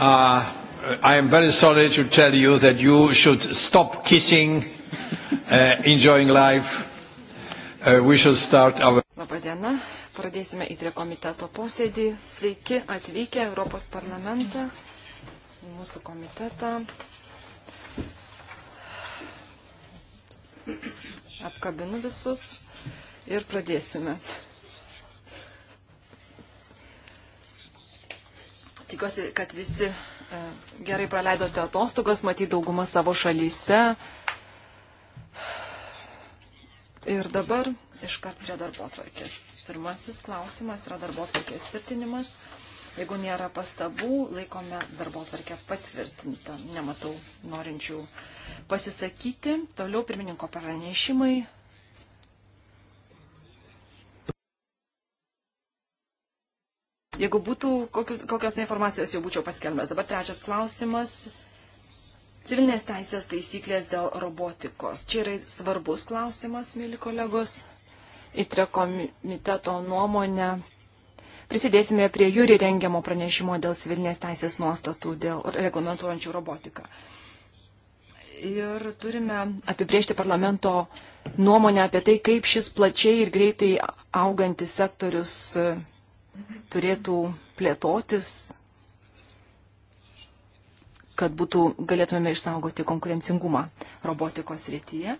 Uh, I am very sorry to tell you that you should stop kissing, uh, enjoying life. Uh, we should start our. Labadiena. Pradėsime įtrė komiteto posėdį. Sveiki atvykę Europos parlamentą, mūsų komitetą. Apkabinu visus ir pradėsime. Tikiuosi, kad visi e, gerai praleidote atostogas, matyt daugumą savo šalyse. Ir dabar iškart prie darbo atvarkės. Pirmasis klausimas yra darbo atvarkės tvirtinimas. Jeigu nėra pastabų, laikome darbo atvarkę patvirtintą. Nematau norinčių pasisakyti. Toliau pirmininko pranešimai. Jeigu būtų kokios neinformacijos, tai jau būčiau paskelbęs. Dabar trečias klausimas. Civilinės teisės taisyklės dėl robotikos. Čia yra svarbus klausimas, mėly kolegos. Įtre komiteto nuomonę. Prisidėsime prie jūri rengiamo pranešimo dėl civilinės teisės nuostatų, dėl reglamentuojančių robotiką ir turime apibriežti parlamento nuomonę apie tai, kaip šis plačiai ir greitai augantis sektorius turėtų plėtotis, kad būtų, galėtumėme išsaugoti konkurencingumą robotikos rytyje.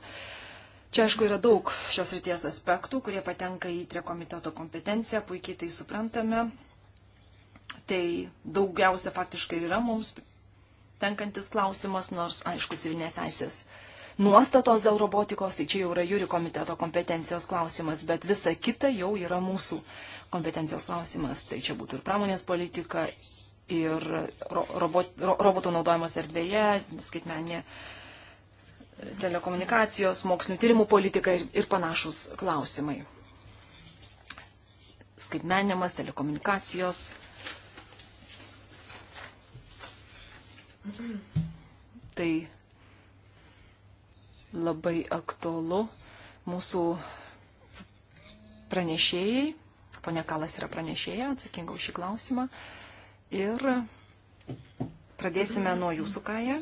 Čia, aišku, yra daug šios ryties aspektų, kurie patenka į tre komiteto kompetenciją, puikiai tai suprantame. Tai daugiausia faktiškai yra mums tenkantis klausimas, nors, aišku, civilinės teisės nuostatos dėl robotikos, tai čia jau yra jūri komiteto kompetencijos klausimas, bet visa kita jau yra mūsų kompetencijos klausimas. Tai čia būtų ir pramonės politika, ir robot, robotų naudojimas erdvėje, skaitmeninė e, telekomunikacijos, mokslinių tyrimų politika ir, ir panašus klausimai. Skaitmeninimas, telekomunikacijos. Tai labai aktualu mūsų pranešėjai Pone Kalas yra pranešėja, atsakinga už šį klausimą. Ir pradėsime nuo jūsų kaja.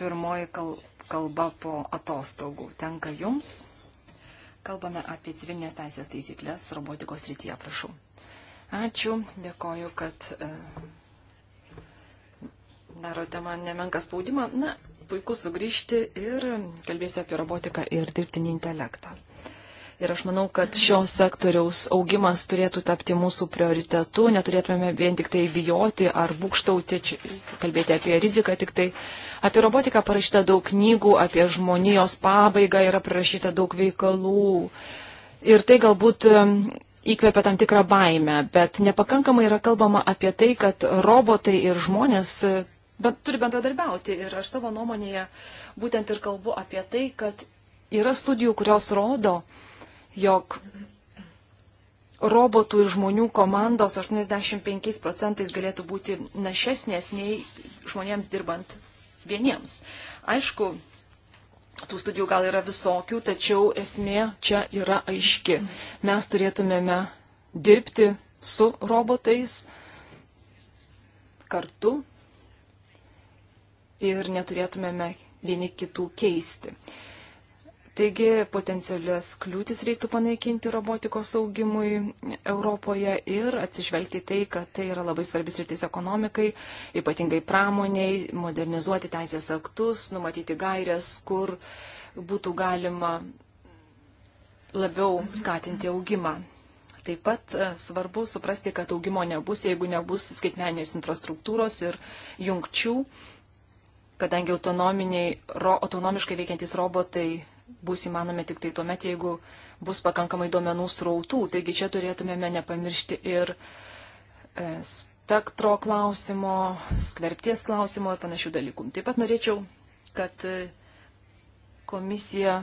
Pirmoji kalba po atostogų tenka jums. Kalbame apie civilinės teisės taisyklės robotikos rytyje, prašau. Ačiū, dėkoju, kad e, darote man nemenką spaudimą. Na, puiku sugrįžti ir kalbėsiu apie robotiką ir dirbtinį intelektą. Ir aš manau, kad šio sektoriaus augimas turėtų tapti mūsų prioritetu, neturėtume vien tik tai bijoti ar būkštauti, kalbėti apie riziką tik tai. Apie robotiką parašyta daug knygų, apie žmonijos pabaigą yra parašyta daug veikalų. Ir tai galbūt įkvepia tam tikrą baimę, bet nepakankamai yra kalbama apie tai, kad robotai ir žmonės e, bet, turi bendradarbiauti. Ir aš savo nuomonėje būtent ir kalbu apie tai, kad yra studijų, kurios rodo, jog robotų ir žmonių komandos 85 procentais galėtų būti našesnės nei žmonėms dirbant vieniems. Aišku, tų studijų gal yra visokių, tačiau esmė čia yra aiški. Mes turėtumėme dirbti su robotais kartu ir neturėtumėme vieni kitų keisti. Uh, Taigi potencialias kliūtis reiktų panaikinti robotikos augimui Europoje ir atsižvelgti tai, kad tai yra labai svarbis rytis ekonomikai, ypatingai pramoniai, modernizuoti teisės aktus, numatyti gairias, kur būtų galima labiau skatinti augimą. Taip pat e, svarbu suprasti, kad augimo nebus, jeigu nebus skaitmeninės infrastruktūros ir jungčių kadangi autonomiškai veikiantys robotai bus įmanomi tik tai tuomet, jeigu bus pakankamai duomenų srautų. Taigi čia turėtumėme nepamiršti ir e, spektro klausimo, skverpties klausimo ir panašių dalykų. Taip pat norėčiau, kad e, komisija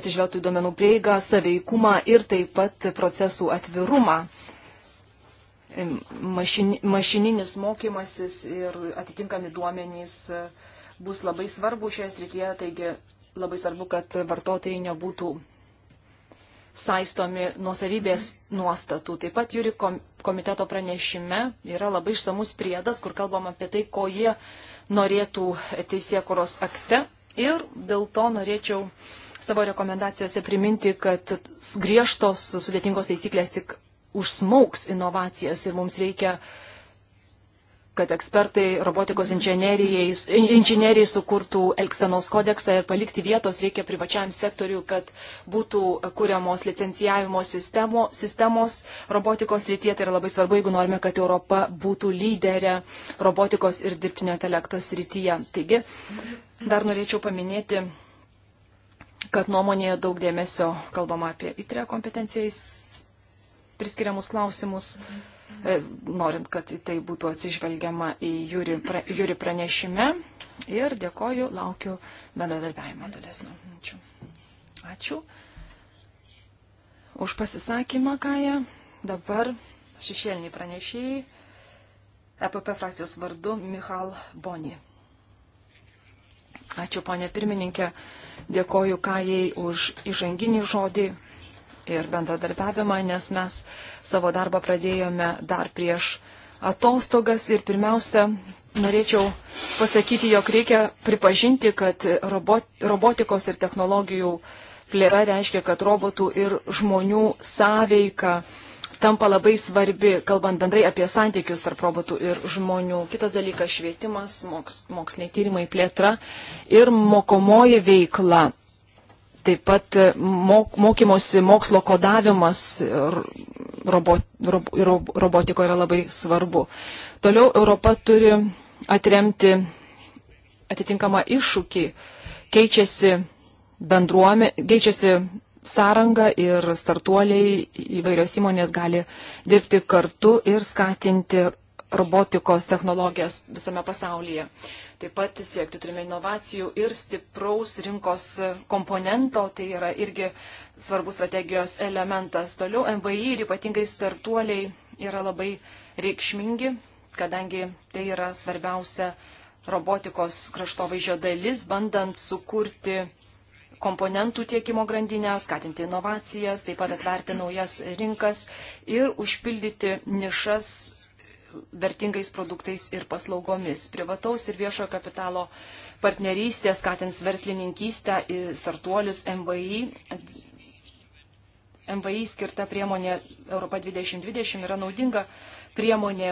atsižvelgtų į duomenų prieigą, saveikumą ir taip pat procesų atvirumą. E, Mašin, mašininis mokymasis ir atitinkami duomenys bus labai svarbu šioje srityje, taigi labai svarbu, kad vartotojai nebūtų saistomi nuosavybės nuostatų. Taip pat Jūri komiteto pranešime yra labai išsamus priedas, kur kalbam apie tai, ko jie norėtų teisėkuros akte. Ir dėl to norėčiau savo rekomendacijose priminti, kad griežtos sudėtingos taisyklės tik užsmauks inovacijas ir mums reikia uh, kad ekspertai robotikos inžinieriai sukurtų Elksenos kodeksą ir palikti vietos reikia privačiam sektoriu, kad būtų kuriamos licencijavimo sistemo, sistemos robotikos rytie. Tai yra labai svarbu, jeigu norime, kad Europa būtų lyderė robotikos ir dirbtinio intelekto srityje. Taigi, dar norėčiau paminėti kad nuomonėje daug dėmesio kalbama apie įtrę kompetencijais priskiriamus klausimus. Mhm E, norint, kad į tai būtų atsižvelgiama į jūri, pra, jūri pranešime. Ir dėkoju, laukiu bendradarbiavimo tolesnio. Ačiū. Ačiū už pasisakymą, Kaja. Dabar šešėliniai pranešėjai EPP frakcijos vardu Michal Boni. Ačiū, ponė pirmininkė. Dėkoju Kajai už įžanginį žodį ir bendradarbiavimą, nes mes savo darbą pradėjome dar prieš atostogas ir pirmiausia, norėčiau pasakyti, jog reikia pripažinti, kad robot, robotikos ir technologijų plėra reiškia, kad robotų ir žmonių sąveika tampa labai svarbi, kalbant bendrai apie santykius tarp robotų ir žmonių. Kitas dalykas - švietimas, moks, moksliniai tyrimai, plėtra ir mokomoji veikla. Taip pat e, mok, mokymosi mokslo kodavimas robo, rob, rob, robotikoje yra labai svarbu. Toliau Europa turi atremti atitinkamą iššūkį. Keičiasi bendruomė, keičiasi sąranga ir startuoliai įvairios įmonės gali dirbti kartu ir skatinti robotikos technologijas visame pasaulyje. Taip pat siekti turime inovacijų ir stipraus rinkos komponento, tai yra irgi svarbus strategijos elementas. Toliau MVI ir ypatingai startuoliai yra labai reikšmingi, kadangi tai yra svarbiausia robotikos kraštovaizdžio dalis, bandant sukurti komponentų tiekimo grandinę, skatinti inovacijas, taip pat atverti naujas rinkas ir užpildyti nišas vertingais produktais ir paslaugomis. Privataus ir viešojo kapitalo partnerystė skatins verslininkystę, startuolius MVI. MVI skirta priemonė Europa 2020 yra naudinga priemonė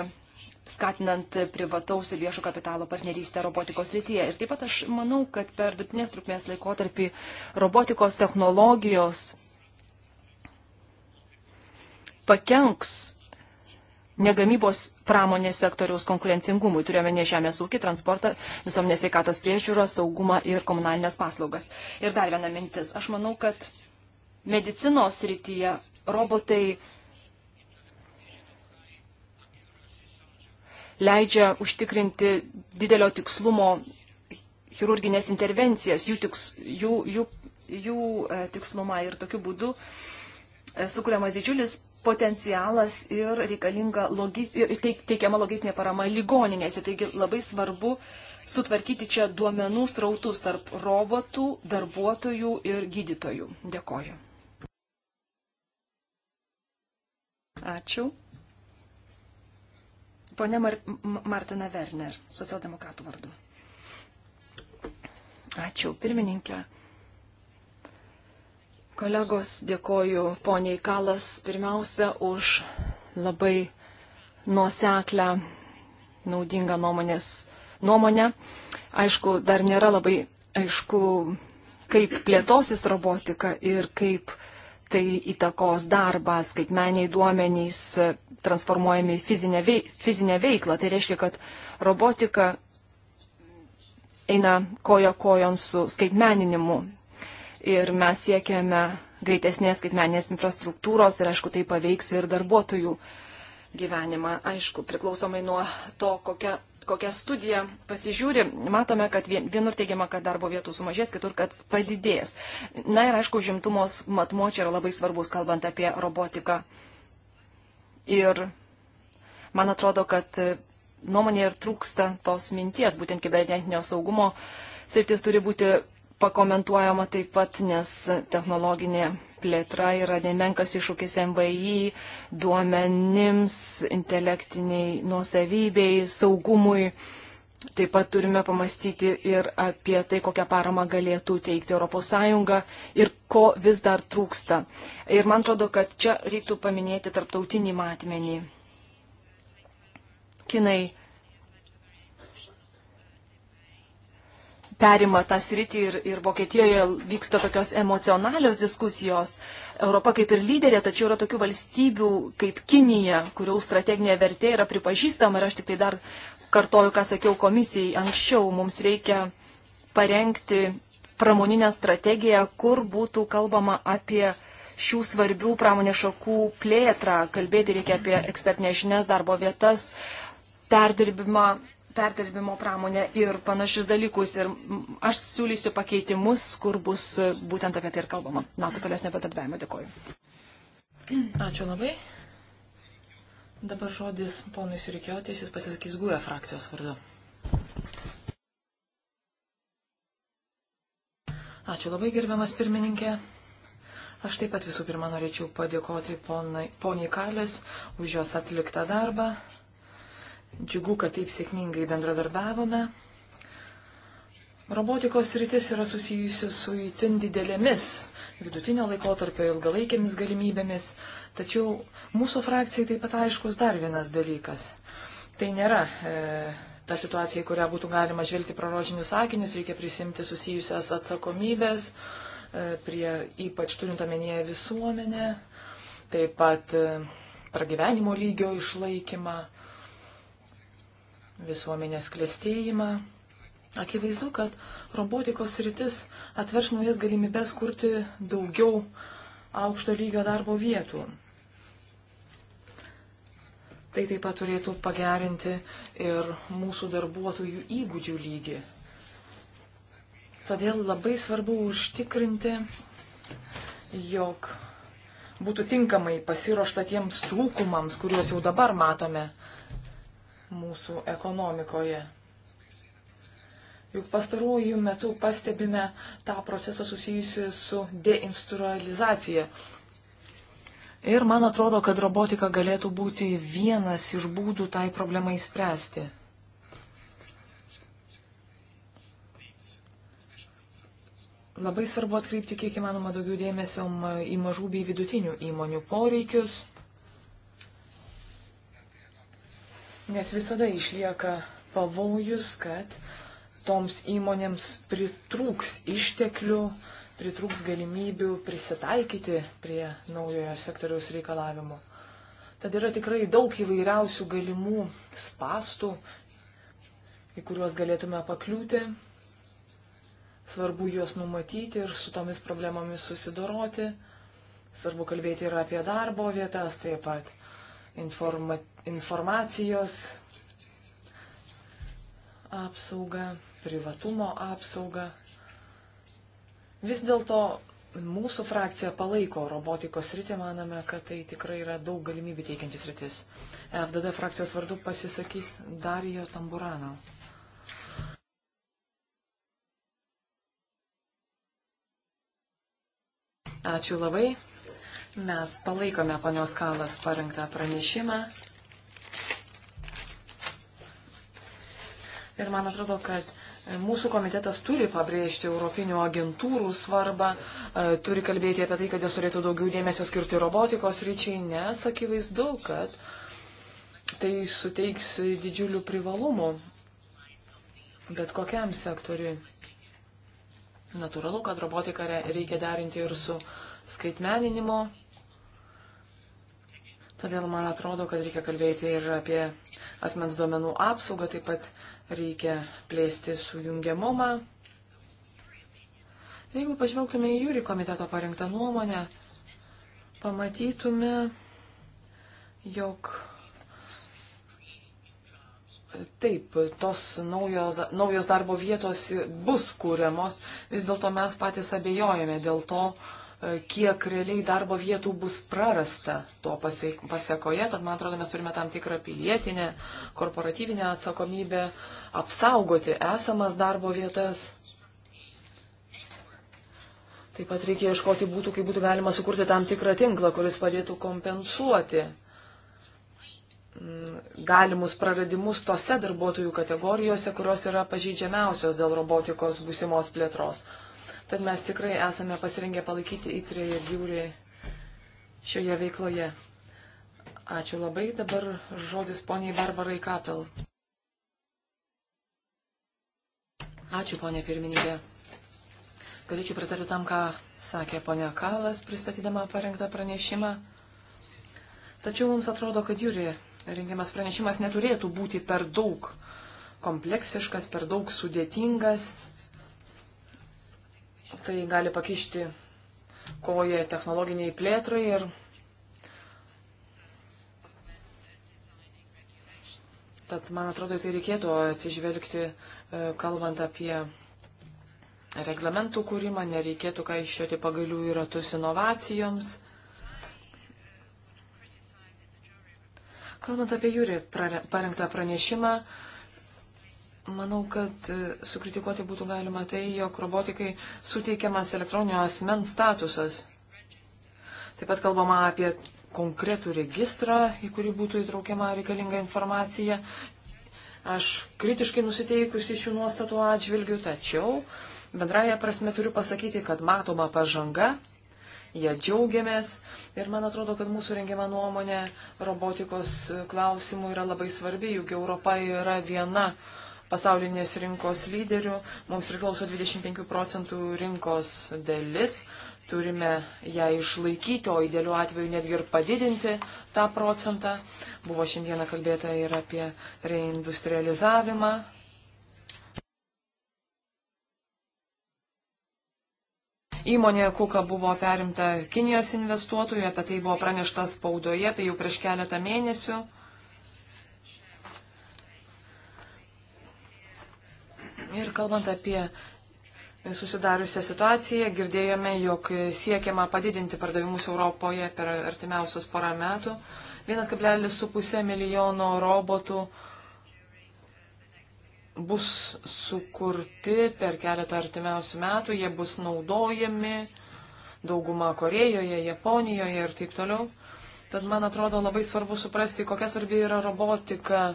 skatinant privataus ir viešo kapitalo partnerystę robotikos rytyje. Ir taip pat aš manau, kad per vidutinės trukmės laikotarpį robotikos technologijos pakenks negamybos pramonės sektoriaus konkurencingumui, turėjome ne žemės ūkį, transportą, visuomenės sveikatos priežiūrą, saugumą ir komunalinės paslaugas. Ir dar viena mintis. Aš manau, kad medicinos srityje robotai leidžia užtikrinti didelio tikslumo chirurginės intervencijas, jų, tiks, jų, jų, jų e, tikslumą ir tokiu būdu e, sukūriamas didžiulis potencialas ir reikalinga logis, ir teikiama logistinė parama ligoninėse. Taigi labai svarbu sutvarkyti čia duomenų srautus tarp robotų, darbuotojų ir gydytojų. Dėkoju. Ačiū. Pone Mar Martina Werner, socialdemokratų vardu. Ačiū, pirmininkė. Kolegos, dėkoju poniai Kalas pirmiausia už labai nuoseklę, naudingą nuomonės, nuomonę. Aišku, dar nėra labai aišku, kaip plėtosis robotika ir kaip tai įtakos darbas, kaip meniai duomenys transformuojami į fizinę, veik, fizinę veiklą. Tai reiškia, kad robotika eina koja kojon su skaitmeninimu ir mes siekiame greitesnės skaitmenės infrastruktūros ir aišku tai paveiks ir darbuotojų gyvenimą. Aišku, priklausomai nuo to, kokia, kokią studiją pasižiūri, matome, kad vienur teigiama, kad darbo vietų sumažės, kitur, kad padidės. Na ir aišku, žimtumos matmo čia yra labai svarbus, kalbant apie robotiką. Ir man atrodo, kad nuomonė ir trūksta tos minties, būtent kibernetinio saugumo sritis turi būti pakomentuojama taip pat, nes technologinė plėtra yra nemenkas iššūkis MVI, duomenims, intelektiniai nuosavybei, saugumui. Taip pat turime pamastyti ir apie tai, kokią paramą galėtų teikti ES ir ko vis dar trūksta. Ir man atrodo, kad čia reiktų paminėti tarptautinį matmenį. Kinai perima tą sritį ir, ir Vokietijoje vyksta tokios emocionalios diskusijos. Europa kaip ir lyderė, tačiau yra tokių valstybių kaip Kinija, kurių strateginė vertė yra pripažįstama ir aš tik tai dar kartoju, ką sakiau komisijai anksčiau, mums reikia parengti pramoninę strategiją, kur būtų kalbama apie šių svarbių pramonės šakų plėtrą, kalbėti reikia apie ekspertinės žinias, darbo vietas, perdirbimą, perdirbimo pramonę ir panašius dalykus. Ir aš siūlysiu pakeitimus, kur bus e, būtent apie tai ir kalbama. Na, apie tolesnį bendradarbiavimą dėkoju. Ačiū labai. Dabar žodis ponui Sirikiotis, jis pasisakys GUE frakcijos vardu. Ačiū labai gerbiamas pirmininkė. Aš taip pat visų pirma norėčiau padėkoti ponai, poniai Kalės už jos atliktą darbą. Džiugu, kad taip sėkmingai bendradarbiavome. Robotikos rytis yra susijusi su įtin didelėmis vidutinio laikotarpio ilgalaikėmis galimybėmis, tačiau mūsų frakcijai taip pat aiškus dar vienas dalykas. Tai nėra e, ta situacija, į kurią būtų galima žvelgti prarožinius akinius, reikia prisimti susijusias atsakomybės, e, prie, ypač turint omenyje visuomenę, taip pat e, pragyvenimo lygio išlaikymą. E, visuomenės klėstėjimą. Akivaizdu, kad robotikos rytis atverš naujas galimybės kurti daugiau aukšto lygio darbo vietų. Tai taip pat turėtų pagerinti ir mūsų darbuotojų įgūdžių lygį. Todėl labai svarbu užtikrinti, jog būtų tinkamai pasiruošta tiems trūkumams, kuriuos jau dabar matome mūsų ekonomikoje. Juk pastaruoju metu pastebime tą procesą susijusi su deinstrualizacija. Ir man atrodo, kad robotika galėtų būti vienas iš būdų tai problemai spręsti. Labai svarbu atkreipti kiek įmanoma daugiau dėmesio į mažų bei vidutinių įmonių poreikius. Nes visada išlieka pavojus, kad toms įmonėms pritrūks išteklių, pritrūks galimybių prisitaikyti prie naujojo sektoriaus reikalavimų. Tad yra tikrai daug įvairiausių galimų spastų, į kuriuos galėtume pakliūti. Svarbu juos numatyti ir su tomis problemomis susidoroti. Svarbu kalbėti ir apie darbo vietas taip pat informa, informacijos apsaugą, privatumo apsaugą. Vis dėlto mūsų frakcija palaiko robotikos rytį, manome, kad tai tikrai yra daug galimybių teikiantis rytis. FDD frakcijos vardu pasisakys Darijo Tamburano. Ačiū labai. Mes palaikome ponios Kalas parengtą pranešimą. Ir man atrodo, kad mūsų komitetas turi pabrėžti Europinių agentūrų svarbą, e, turi kalbėti apie tai, kad jos turėtų daugiau dėmesio skirti robotikos ryčiai, nes akivaizdu, kad tai suteiks didžiulių privalumų bet kokiam sektoriui. Natūralu, kad robotiką reikia derinti ir su skaitmeninimo Todėl man atrodo, kad reikia kalbėti ir apie asmens duomenų apsaugą, taip pat reikia plėsti sujungiamumą. Jeigu pažvelgtume į jūrį komiteto parinktą nuomonę, pamatytume, jog Taip, tos naujo, naujos darbo vietos bus kūriamos, vis dėlto mes patys abejojame dėl to, kiek realiai darbo vietų bus prarasta to pasiekoje. Tad, man atrodo, mes turime tam tikrą pilietinę, korporatyvinę atsakomybę apsaugoti esamas darbo vietas. Taip pat reikia ieškoti būtų, kaip būtų galima sukurti tam tikrą tinklą, kuris padėtų kompensuoti mm, galimus praradimus tose darbuotojų kategorijose, kurios yra pažeidžiamiausios dėl robotikos būsimos plėtros. Tad mes tikrai esame pasirengę palaikyti įtrį ir jūrį šioje veikloje. Ačiū labai. Dabar žodis poniai Barbarai Kapel. Ačiū, ponė pirmininkė. Galėčiau pritarti tam, ką sakė ponia Kalas, pristatydama parengtą pranešimą. Tačiau mums atrodo, kad jūri rengiamas pranešimas neturėtų būti per daug kompleksiškas, per daug sudėtingas tai gali pakišti kovoje technologiniai plėtrai ir Tad, man atrodo, tai reikėtų atsižvelgti, e, kalbant apie reglamentų kūrimą, nereikėtų kaiščioti pagalių į ratus inovacijoms. Kalbant apie jūrį parengtą pranešimą, Manau, kad e, sukritikuoti būtų galima tai, jog robotikai suteikiamas elektroninio asmens statusas. Taip pat kalbama apie konkretų registrą, į kurį būtų įtraukiama reikalinga informacija. Aš kritiškai nusiteikusi šių nuostatų atžvilgių, tačiau bendraja prasme turiu pasakyti, kad matoma pažanga, ją džiaugiamės ir man atrodo, kad mūsų rengiama nuomonė robotikos klausimų yra labai svarbi, juk Europa yra viena pasaulinės rinkos lyderių. Mums priklauso 25 procentų rinkos dalis. Turime ją išlaikyti, o idealiu atveju netgi ir padidinti tą procentą. Buvo šiandieną kalbėta ir apie reindustrializavimą, Įmonė Kuka buvo perimta Kinijos investuotojų, apie tai buvo pranešta spaudoje, tai jau prieš keletą mėnesių. Ir kalbant apie susidariusią situaciją, girdėjome, jog siekiama padidinti pardavimus Europoje per artimiausius porą metų. 1,5 milijono robotų bus sukurti per keletą artimiausių metų, jie bus naudojami dauguma Korejoje, Japonijoje ir taip toliau. Tad man atrodo labai svarbu suprasti, kokia svarbi yra robotika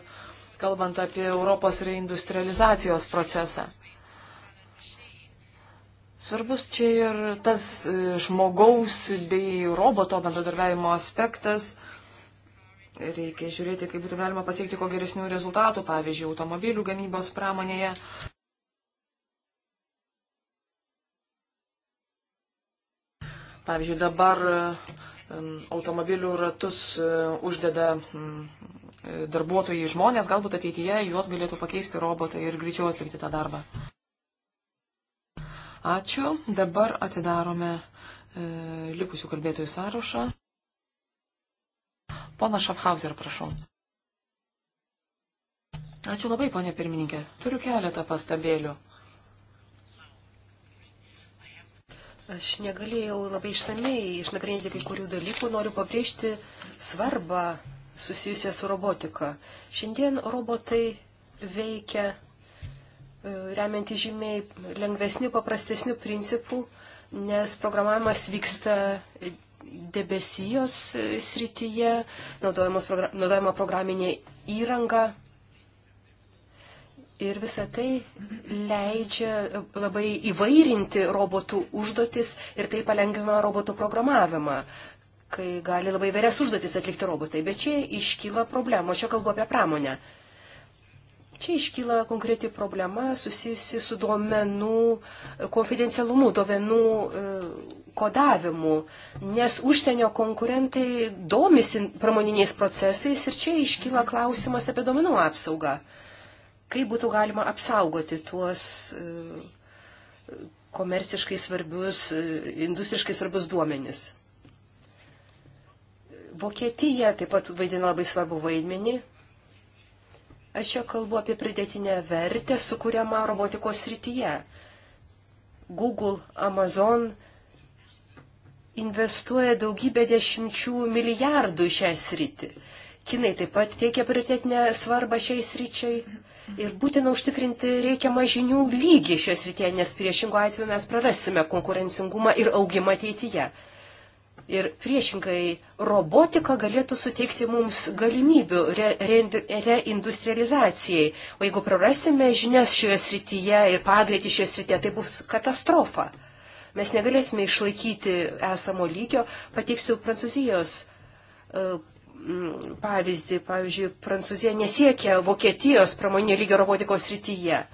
kalbant apie Europos reindustrializacijos procesą. Svarbus čia ir tas e, žmogaus bei roboto bendradarbiavimo aspektas. Reikia žiūrėti, kaip būtų galima pasiekti ko geresnių rezultatų, pavyzdžiui, automobilių gamybos pramonėje. Pavyzdžiui, dabar e, automobilių ratus e, uždeda darbuotojai žmonės, galbūt ateityje juos galėtų pakeisti robotai ir greičiau atlikti tą darbą. Ačiū. Dabar atidarome e, likusių kalbėtojų sąrašą. Pana Šafhauser, prašau. Ačiū labai, ponė pirmininkė. Turiu keletą pastabėlių. Aš negalėjau labai išsamei išnagrinėti kai kurių dalykų. Noriu pabrėžti svarbą susijusią su robotika. Šiandien robotai veikia e, remianti žymiai lengvesnių, paprastesnių principų, nes programavimas vyksta debesijos e, srityje, progra naudojama programinė įranga. Ir visa tai leidžia labai įvairinti robotų užduotis ir tai palengvina robotų programavimą kai gali labai vėres užduotis atlikti robotai. Bet čia iškyla problema, čia kalbu apie pramonę. Čia iškyla konkreti problema susijusi su duomenų e, konfidencialumu, duomenų e, kodavimu, nes užsienio konkurentai domisi pramoniniais procesais ir čia iškyla klausimas apie duomenų apsaugą. Kaip būtų galima apsaugoti tuos e, komerciškai svarbius, industriškai svarbius duomenis. Vokietija taip pat vaidina labai svarbu vaidmenį. Aš čia kalbu apie pridėtinę vertę sukūriamą robotikos srityje. Google, Amazon investuoja daugybę dešimčių milijardų šią sritį. Kinai taip pat teikia prioritetinę svarbą šiai sričiai. Ir būtina užtikrinti reikiamą žinių lygį šios rytėje, nes priešingo atveju mes prarasime konkurencingumą ir augimą ateityje. Ir priešingai, robotika galėtų suteikti mums galimybių re, re, reindustrializacijai. O jeigu prarasime žinias šioje srityje ir pagreitį šioje srityje, tai bus katastrofa. Mes negalėsime išlaikyti esamo lygio. Pateiksiu Prancūzijos e, pavyzdį. Pavyzdžiui, Prancūzija nesiekia Vokietijos pramoninio lygio robotikos srityje.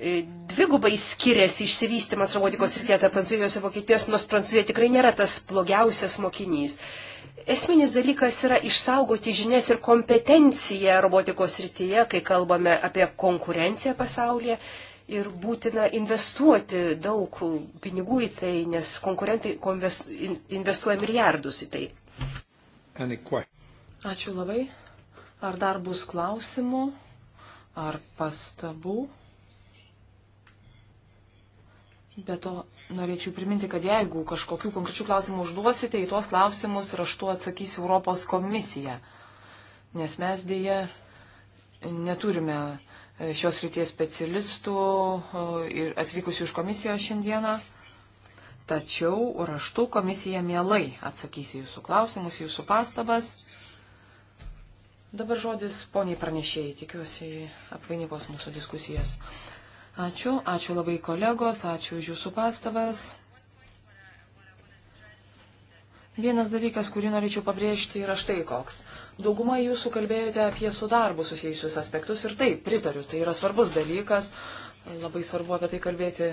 E, dvigubai skiriasi išsivystimas robotikos srityje tarp Prancūzijos ir Vokietijos, nors Prancūzija tikrai nėra tas blogiausias mokinys. Esminis dalykas yra išsaugoti žinias ir kompetenciją robotikos srityje, kai kalbame apie konkurenciją pasaulyje. Ir būtina investuoti daug pinigų į tai, nes konkurentai investuoja milijardus į tai. Ačiū labai. Ar dar bus klausimų ar pastabų? Be to, norėčiau priminti, kad jeigu kažkokių konkrečių klausimų užduosite, į tuos klausimus raštu atsakys Europos komisija. Nes mes dėje neturime e, šios ryties specialistų e, ir atvykusių iš komisijos šiandieną. Tačiau raštu komisija mielai atsakys į jūsų klausimus, jūsų pastabas. Dabar žodis poniai pranešėjai, tikiuosi, apvainikos mūsų diskusijas. Ačiū, ačiū labai kolegos, ačiū už jūsų pastabas. Vienas dalykas, kurį norėčiau pabrėžti, yra štai koks. Dauguma jūsų kalbėjote apie su darbu susijusius aspektus ir taip, pritariu, tai yra svarbus dalykas, labai svarbu apie tai kalbėti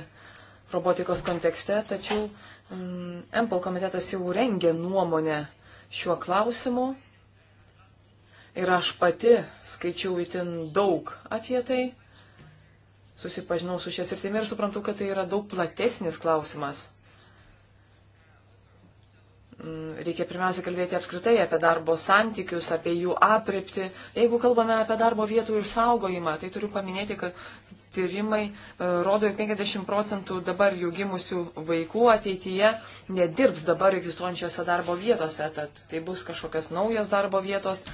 robotikos kontekste, tačiau um, mm, MPL komitetas jau rengė nuomonę šiuo klausimu ir aš pati skaičiau itin daug apie tai susipažinau su šia sritimi ir suprantu, kad tai yra daug platesnis klausimas. Mm, reikia pirmiausia kalbėti apskritai apie darbo santykius, apie jų aprepti. Jeigu kalbame apie darbo vietų išsaugojimą, tai turiu paminėti, kad tyrimai e, rodo, jog 50 procentų dabar jų gimusių vaikų ateityje nedirbs dabar egzistuojančiose darbo vietose. Tad tai bus kažkokios naujos darbo vietos,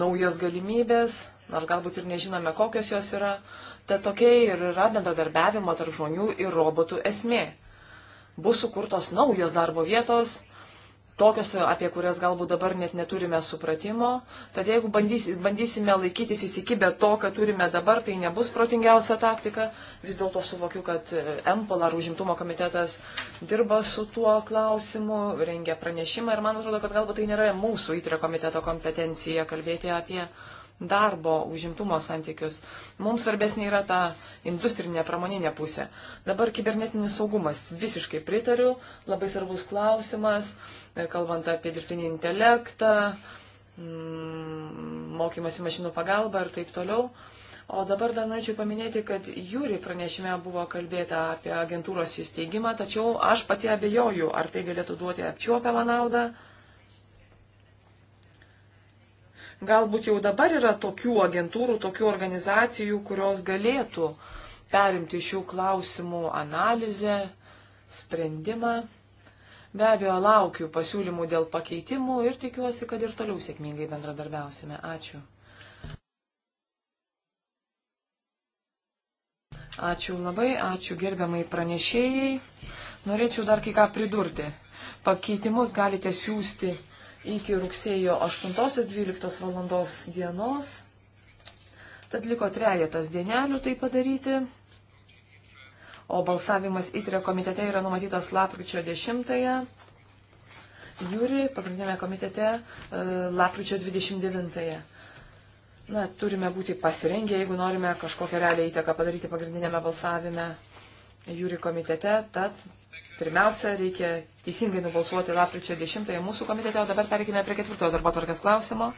naujos galimybės, nors galbūt ir nežinome, kokios jos yra. Ta tokia ir yra bendradarbiavimo tarp žmonių ir robotų esmė. Bus sukurtos naujos darbo vietos, tokios, apie kurias galbūt dabar net neturime supratimo. Tad jeigu bandys, bandysime laikytis įsikibę to, ką turime dabar, tai nebus protingiausia taktika. Vis dėlto suvokiu, kad e, MPOL ar užimtumo komitetas dirba su tuo klausimu, rengia pranešimą ir man atrodo, kad galbūt tai nėra mūsų įtrio komiteto kompetencija kalbėti apie darbo užimtumo santykius. Mums svarbesnė yra ta industrinė pramoninė pusė. Dabar kibernetinis saugumas. Visiškai pritariu. Labai svarbus klausimas, e, kalbant apie dirbtinį intelektą, mm, mokymasi mašinų pagalbą ir taip toliau. O dabar dar norėčiau paminėti, kad Jūri pranešime buvo kalbėta apie agentūros įsteigimą, tačiau aš pati abejoju, ar tai galėtų duoti apčiuopiamą naudą. Galbūt jau dabar yra tokių agentūrų, tokių organizacijų, kurios galėtų perimti šių klausimų analizę, sprendimą. Be abejo, laukiu pasiūlymų dėl pakeitimų ir tikiuosi, kad ir toliau sėkmingai bendradarbiausime. Ačiū. Ačiū labai, ačiū gerbiamai pranešėjai. Norėčiau dar kai ką pridurti. Pakeitimus galite siūsti iki rugsėjo 8-12 val. dienos. Tad liko trejetas dienelių tai padaryti. O balsavimas įtrio komitete yra numatytas lapkričio 10. -ąją. Jūri pagrindinėme komitete e, lapkričio 29. -ąją. Na, turime būti pasirengę, jeigu norime kažkokią realią įtaką padaryti pagrindinėme balsavime jūri komitete. Tad pirmiausia, reikia teisingai nubalsuoti lapkričio 10-ąją mūsų komitete, o dabar perkime prie ketvirtojo darbo tvarkės klausimo.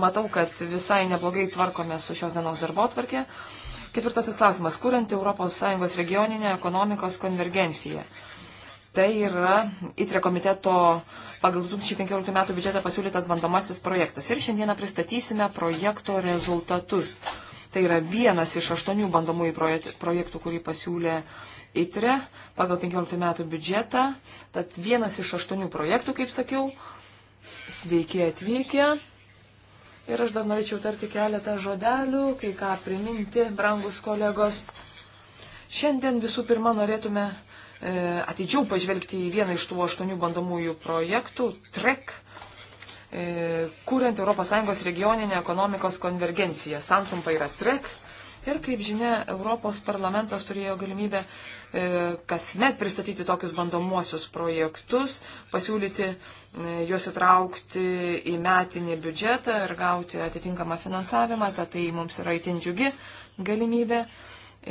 Matau, kad visai neblogai tvarkome su šios dienos darbo tvarkė. Ketvirtasis klausimas - kuriant ES regioninę ekonomikos konvergenciją. Tai yra ITRE komiteto pagal 2015 metų biudžetą pasiūlytas bandomasis projektas. Ir šiandieną pristatysime projekto rezultatus. Tai yra vienas iš aštuonių bandomųjų projektų, kurį pasiūlė ITRE pagal 15 metų biudžetą. Tad vienas iš aštuonių projektų, kaip sakiau. Sveiki atvykę. Ir aš dar norėčiau tarti keletą žodelių, kai ką priminti, brangus kolegos. Šiandien visų pirma norėtume e, atidžiau pažvelgti į vieną iš tų aštuonių bandomųjų projektų, TREK, e, kuriant ES regioninę ekonomikos konvergenciją. Santrumpa yra TREK. Ir kaip žinia, Europos parlamentas turėjo galimybę E, kasmet pristatyti tokius bandomuosius projektus, pasiūlyti e, juos įtraukti į metinį biudžetą ir gauti atitinkamą finansavimą, tad tai mums yra itin džiugi galimybė.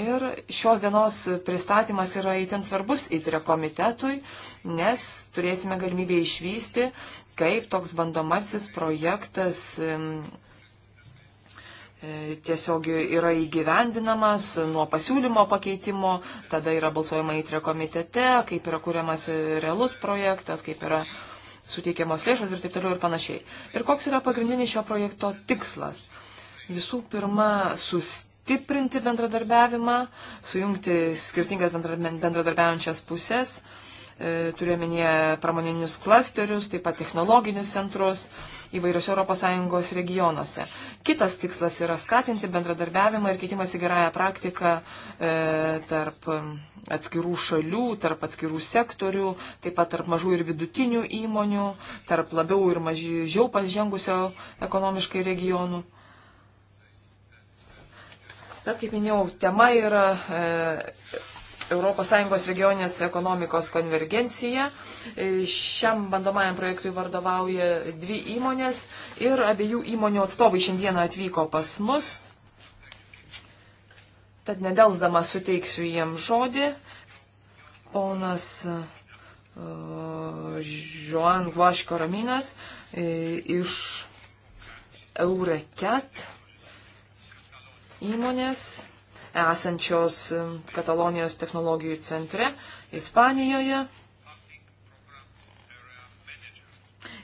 Ir šios dienos pristatymas yra įtin svarbus įtrio komitetui, nes turėsime galimybę išvysti, kaip toks bandomasis projektas E, tiesiog yra įgyvendinamas nuo pasiūlymo pakeitimo, tada yra balsuojama įtrio komitete, kaip yra kuriamas realus projektas, kaip yra suteikiamos lėšas ir taip toliau ir panašiai. Ir koks yra pagrindinis šio projekto tikslas? Visų pirma, sustiprinti bendradarbiavimą, sujungti skirtingas bendradarbiaujančias pusės E, turiuomenėje pramoninius klasterius, taip pat technologinius centrus įvairios ES regionuose. Kitas tikslas yra skatinti bendradarbiavimą ir keitimąsi gerąją praktiką e, tarp atskirų šalių, tarp atskirų sektorių, taip pat tarp mažų ir vidutinių įmonių, tarp labiau ir mažiau pažengusio ekonomiškai regionų. Tad, kaip minėjau, tema yra e, ES regioninės ekonomikos konvergencija. E, šiam bandomajam projektui vadovauja dvi įmonės ir abiejų įmonių atstovai šiandieną atvyko pas mus. Tad nedelsdama suteiksiu jiem žodį. Ponas e, uh, Joan Vlaško Raminas uh, iš Eureket įmonės esančios Katalonijos technologijų centre Ispanijoje.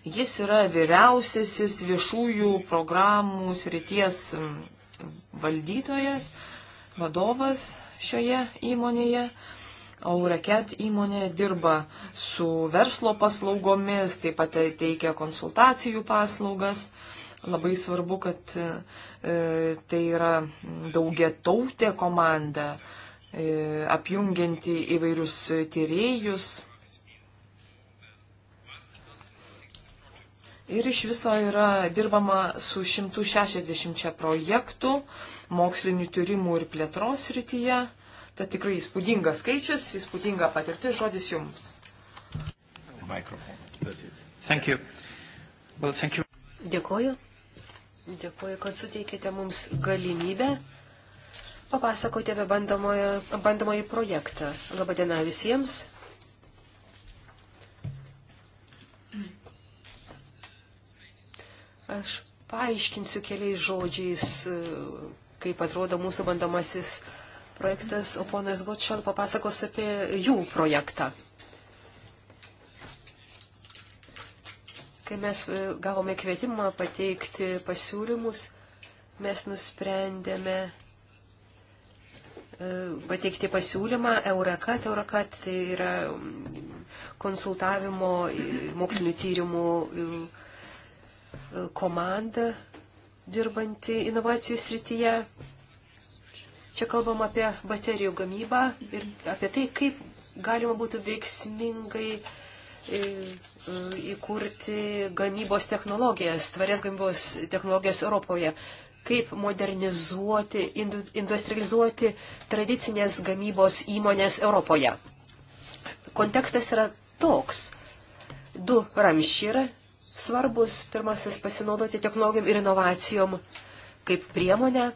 Jis yra vyriausiasis viešųjų programų srities valdytojas, vadovas šioje įmonėje. Auraket įmonė dirba su verslo paslaugomis, taip pat teikia konsultacijų paslaugas. Labai svarbu, kad E, tai yra daugia tautė komanda, e, apjungianti įvairius tyriejus. Ir iš viso yra dirbama su 160 projektų mokslinių tyrimų ir plėtros rytyje. Tai tikrai įspūdingas skaičius, įspūdinga patirtis, žodis jums. Well, Dėkoju. Dėkuoju, kad suteikėte mums galimybę papasakoti apie bandomąjį projektą. Labadiena visiems. Aš paaiškinsiu keliais žodžiais, e, kaip atrodo mūsų bandomasis projektas, o ponas Gotšal papasakos apie jų projektą. Kai mes e, gavome kvietimą pateikti pasiūlymus, mes nusprendėme e, pateikti pasiūlymą Eurakat. Eurakat tai yra mm, konsultavimo e, mokslinių tyrimų komanda dirbanti inovacijų srityje. Čia kalbam apie baterijų gamybą ir apie tai, kaip galima būtų veiksmingai uh, įkurti gamybos technologijas, tvarės gamybos technologijas Europoje, kaip modernizuoti, industrializuoti tradicinės gamybos įmonės Europoje. Kontekstas yra toks. Du ramšiai yra svarbus. Pirmasis pasinaudoti technologijom ir inovacijom kaip priemonę,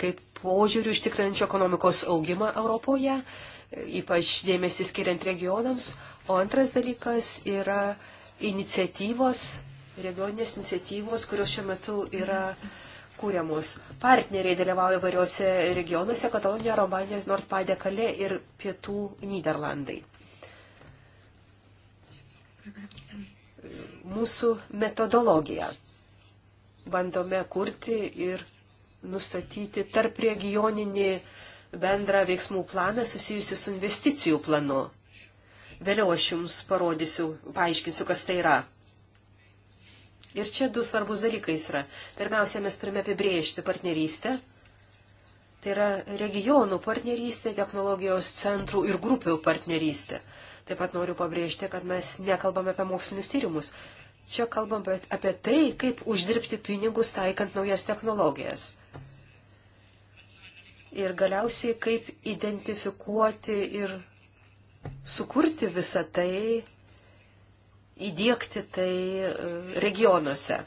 kaip požiūrių ištikrinančio ekonomikos augimą Europoje ypač dėmesį skiriant regionams. O antras dalykas yra iniciatyvos, regioninės iniciatyvos, kurios šiuo metu yra kūriamos. Partneriai dalyvauja variuose regionuose - Katalonija, Romanija, Nordpadė, Kalė ir Pietų Niderlandai. Mūsų metodologija. Bandome kurti ir nustatyti tarp regioninį uh, bendrą veiksmų planą susijusi su investicijų planu. Vėliau aš jums parodysiu, paaiškinsiu, kas tai yra. Ir čia du svarbus dalykai yra. Pirmiausia, mes turime apibriežti partnerystę. Tai yra regionų partnerystė, technologijos centrų ir grupių partnerystė. Taip pat noriu pabrėžti, kad mes nekalbame apie mokslinius tyrimus. Čia kalbame apie tai, kaip uždirbti pinigus taikant naujas technologijas ir galiausiai kaip identifikuoti ir sukurti visą tai, įdėkti tai e, regionuose.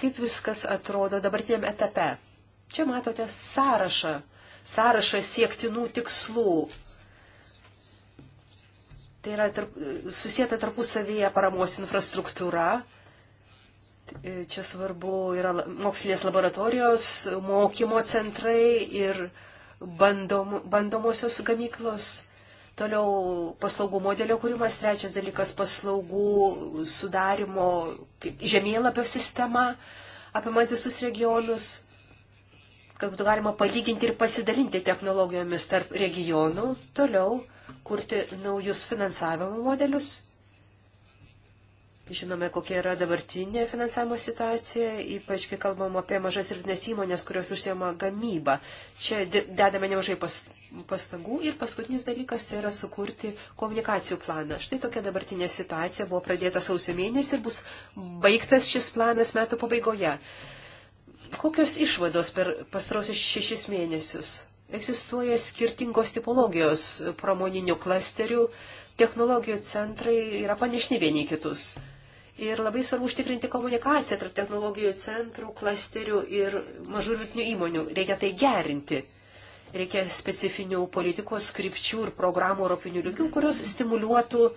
Kaip viskas atrodo dabartiniam etape? Čia matote sąrašą, sąrašą siektinų tikslų. Tai yra tarp, e, susijęta tarpusavyje paramos infrastruktūra, E, čia svarbu yra mokslinės laboratorijos, mokymo centrai ir bandom, bandomosios gamyklos. Toliau paslaugų modelio kūrimas, trečias dalykas paslaugų sudarimo žemėlapio sistema, apimant visus regionus, kad būtų galima palyginti ir pasidalinti technologijomis tarp regionų, toliau kurti naujus finansavimo modelius, Žinome, kokia yra dabartinė finansavimo situacija, ypač kai kalbam apie mažas ir vidinės įmonės, kurios užsiema gamybą. Čia dedame nemažai pas, pastangų ir paskutinis dalykas tai yra sukurti komunikacijų planą. Štai tokia dabartinė situacija buvo pradėta sausio mėnesį ir bus baigtas šis planas metų pabaigoje. Kokios išvados per pastrosius šešis mėnesius? Egzistuoja skirtingos tipologijos pramoninių klasterių, technologijų centrai yra panešni vieni kitus. Ir labai svarbu užtikrinti komunikaciją tarp technologijų centrų, klasterių ir mažų ir vidutinių įmonių. Reikia tai gerinti. Reikia specifinių politikos skripčių ir programų europinių lygių, kurios stimuliuotų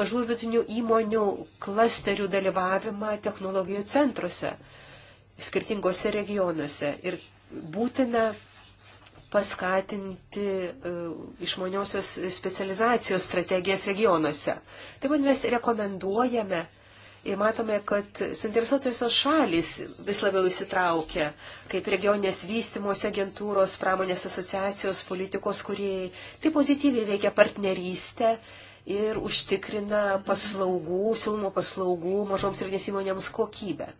mažų ir vidutinių įmonių klasterių dalyvavimą technologijų centruose, skirtingose regionuose. Ir būtina paskatinti e, išmaniosios specializacijos strategijas regionuose. Taip pat mes rekomenduojame Ir matome, kad suinteresuotosios šalis vis labiau įsitraukia, kaip regioninės vystimos agentūros, pramonės asociacijos, politikos kuriejai. Tai pozityviai veikia partnerystę ir užtikrina paslaugų, siūlomų paslaugų mažoms ir nes įmonėms kokybę.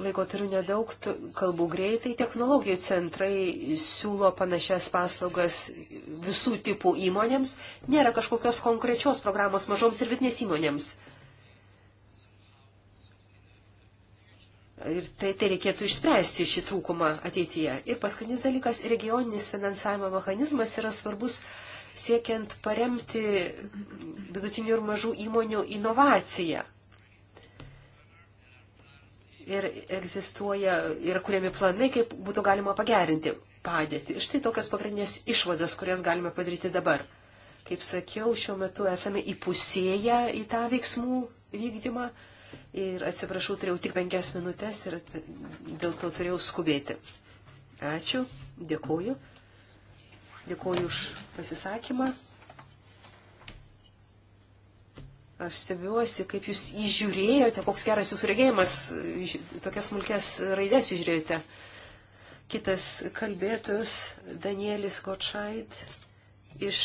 Laiko turiu nedaug, kalbų greitai. Technologijų centrai siūlo panašias paslaugas visų tipų įmonėms. Nėra kažkokios konkrečios programos mažoms ir vidinės įmonėms. Ir tai, tai reikėtų išspręsti šį trūkumą ateityje. Ir paskutinis dalykas - regioninis finansavimo mechanizmas yra svarbus siekiant paremti vidutinių ir mažų įmonių inovaciją ir egzistuoja, yra kuriami planai, kaip būtų galima pagerinti padėtį. Ir štai tokios pagrindinės išvadas, kurias galime padaryti dabar. Kaip sakiau, šiuo metu esame įpusėję į tą veiksmų vykdymą. Ir atsiprašau, turėjau tik penkias minutės ir dėl to turėjau skubėti. Ačiū, dėkuoju. Dėkuoju už pasisakymą. Aš stebiuosi, kaip jūs įžiūrėjote, koks geras jūsų regėjimas, tokias smulkės raidės įžiūrėjote. Kitas kalbėtus Danielis Gočait iš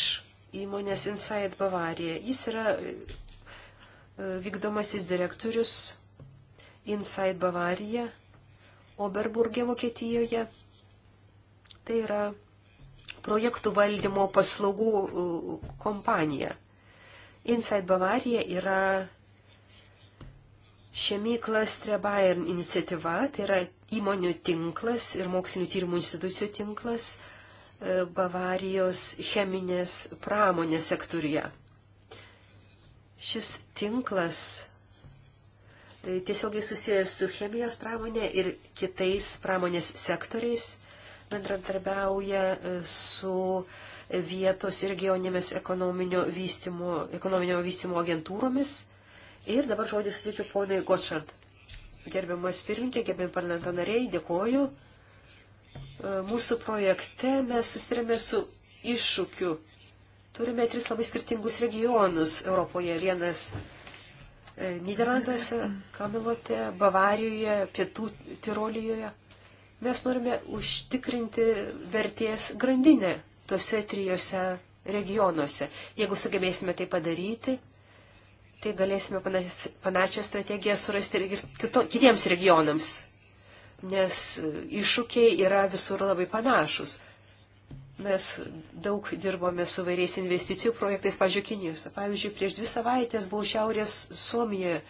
įmonės Inside Bavarija. Jis yra e, vykdomasis direktorius Inside Bavarija, Oberburgė Vokietijoje. Tai yra projektų valdymo paslaugų e, kompanija Inside Bavarija yra šemyklas Trebayern iniciatyva, tai yra įmonių tinklas ir mokslinių tyrimų institucijų tinklas e, Bavarijos cheminės pramonės sektoriuje. Šis tinklas e, tiesiogiai susijęs su chemijos pramonė ir kitais pramonės sektoriais bendradarbiauja e, su uh, vietos ir regioninėmis ekonominio vystimo, ekonominio vystimo agentūromis. Ir dabar žodį sutikiu ponai Gočant. Gerbiamas pirmininkė, gerbiami parlamento nariai, dėkoju. E, mūsų projekte mes sustarėme su iššūkiu. Turime tris labai skirtingus regionus Europoje. Vienas e, Niderlanduose, Kamelote, Bavarijoje, Pietų Tirolijoje. Mes norime užtikrinti vertės grandinę tose trijose regionuose. Jeigu sugebėsime tai padaryti, tai galėsime panašią strategiją surasti ir kito, kitiems regionams, nes e, iššūkiai yra visur labai panašus. Mes daug dirbome su vairiais investicijų projektais, pavyzdžiui, Kinijose. Pavyzdžiui, prieš dvi savaitės buvau Šiaurės Suomijoje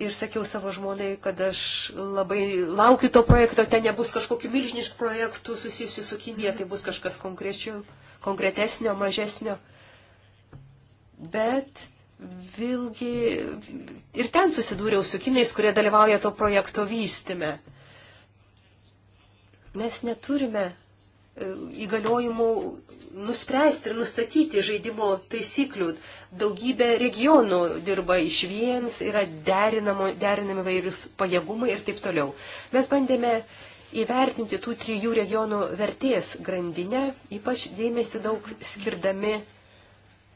ir sakiau savo žmonai, kad aš labai laukiu to projekto, ten nebus kažkokių milžiniškų projektų susijusių su Kinija, tai bus kažkas konkrečių, konkretesnio, mažesnio. Bet vėlgi ir ten susidūriau su kinais, kurie dalyvauja to projekto vystime. Mes neturime e, įgaliojimų nuspręsti ir nustatyti žaidimo taisyklių. Daugybė regionų dirba iš viens, yra derinami vairius pajėgumai ir taip toliau. Mes bandėme įvertinti tų trijų regionų vertės grandinę, ypač dėmesį daug skirdami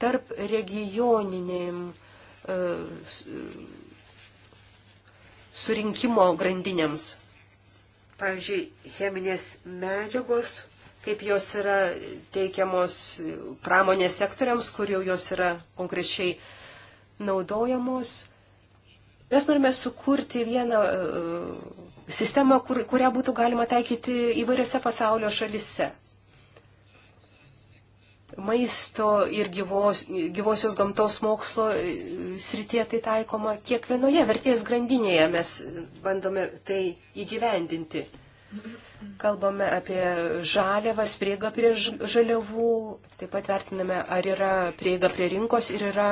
tarp regioninėm e, surinkimo grandinėms. Pavyzdžiui, cheminės medžiagos kaip jos yra teikiamos pramonės sektoriams, kur jau jos yra konkrečiai naudojamos. Mes norime sukurti vieną e, sistemą, kur, kurią būtų galima taikyti įvairiose pasaulio šalise. Maisto ir gyvos, gyvosios gamtos mokslo e, srityje tai taikoma kiekvienoje vertės grandinėje mes bandome tai įgyvendinti. Kalbame apie žaliavas, prieigą prie žaliavų, taip pat vertiname, ar yra prieiga prie rinkos ir yra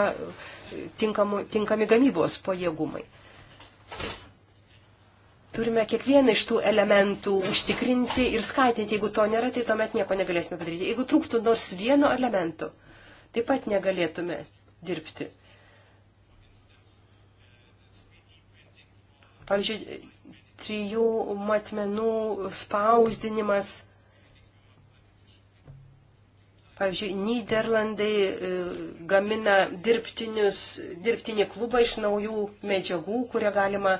tinkamų, tinkami gamybos pajėgumai. Turime kiekvieną iš tų elementų užtikrinti ir skatinti. Jeigu to nėra, tai tuomet nieko negalėsime padaryti. Jeigu trūktų nors vieno elemento, taip pat negalėtume dirbti. Pavyzdžiui, trijų matmenų spausdinimas. Pavyzdžiui, Niderlandai e, gamina dirbtinį klubą iš naujų medžiagų, kurie galima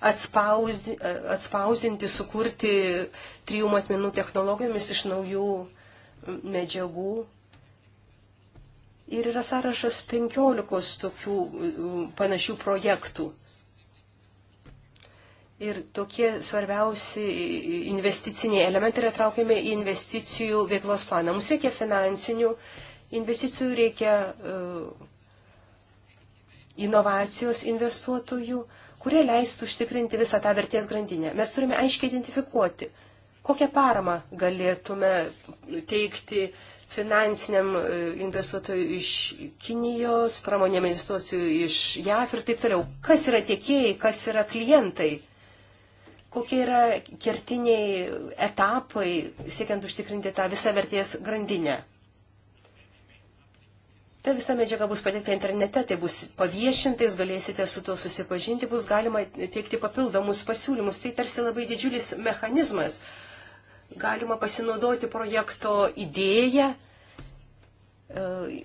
atspausdinti, e, atspausdinti sukurti trijų matmenų technologijomis iš naujų medžiagų. Ir yra sąrašas penkiolikos tokių panašių projektų. Ir tokie svarbiausi investiciniai elementai yra traukiami į investicijų veiklos planą. Mums reikia finansinių investicijų, reikia uh, inovacijos investuotojų, kurie leistų užtikrinti visą tą vertės grandinę. Mes turime aiškiai identifikuoti, kokią paramą galėtume teikti finansiniam e, investuotojui iš Kinijos, pramonėm investuotojų iš JAF ir taip toliau. Kas yra tiekėjai, kas yra klientai kokie yra kertiniai etapai, siekiant užtikrinti tą visą vertės grandinę. Ta visa medžiaga bus pateikta internete, tai bus paviešinta, jūs galėsite su tuo susipažinti, bus galima teikti papildomus pasiūlymus. Tai tarsi labai didžiulis mechanizmas. Galima pasinaudoti projekto idėją, e,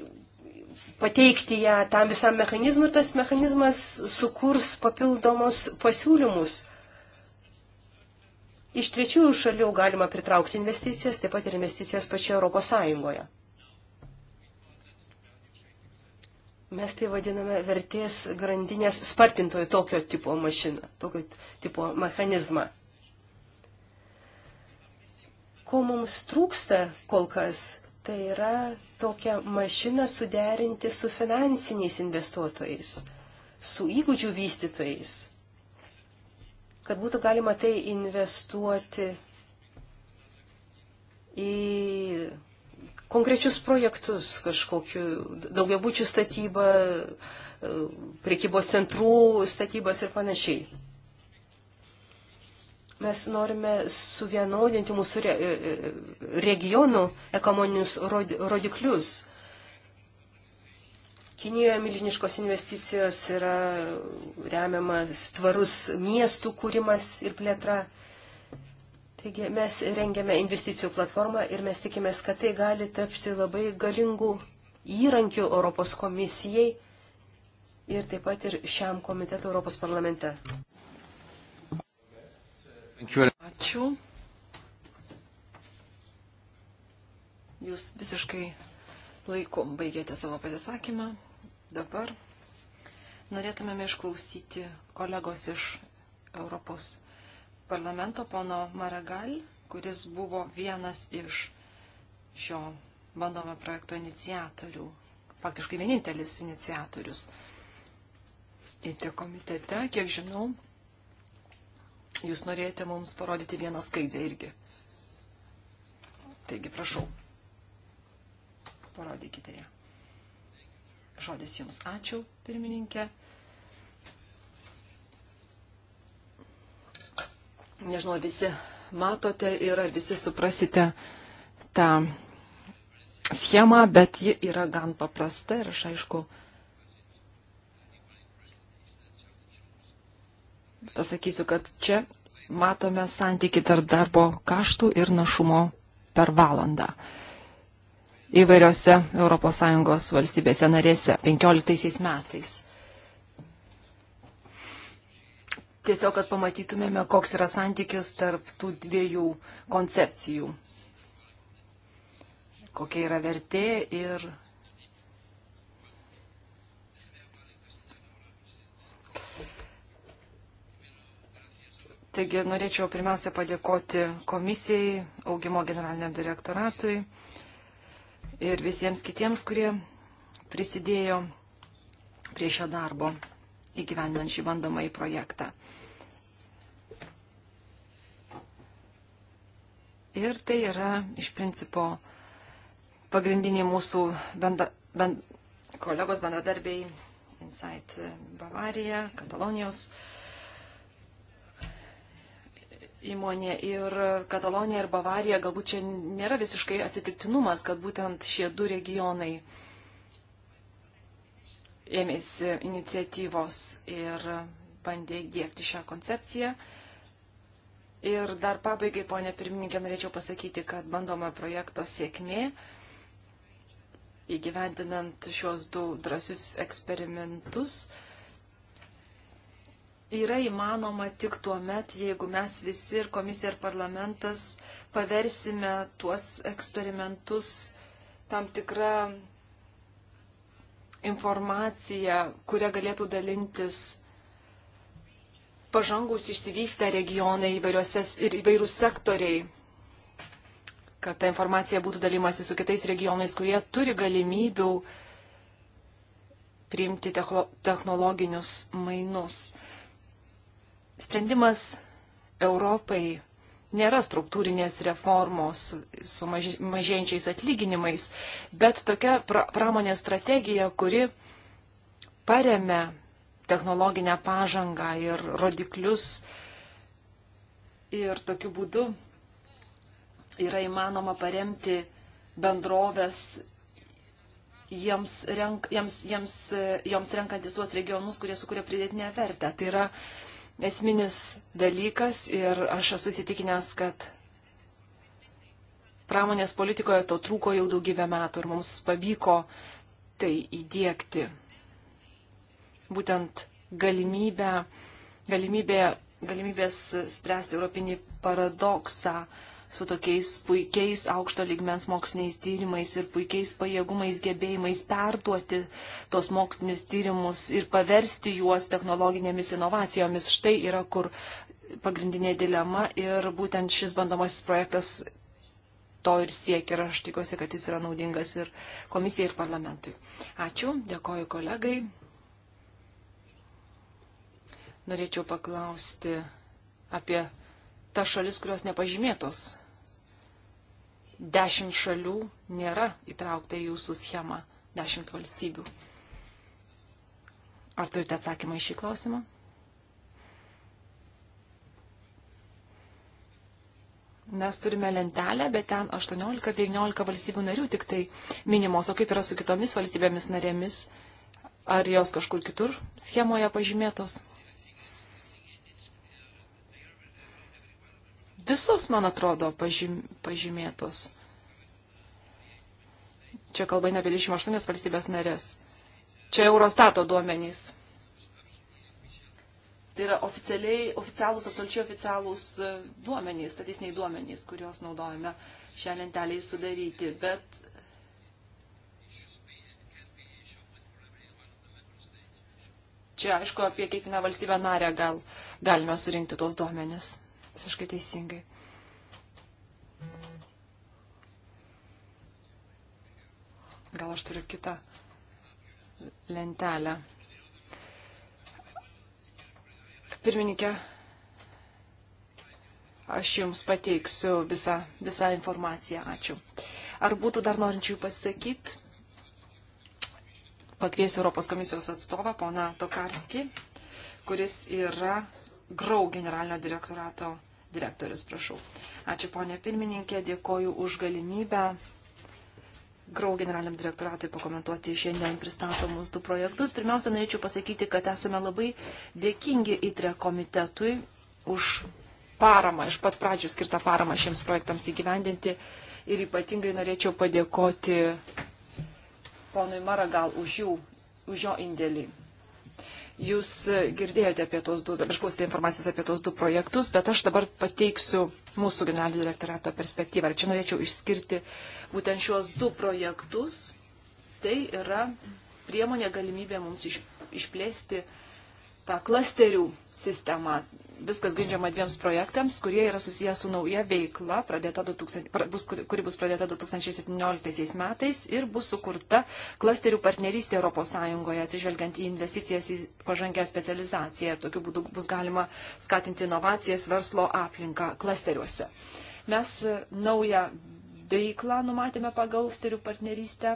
pateikti ją tam visam mechanizmui ir tas mechanizmas sukurs papildomus pasiūlymus iš trečiųjų šalių galima pritraukti investicijas, taip pat ir investicijas pačioje Europos Sąjungoje. Mes tai vadiname vertės grandinės spartintojų tokio tipo mašiną, tokio tipo mechanizmą. Ko mums trūksta kol kas, tai yra tokią mašiną suderinti su finansiniais investuotojais, su įgūdžių vystytojais, kad būtų galima tai investuoti į konkrečius projektus kažkokiu daugiabučių statybą, prekybos centrų statybas ir panašiai. Mes norime suvienodinti mūsų re, e, e, regionų ekonominius rodiklius. Kinijoje milžiniškos investicijos yra remiamas tvarus miestų kūrimas ir plėtra. Taigi mes rengiame investicijų platformą ir mes tikimės, kad tai gali tapti labai galingų įrankių Europos komisijai ir taip pat ir šiam komitetu Europos parlamente. Ačiū. Jūs visiškai laiku baigėte savo pasisakymą. Dabar norėtumėme išklausyti kolegos iš Europos parlamento, pono Maragal, kuris buvo vienas iš šio bandomo projekto iniciatorių, faktiškai vienintelis iniciatorius. Įtė komitete, kiek žinau, jūs norėjote mums parodyti vieną skaidę irgi. Taigi, prašau, parodykite ją. Žodis Jums. Ačiū, pirmininkė. Nežinau, ar visi matote ir ar visi suprasite tą schemą, bet ji yra gan paprasta ir aš aišku pasakysiu, kad čia matome santyki tarp darbo kaštų ir našumo per valandą. Uh, įvairiose ES valstybėse narėse 15 metais. Tiesiog, kad pamatytumėme, koks yra santykis tarp tų dviejų koncepcijų. Kokia yra vertė ir Taigi norėčiau pirmiausia padėkoti komisijai, augimo generaliniam direktoratui ir visiems kitiems, kurie prisidėjo prie šio darbo įgyvendinant šį bandomąjį projektą. Ir tai yra iš principo pagrindiniai mūsų benda, bend, kolegos bendradarbiai Insight Bavarija, Katalonijos uh, įmonė ir Katalonija ir Bavarija, galbūt čia nėra visiškai atsitiktinumas, kad būtent šie du regionai ėmėsi iniciatyvos ir bandė įdėkti šią koncepciją. Ir dar pabaigai, ponė pirmininkė, norėčiau pasakyti, kad bandoma projekto sėkmė įgyvendinant šios du drąsius eksperimentus yra įmanoma tik tuo met, jeigu mes visi ir komisija ir parlamentas paversime tuos eksperimentus tam tikrą informaciją, kurią galėtų dalintis pažangus išsivystę regionai ir įvairūs sektoriai, kad ta informacija būtų dalymasi su kitais regionais, kurie turi galimybių priimti technologinius mainus. Sprendimas Europai nėra struktūrinės reformos su mažėjančiais atlyginimais, bet tokia pramonės strategija, kuri paremia technologinę pažangą ir rodiklius ir tokiu būdu yra įmanoma paremti bendrovės jiems, renk, jiems, jiems, joms renkantis tuos regionus, kurie sukuria pridėtinę vertę. Tai yra esminis dalykas ir aš esu įsitikinęs, kad pramonės politikoje to trūko jau daugybę metų ir mums pavyko tai įdėkti. Būtent galimybę, galimybė, galimybės spręsti europinį paradoksą, su tokiais puikiais aukšto ligmens moksliniais tyrimais ir puikiais pajėgumais, gebėjimais perduoti tos mokslinius tyrimus ir paversti juos technologinėmis inovacijomis. Štai yra kur pagrindinė dilema ir būtent šis bandomasis projektas to ir siekia ir aš tikiuosi, kad jis yra naudingas ir komisijai, ir parlamentui. Ačiū, dėkoju kolegai. Norėčiau paklausti apie ta šalis, kurios nepažymėtos. Dešimt šalių nėra įtraukta į jūsų schemą, dešimt valstybių. Ar turite atsakymą į šį klausimą? Mes turime lentelę, bet ten 18-19 valstybių narių tik tai minimos. O kaip yra su kitomis valstybėmis narėmis? Ar jos kažkur kitur schemoje pažymėtos? visos, man atrodo, pažym, pažymėtos. Čia kalba eina apie 28 valstybės narės. Čia Eurostato duomenys. Tai yra oficialiai, oficialūs, absoliučiai oficialūs e, duomenys, statistiniai duomenys, kuriuos naudojame šią lentelę sudaryti. Bet čia, aišku, apie kiekvieną valstybę narę gal, galime surinkti tuos duomenis visiškai teisingai. Gal aš turiu kitą lentelę. Pirmininkė, aš Jums pateiksiu visą, visą informaciją. Ačiū. Ar būtų dar norinčių pasakyti? Pakviesiu Europos komisijos atstovą, pona Tokarski, kuris yra Grau generalinio direktorato direktorius, prašau. Ačiū ponė pirmininkė, dėkoju už galimybę Grau generaliniam direktoratui pakomentuoti šiandien pristatomus du projektus. Pirmiausia, norėčiau pasakyti, kad esame labai dėkingi ITRE komitetui už paramą, iš pat pradžių skirtą paramą šiems projektams įgyvendinti. Ir ypatingai norėčiau padėkoti ponui Maragal už, jų, už jo indėlį Jūs girdėjote apie tos du, dabar išklausėte informacijos apie tos du projektus, bet aš dabar pateiksiu mūsų generalinio direktorato perspektyvą. Ir čia norėčiau išskirti būtent šiuos du projektus. Tai yra priemonė galimybė mums išplėsti tą klasterių sistemą. Viskas grindžiama dviems projektams, kurie yra susijęs su nauja veikla, 2000, bus, kuri bus pradėta 2017 metais ir bus sukurta klasterių partnerystė ES, atsižvelgiant į investicijas į pažangę specializaciją. Tokiu būdu bus galima skatinti inovacijas verslo aplinką klasteriuose. Mes e, naują veiklą numatėme pagal klasterių partnerystę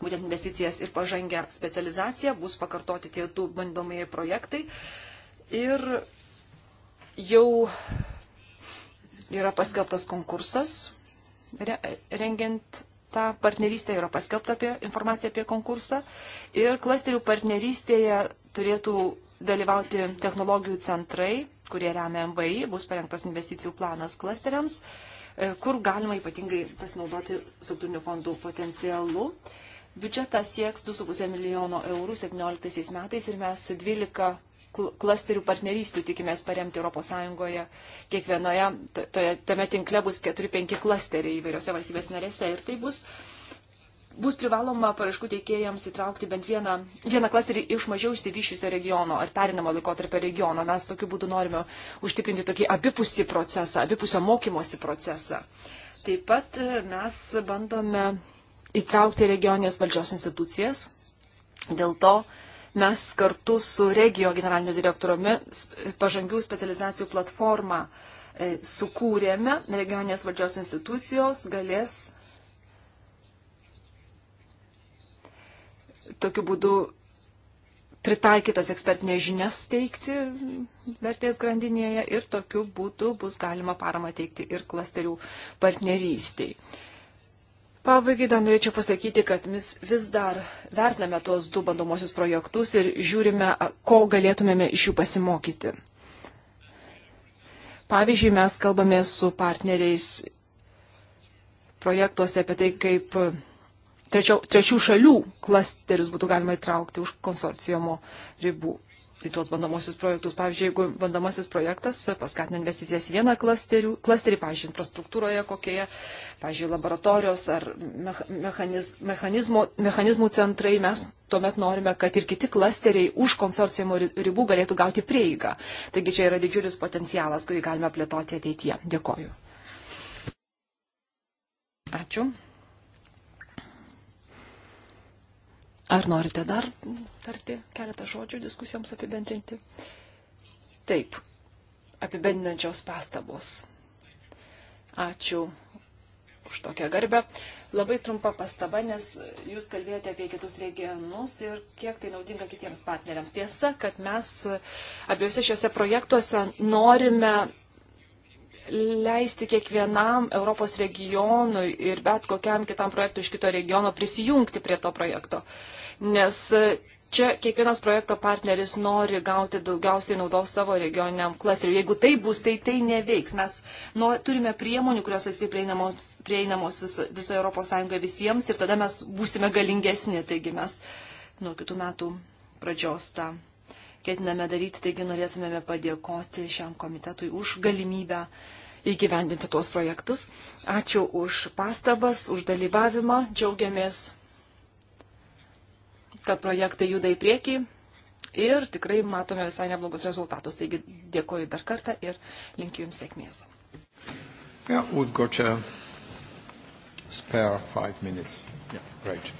būtent investicijas ir pažangę specializaciją, bus pakartoti tie du bandomieji projektai. Ir jau yra paskelbtas konkursas, re, rengiant tą partnerystę yra paskelbta apie informaciją apie konkursą. Ir klasterių partnerystėje turėtų dalyvauti technologijų centrai, kurie remia MVI, bus parengtas investicijų planas klasteriams, e, kur galima ypatingai pasinaudoti struktūrinių fondų potencialu. Biudžetas sieks 2,5 milijono eurų 17 metais ir mes 12 klasterių partnerystių tikimės paremti ES. Kiekvienoje toje, tame tinkle bus 4-5 klasteriai įvairiose valstybės narėse ir tai bus. Bus privaloma paraiškų teikėjams įtraukti bent vieną, vieną klasterį iš mažiau išsivyščiusio regiono ar perinamo laikotarpio regiono. Mes tokiu būdu norime užtikrinti tokį abipusį procesą, abipusio mokymosi procesą. Taip pat e, mes bandome įtraukti regioninės valdžios institucijas. Dėl to mes kartu su regio generaliniu direktoriumi pažangių specializacijų platformą e, sukūrėme, regioninės valdžios institucijos galės tokiu būdu pritaikytas ekspertinės žinias teikti vertės grandinėje ir tokiu būdu bus galima parama teikti ir klasterių partnerystiai. Pabaigai dar norėčiau pasakyti, kad mes vis dar vertiname tuos du bandomosius projektus ir žiūrime, ko galėtumėme iš jų pasimokyti. Pavyzdžiui, mes kalbame su partneriais projektuose apie tai, kaip e, trečio, trečių šalių klasterius būtų galima įtraukti už konsorcijomo ribų į tuos bandomosius projektus. Pavyzdžiui, jeigu bandomasis projektas paskatina investicijas į vieną klasterių, klasterį, pavyzdžiui, infrastruktūroje kokioje, pavyzdžiui, laboratorijos ar mechaniz, mechanizmų centrai, mes tuomet norime, kad ir kiti klasteriai už konsorcijumo ribų galėtų gauti prieigą. Taigi čia yra didžiulis potencialas, kurį galime plėtoti ateityje. Dėkoju. Ačiū. Ar norite dar tarti keletą žodžių diskusijoms apibendrinti? Taip, apibendrinančios pastabos. Ačiū už tokią garbę. Labai trumpa pastaba, nes jūs kalbėjote apie kitus regionus ir kiek tai naudinga kitiems partneriams. Tiesa, kad mes abiejose šiuose projektuose norime leisti kiekvienam Europos regionui ir bet kokiam kitam projektui iš kito regiono prisijungti prie to projekto. Nes e, čia kiekvienas projekto partneris nori gauti daugiausiai naudos savo regioniniam klasteriui. Jeigu tai bus, tai tai neveiks. Mes nu, turime priemonių, kurios laisvai prieinamos, prieinamos viso, viso Europos Sąjungoje visiems ir tada mes būsime galingesni. Taigi mes nuo kitų metų pradžios tą ketiname daryti, taigi norėtumėme padėkoti šiam komitetui už galimybę įgyvendinti tuos projektus. Ačiū už pastabas, už dalyvavimą, džiaugiamės, kad projektai juda į priekį ir tikrai matome visai neblogus rezultatus. Taigi dėkoju dar kartą ir linkiu Jums sėkmės. Yeah, we've got a spare five minutes. Yeah, great.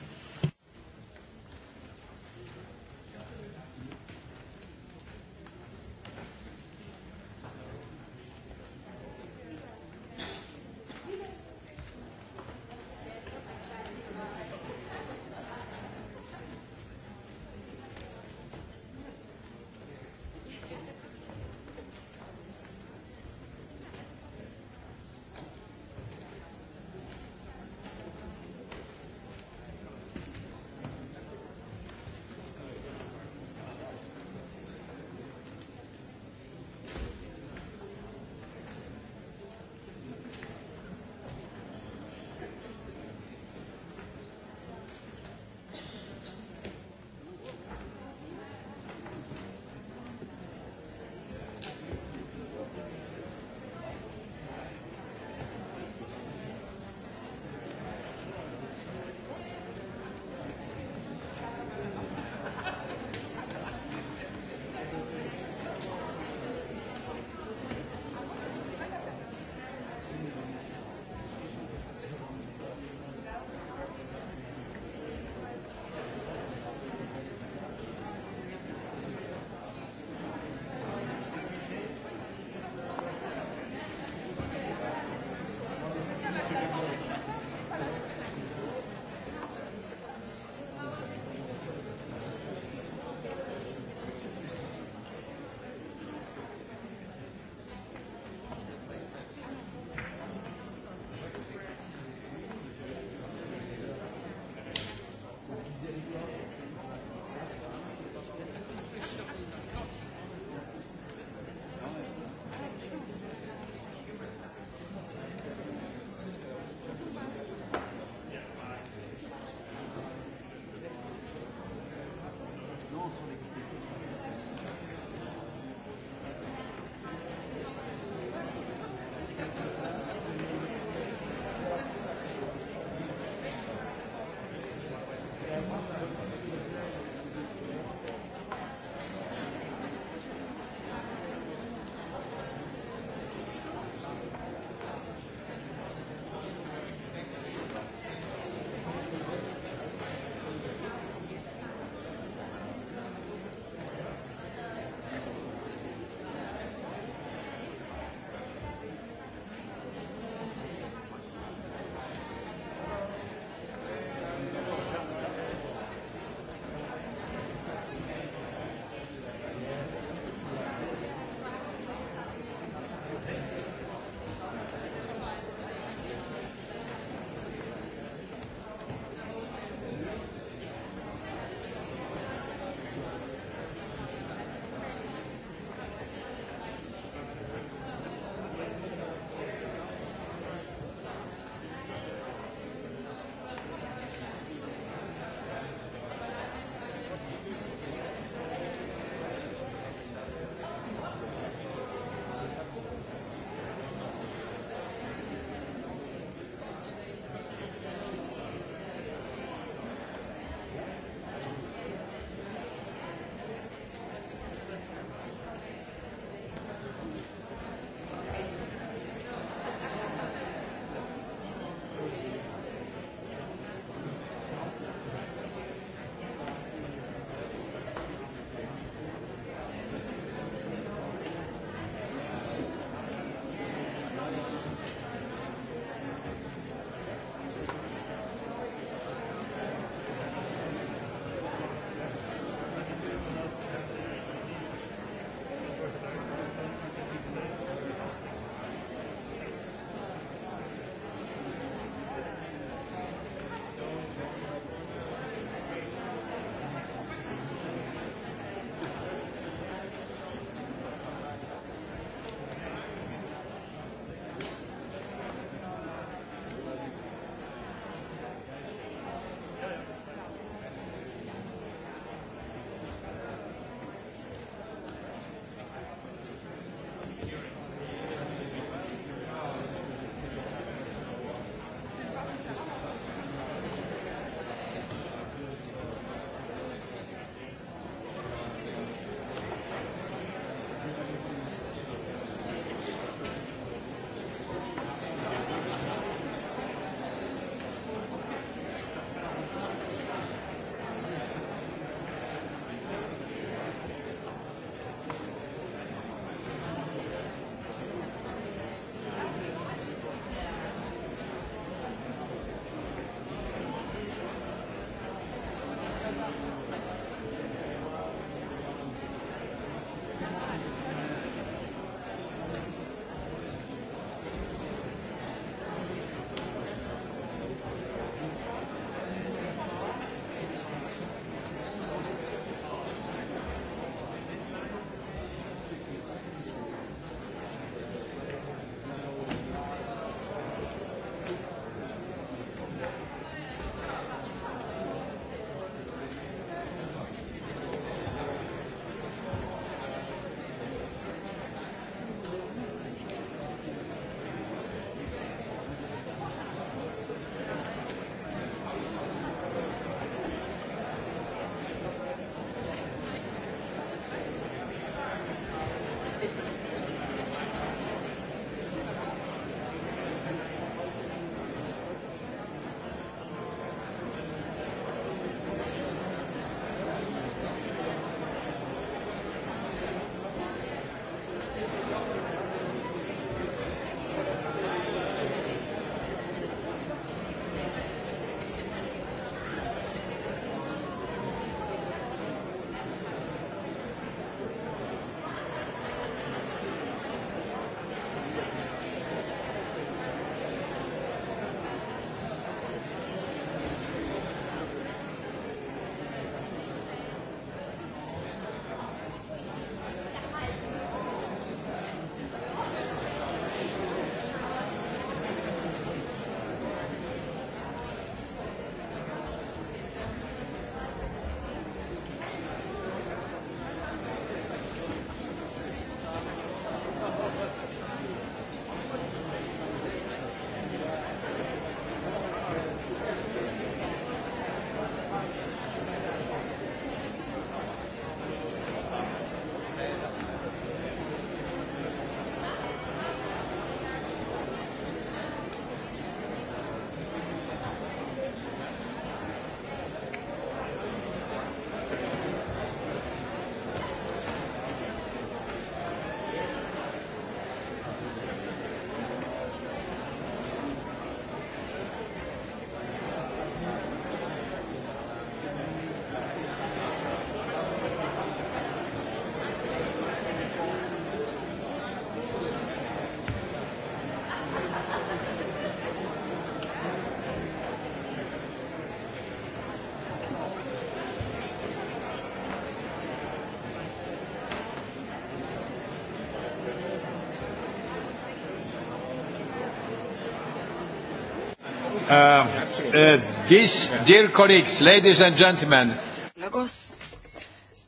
Uh, uh, this, dear colleagues, ladies and gentlemen. Kolegos,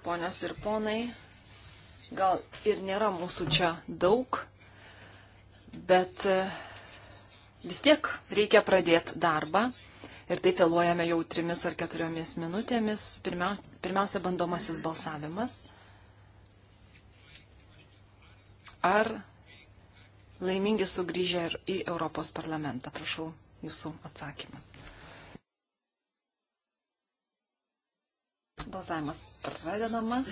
ponios ir ponai, gal ir nėra mūsų čia daug, bet uh, vis tiek reikia pradėti darbą ir taip vėluojame jau trimis ar keturiomis minutėmis. Pirmia, pirmiausia, bandomasis balsavimas. Ar laimingi sugrįžę ir į Europos parlamentą, prašau jūsų atsakymą. Balsavimas pradedamas.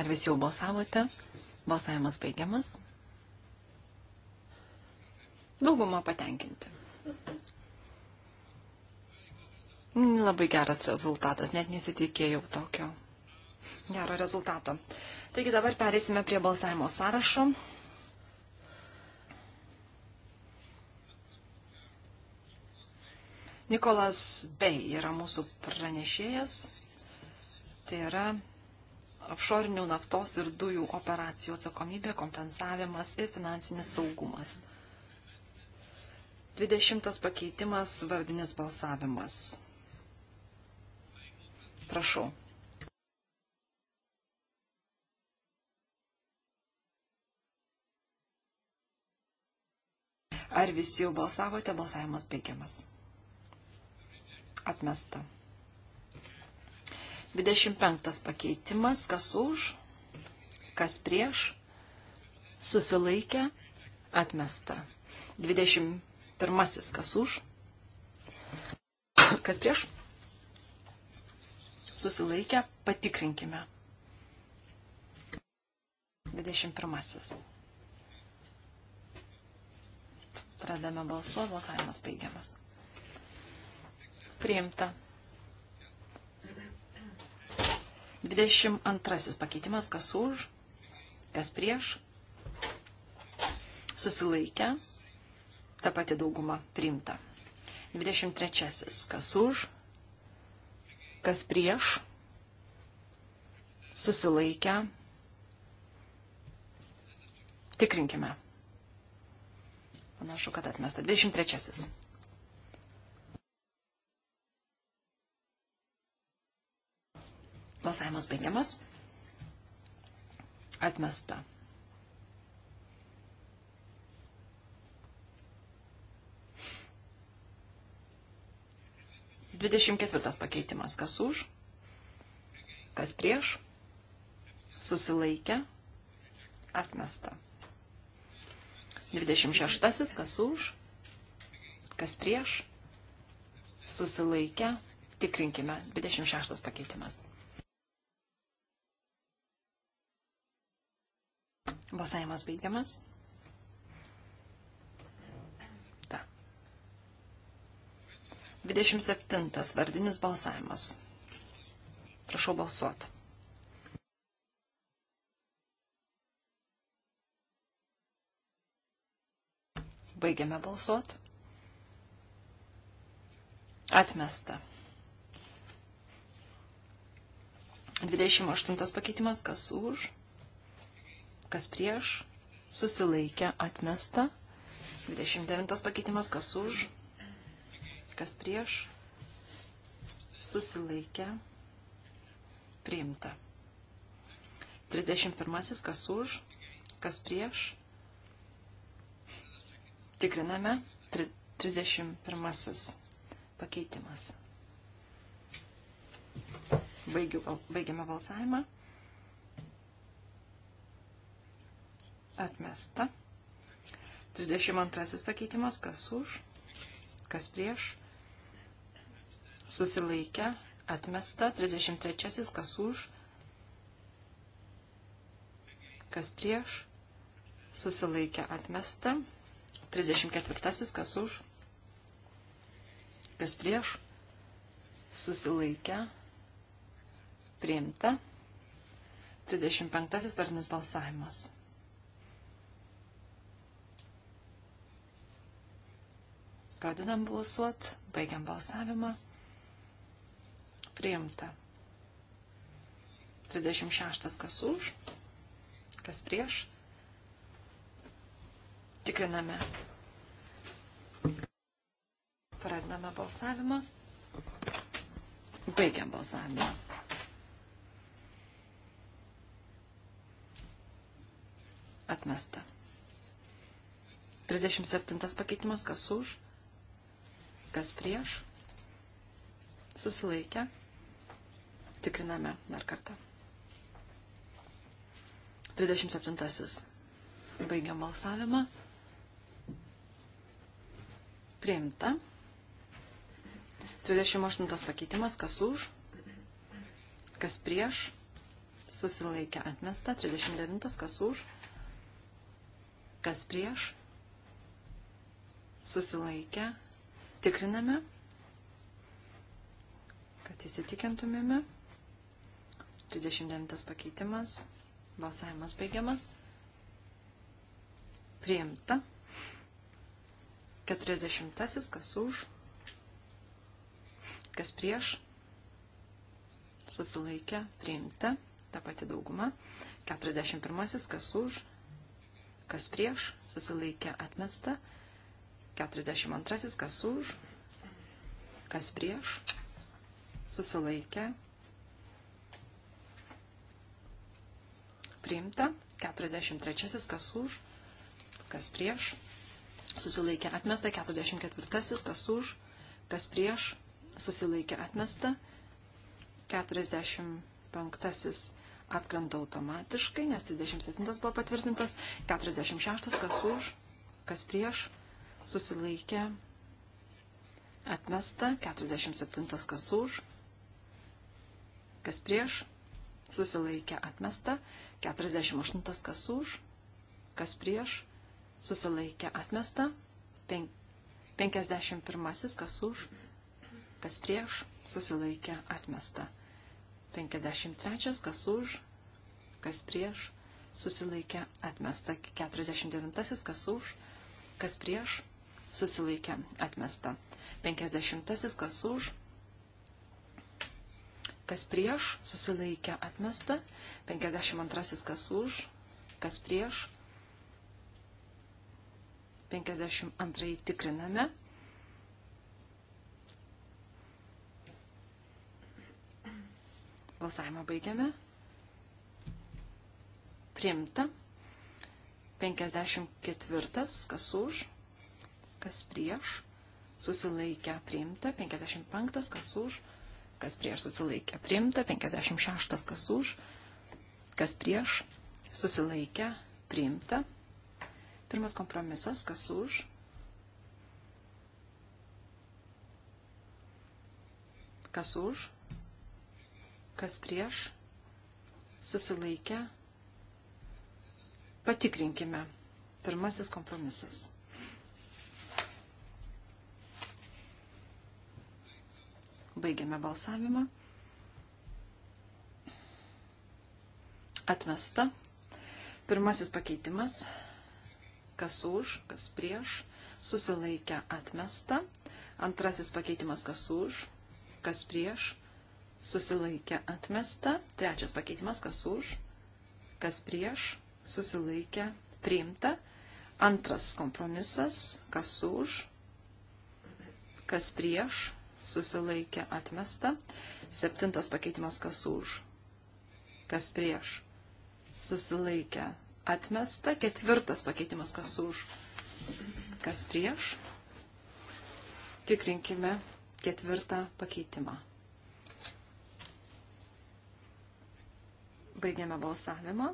Ar visi jau balsavote? Balsavimas baigiamas. Dauguma patenkinti. Labai geras rezultatas, net nesitikėjau tokio gero rezultato. Taigi dabar perėsime prie balsavimo sąrašo. Nikolas Bey yra mūsų pranešėjas. Tai yra offshore'inių naftos ir dujų operacijų atsakomybė, kompensavimas ir finansinis saugumas. 20 pakeitimas, vardinis balsavimas. Prašau. Ar visi jau balsavote? Balsavimas baigiamas. Atmesta. 25 pakeitimas, kas už, kas prieš, susilaikė, atmesta. 21 kas už, kas prieš, susilaikę, patikrinkime. 21. Pradame balsuo, balsavimas baigiamas. Priimta. 22 pakeitimas, kas už, kas prieš, susilaikę, ta pati dauguma priimta. 23 kas už, kas prieš, susilaikę, tikrinkime. Panašu, kad atmesta. 23. Balsavimas baigiamas. Atmesta. Dvidešimt ketvirtas pakeitimas. Kas už? Kas prieš? Susilaikę? Atmesta. Dvidešimt šeštasis. Kas už? Kas prieš? Susilaikę? Tikrinkime. 26 pakeitimas. Balsavimas baigiamas. Ta. 27. Vardinis balsavimas. Prašau balsuoti. Baigiame balsuoti. Atmesta. 28 pakeitimas, kas už, kas prieš, susilaikė atmesta. 29 pakeitimas, kas už, kas prieš, susilaikė priimta. 31 kas už, kas prieš. Tikriname 31 pakeitimas. Baigiu, baigiame balsavimą. Atmesta. 32 pakeitimas, kas už, kas prieš, susilaikę, atmesta, 33 kas už, kas prieš, susilaikę, atmesta, 34 kas už, kas prieš, susilaikę, priimta, 35 vardinis balsavimas. Pradedam balsuot, baigiam balsavimą. Priimta. 36 kas už, kas prieš. Tikriname. Pradedame balsavimą. Baigiam balsavimą. Atmesta. 37 pakeitimas, kas už, kas prieš, susilaikę, tikriname dar kartą. 37. Baigiam balsavimą. Priimta. 28 pakeitimas, kas už, kas prieš, susilaikė atmesta, 39 kas už, kas prieš, susilaikė Tikriname, kad įsitikintumėme. 39 pakeitimas. Balsavimas baigiamas. Priimta. 40. Kas už? Kas prieš? Susilaikė. Priimta. Ta pati dauguma. 41. Kas už? Kas prieš? Susilaikė. Atmesta. 42. Kas už, kas prieš, susilaikė, priimta. 43. Kas už, kas prieš, susilaikė, atmesta. 44. Kas už, kas prieš, susilaikė, atmesta. 45 atkrenta automatiškai, nes 37 buvo patvirtintas, 46 kas už, kas prieš, susilaikė, atmesta, 47 kas už, kas prieš, susilaikė, atmesta, 48 kas už, kas prieš, susilaikė, atmesta, 51 kas už, kas prieš, susilaikė, atmesta, 53 kas už, kas prieš, susilaikė, atmesta, 49 kas už, kas prieš, susilaikė atmesta. 50 kas už, kas prieš, susilaikė atmesta. 52 kas už, kas prieš. 52 tikriname. Balsavimą baigiame. Priimta. 54 kas už kas prieš, susilaikę priimta, 55 kas už, kas prieš susilaikę priimta, 56 kas už, kas prieš susilaikę priimta. Pirmas kompromisas, kas už. Kas už, kas prieš, susilaikę, patikrinkime. Pirmasis kompromisas. Baigiame balsavimą. Atmesta. Pirmasis pakeitimas. Kas už, kas prieš. Susilaikę atmesta. Antrasis pakeitimas kas už, kas prieš. Susilaikę atmesta. Trečias pakeitimas kas už, kas prieš. Susilaikę priimta. Antras kompromisas, kas už, kas prieš, susilaikė atmesta. Septintas pakeitimas kas už, kas prieš, susilaikė atmesta. Ketvirtas pakeitimas kas už, kas prieš. Tikrinkime ketvirtą pakeitimą. Baigiame balsavimą.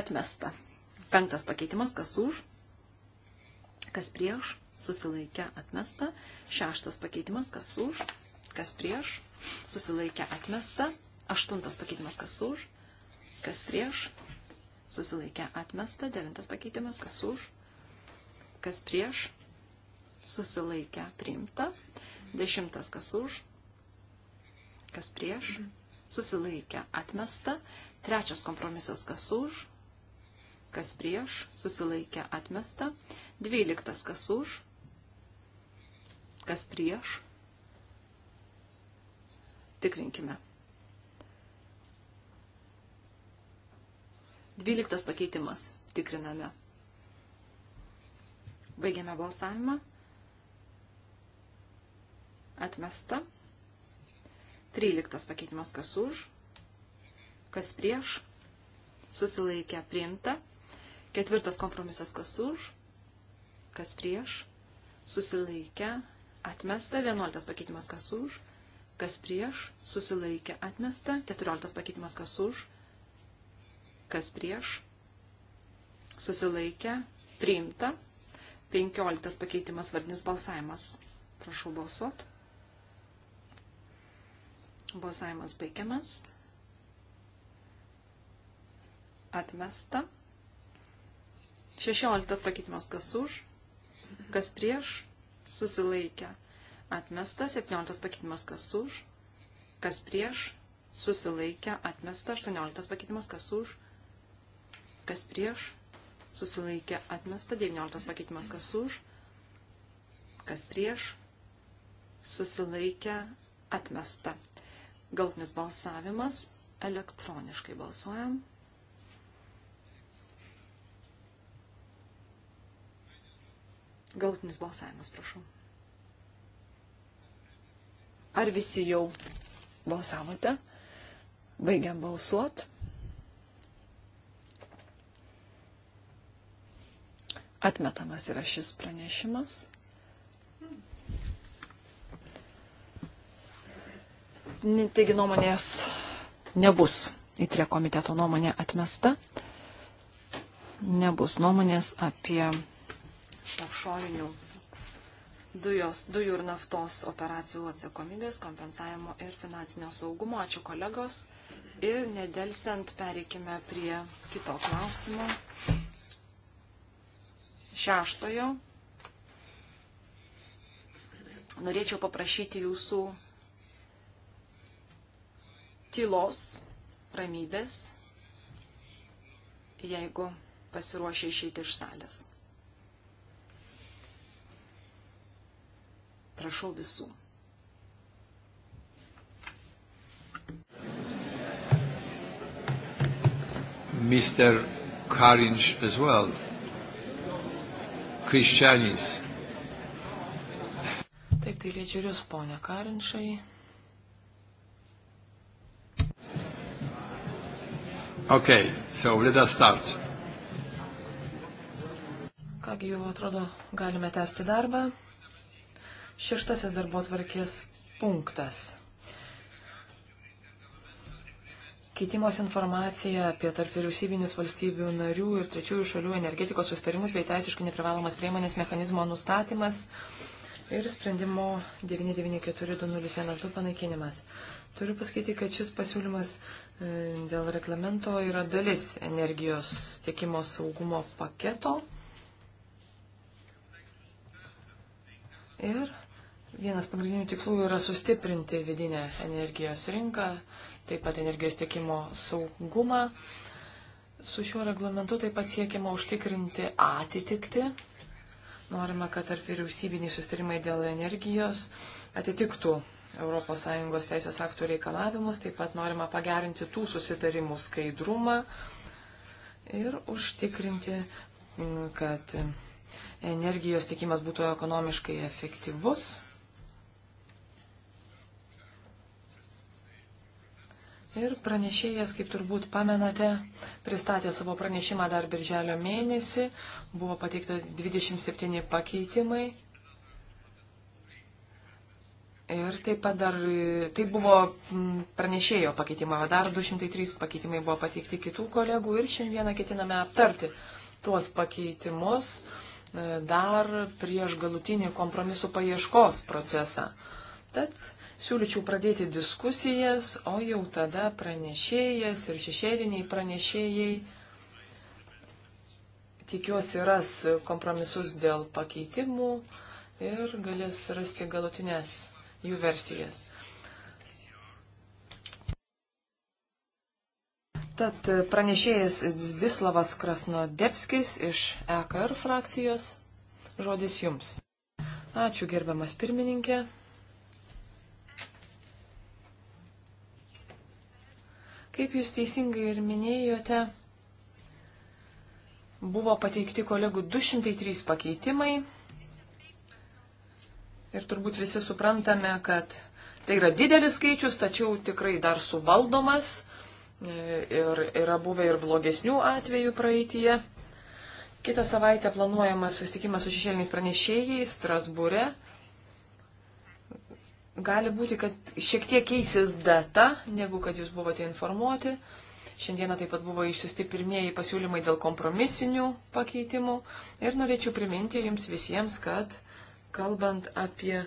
Atmesta. Penktas pakeitimas kas už, kas prieš, susilaikę atmesta. Šeštas pakeitimas, kas už, kas prieš, susilaikę atmesta. Aštuntas pakeitimas, kas už, kas prieš, susilaikę atmesta. Devintas pakeitimas, kas už, kas prieš, susilaikę priimta. Dešimtas, kas už, kas prieš, susilaikę atmesta. Trečias kompromisas, kas už, kas prieš, susilaikė atmesta, 12 kas už, kas prieš, tikrinkime. 12 pakeitimas, tikriname. Baigiame balsavimą. Atmesta. 13 pakeitimas kas už, kas prieš, susilaikė priimta. Ketvirtas kompromisas kas už, kas prieš, susilaikę, atmesta. Vienuoltas pakeitimas kas už, kas prieš, susilaikę, atmesta. Keturioltas pakeitimas kas už, kas prieš, susilaikę, priimta. Penkioliktas pakeitimas vardinis balsavimas. Prašau balsuot. Balsavimas baigiamas. Atmesta. 16 pakeitimas kas už, kas prieš, susilaikę. Atmesta 17 pakeitimas kas už, kas prieš, susilaikę. Atmesta 18 pakeitimas kas už, kas prieš, susilaikė atmesta, 19 pakeitimas kas už, kas prieš, susilaikė atmesta. Galtinis balsavimas, elektroniškai balsuojam. Galutinis balsavimas, prašau. Ar visi jau balsavote? Baigiam balsuot. Atmetamas yra šis pranešimas. Taigi nuomonės nebus įtrė komiteto nuomonė atmesta. Nebus nuomonės apie offshorinių dujos, dujų ir naftos operacijų atsakomybės, kompensavimo ir finansinio saugumo. Ačiū kolegos. Ir nedelsiant pereikime prie kito klausimo. Šeštojo. Norėčiau paprašyti jūsų tylos, ramybės, jeigu pasiruošia išeiti iš salės. Prašau visų. Mr. Karinch as well. Krishtianis. Taip, tai liečia ir jūs, ponia Karinšai. Okay, so let us start. Kągi jau atrodo, galime tęsti darbą šeštasis darbo tvarkės punktas. Keitimos informacija apie tarp vyriausybinius valstybių narių ir trečiųjų šalių energetikos sustarimus bei teisiškai neprivalomas priemonės mechanizmo nustatymas ir sprendimo 994-2012 panaikinimas. Turiu pasakyti, kad šis pasiūlymas e, dėl reglamento yra dalis energijos tiekimo saugumo paketo. Ir Vienas pagrindinių tikslų yra sustiprinti vidinę energijos rinką, taip pat energijos tiekimo saugumą. Su šiuo reglamentu taip pat siekiama užtikrinti atitikti. Norima, kad tarp vyriausybiniai sustarimai dėl energijos atitiktų ES teisės aktų reikalavimus, taip pat norima pagerinti tų susitarimų skaidrumą ir užtikrinti, kad energijos tikimas būtų ekonomiškai efektyvus. Ir pranešėjas, kaip turbūt pamenate, pristatė savo pranešimą dar birželio mėnesį, buvo pateikta 27 pakeitimai. Ir taip pat dar, tai buvo pranešėjo pakeitimai, o dar 203 pakeitimai buvo pateikti kitų kolegų ir šiandieną ketiname aptarti tuos pakeitimus e, dar prieš galutinį kompromisų paieškos procesą. Tad siūlyčiau pradėti diskusijas, o jau tada pranešėjas ir šešėliniai pranešėjai tikiuosi ras kompromisus dėl pakeitimų ir galės rasti galutinės jų versijas. Tad pranešėjas Zdislavas Krasnodepskis iš EKR frakcijos. Žodis jums. Ačiū gerbiamas pirmininkė. Kaip jūs teisingai ir minėjote, buvo pateikti kolegų 203 pakeitimai. Ir turbūt visi suprantame, kad tai yra didelis skaičius, tačiau tikrai dar suvaldomas. Ir yra buvę ir blogesnių atvejų praeitie. Kitą savaitę planuojamas susitikimas su šešėliniais pranešėjais Strasbūre gali būti, kad šiek tiek keisis data, negu kad jūs buvote informuoti. Šiandieną taip pat buvo išsiusti pirmieji pasiūlymai dėl kompromisinių pakeitimų. Ir norėčiau priminti jums visiems, kad kalbant apie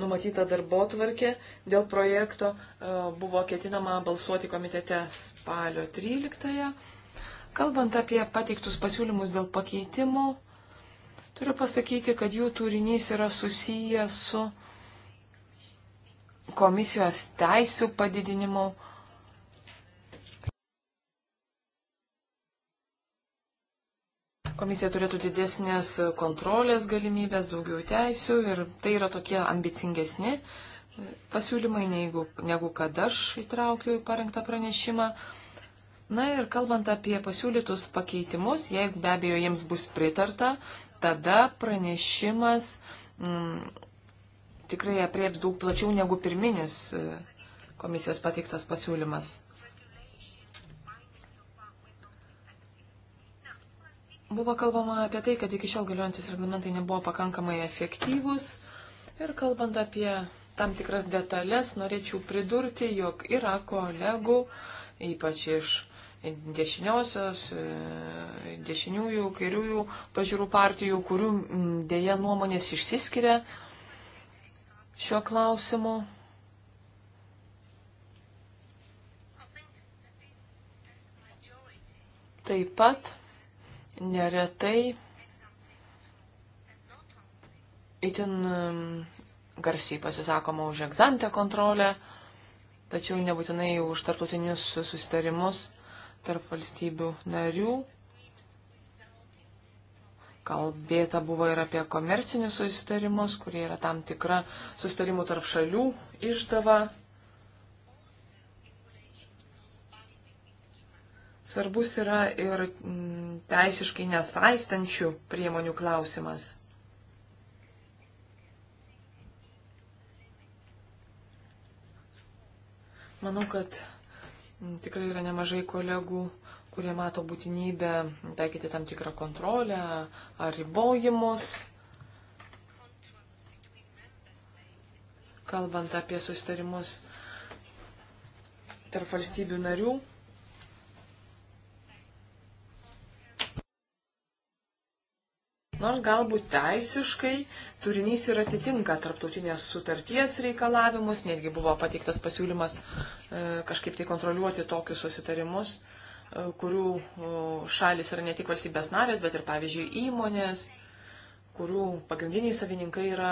numatytą darbo tvarkę, dėl projekto e, buvo ketinama balsuoti komitete spalio 13-ąją. Kalbant apie pateiktus pasiūlymus dėl pakeitimų, turiu pasakyti, kad jų turinys yra susijęs su komisijos teisų padidinimu. Komisija turėtų didesnės kontrolės galimybės, daugiau teisių ir tai yra tokie ambicingesni pasiūlymai, negu, negu kad aš įtraukiu į parengtą pranešimą. Na ir kalbant apie pasiūlytus pakeitimus, jeigu be abejo jiems bus pritarta, tada pranešimas mm, tikrai aprieps daug plačiau negu pirminis e, komisijos pateiktas pasiūlymas. Buvo kalbama apie tai, kad iki šiol galiojantis reglamentai nebuvo pakankamai efektyvūs ir kalbant apie tam tikras detalės, norėčiau pridurti, jog yra kolegų, ypač iš dešiniosios, e, dešiniųjų, kairiųjų pažiūrų partijų, kurių dėja nuomonės išsiskiria šiuo klausimu. Taip pat neretai itin um, garsiai pasisakoma už egzantę kontrolę, tačiau nebūtinai už tartutinius susitarimus tarp valstybių narių. Kalbėta buvo ir apie komercinius susitarimus, kurie yra tam tikra susitarimų tarp šalių išdava. Svarbus yra ir mm, teisiškai nesaistančių priemonių klausimas. Manau, kad mm, tikrai yra nemažai kolegų kurie mato būtinybę taikyti tam tikrą kontrolę ar ribojimus. Kalbant apie sustarimus tarp valstybių narių. Nors galbūt teisiškai turinys ir atitinka tarptautinės sutarties reikalavimus, netgi buvo pateiktas pasiūlymas e, kažkaip tai kontroliuoti tokius susitarimus. E, kurių šalis yra ne tik valstybės narės, bet ir, pavyzdžiui, įmonės, kurių pagrindiniai savininkai yra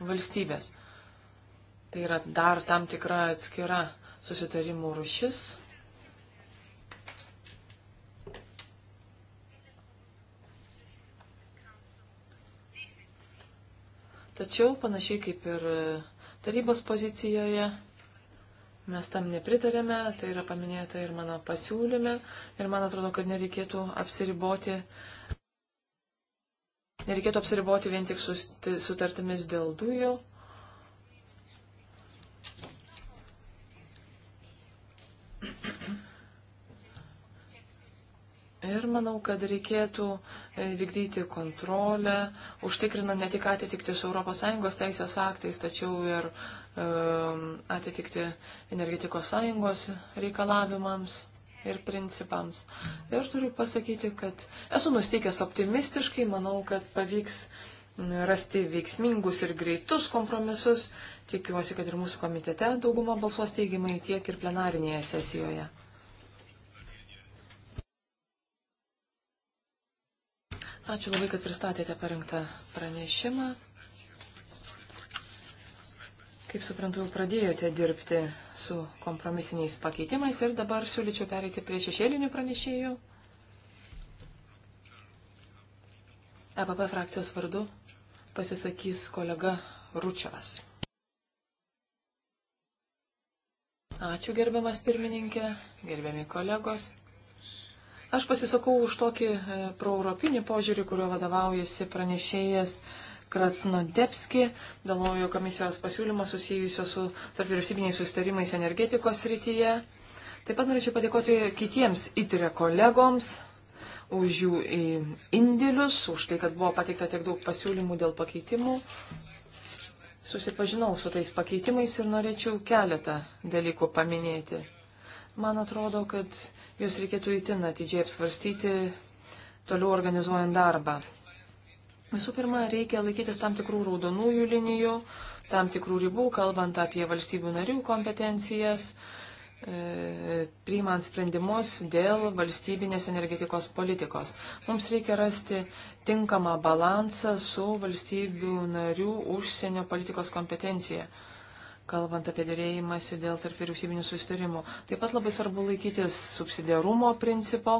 valstybės. Tai yra dar tam tikra atskira susitarimų rušis. Tačiau, panašiai kaip ir tarybos pozicijoje, Mes tam nepritarėme, tai yra paminėta ir mano pasiūlyme ir man atrodo, kad nereikėtų apsiriboti. Nereikėtų apsiriboti vien tik sutartimis dėl dujų. Ir manau, kad reikėtų e, vykdyti kontrolę, užtikrinant ne tik atitiktis ES teisės aktais, tačiau ir um, atitikti energetikos sąjungos reikalavimams ir principams. Ir turiu pasakyti, kad esu nusteikęs optimistiškai, manau, kad pavyks rasti veiksmingus ir greitus kompromisus. Tikiuosi, kad ir mūsų komitete dauguma balsuos teigiamai tiek ir plenarinėje sesijoje. Ačiū labai, kad pristatėte parengtą pranešimą. Kaip suprantu, jau pradėjote dirbti su kompromisiniais pakeitimais ir dabar siūlyčiau pereiti prie šešėlinių pranešėjų. EPP frakcijos vardu pasisakys kolega Ručiovas. Ačiū gerbiamas pirmininkė, gerbiami kolegos. Aš pasisakau už tokį e, proeuropinį požiūrį, kuriuo vadovaujasi pranešėjas Krasnodepski, dėl naujo komisijos pasiūlymo susijusio su tarpvyriausybiniais sustarimais energetikos rytyje. Taip pat norėčiau padėkoti kitiems įtrė kolegoms už jų e, indėlius, už tai, kad buvo pateikta tiek daug pasiūlymų dėl pakeitimų. Susipažinau su tais pakeitimais ir norėčiau keletą dalykų paminėti. Man atrodo, kad jūs reikėtų įtin atidžiai apsvarstyti toliau organizuojant darbą. Visų pirma, reikia laikytis tam tikrų raudonųjų linijų, tam tikrų ribų, kalbant apie valstybių narių kompetencijas, e, priimant sprendimus dėl valstybinės energetikos politikos. Mums reikia rasti tinkamą balansą su valstybių narių užsienio politikos kompetencija kalbant apie dėrėjimąsi dėl tarp vyriausybinių sustarimų. Taip pat labai svarbu laikytis subsidiarumo principo,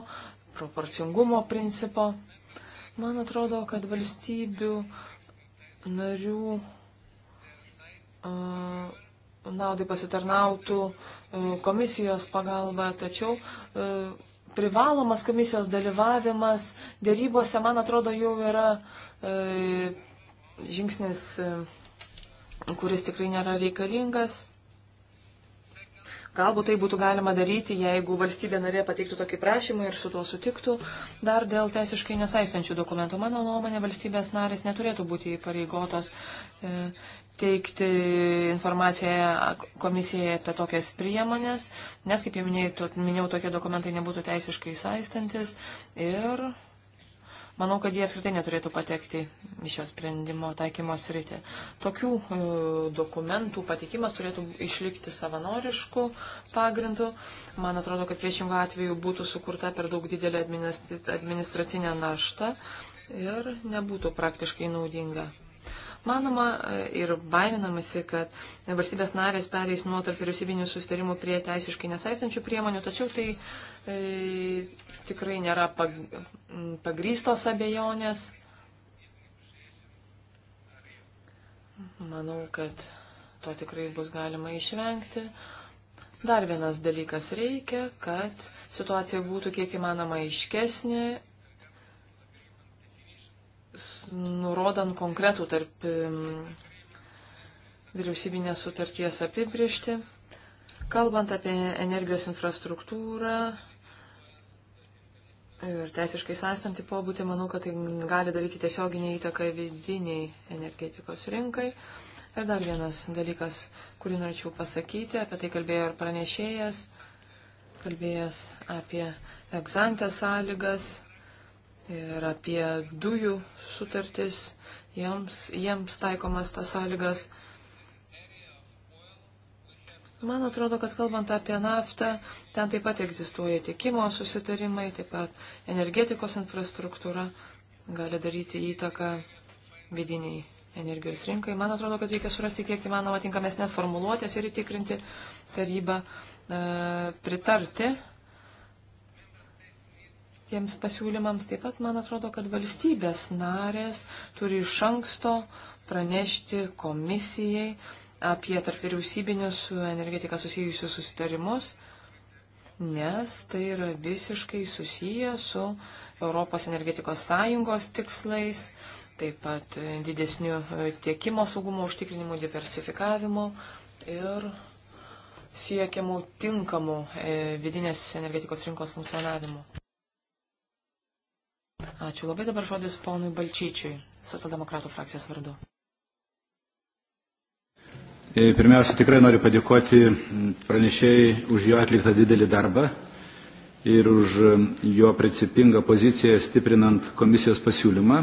proporcingumo principo. Man atrodo, kad valstybių narių uh, naudai pasitarnautų uh, komisijos pagalba, tačiau uh, privalomas komisijos dalyvavimas dėrybose, man atrodo, jau yra uh, žingsnis uh, kuris tikrai nėra reikalingas. Galbūt tai būtų galima daryti, jeigu valstybė narė pateiktų tokį prašymą ir su tuo sutiktų. Dar dėl teisiškai nesaistančių dokumentų. Mano nuomonė, valstybės narės neturėtų būti įpareigotos e, teikti informaciją komisijai apie tokias priemonės, nes, kaip jau minėjau, minėjau tokie dokumentai nebūtų teisiškai saistantis ir Manau, kad jie apskritai neturėtų patekti į šio sprendimo taikymo sritį. Tokių e, dokumentų patikimas turėtų išlikti savanoriškų pagrindų. Man atrodo, kad priešingų atveju būtų sukurta per daug didelė administracinė našta ir nebūtų praktiškai naudinga. Manoma e, ir baiminamasi, kad valstybės narės pereis nuo tarp vyriausybinių sustarimų prie teisiškai nesaistančių priemonių, tačiau tai e, tikrai nėra pag, pagrystos abejonės. Manau, kad to tikrai bus galima išvengti. Dar vienas dalykas reikia, kad situacija būtų kiek įmanoma aiškesnė nurodant konkretų tarp vyriausybinės sutarties apibriežti. Kalbant apie energijos infrastruktūrą ir teisiškai sąstantį pobūtį, manau, kad tai gali daryti tiesioginį įtaką vidiniai energetikos rinkai. Ir dar vienas dalykas, kurį norėčiau pasakyti, apie tai kalbėjo ir pranešėjas, kalbėjęs apie egzantę sąlygas ir apie dujų sutartis, jiems, jiems taikomas tas sąlygas. Man atrodo, kad kalbant apie naftą, ten taip pat egzistuoja tiekimo susitarimai, taip pat energetikos infrastruktūra gali daryti įtaką vidiniai energijos rinkai. Man atrodo, kad reikia surasti kiek įmanoma tinkamesnės formuluotės ir įtikrinti tarybą e, pritarti tiems pasiūlymams. Taip pat man atrodo, kad valstybės narės turi iš anksto pranešti komisijai apie tarp vyriausybinius su energetika susijusius susitarimus, nes tai yra visiškai susiję su Europos energetikos sąjungos tikslais, taip pat didesniu e, tiekimo saugumo užtikrinimu, diversifikavimu ir siekiamų tinkamų e, vidinės energetikos rinkos funkcionavimų. Ačiū labai dabar žodis ponui Balčyčiui, socialdemokratų frakcijos vardu. E, pirmiausia, tikrai noriu padėkoti pranešėjai už jo atliktą didelį darbą ir už jo principingą poziciją stiprinant komisijos pasiūlymą,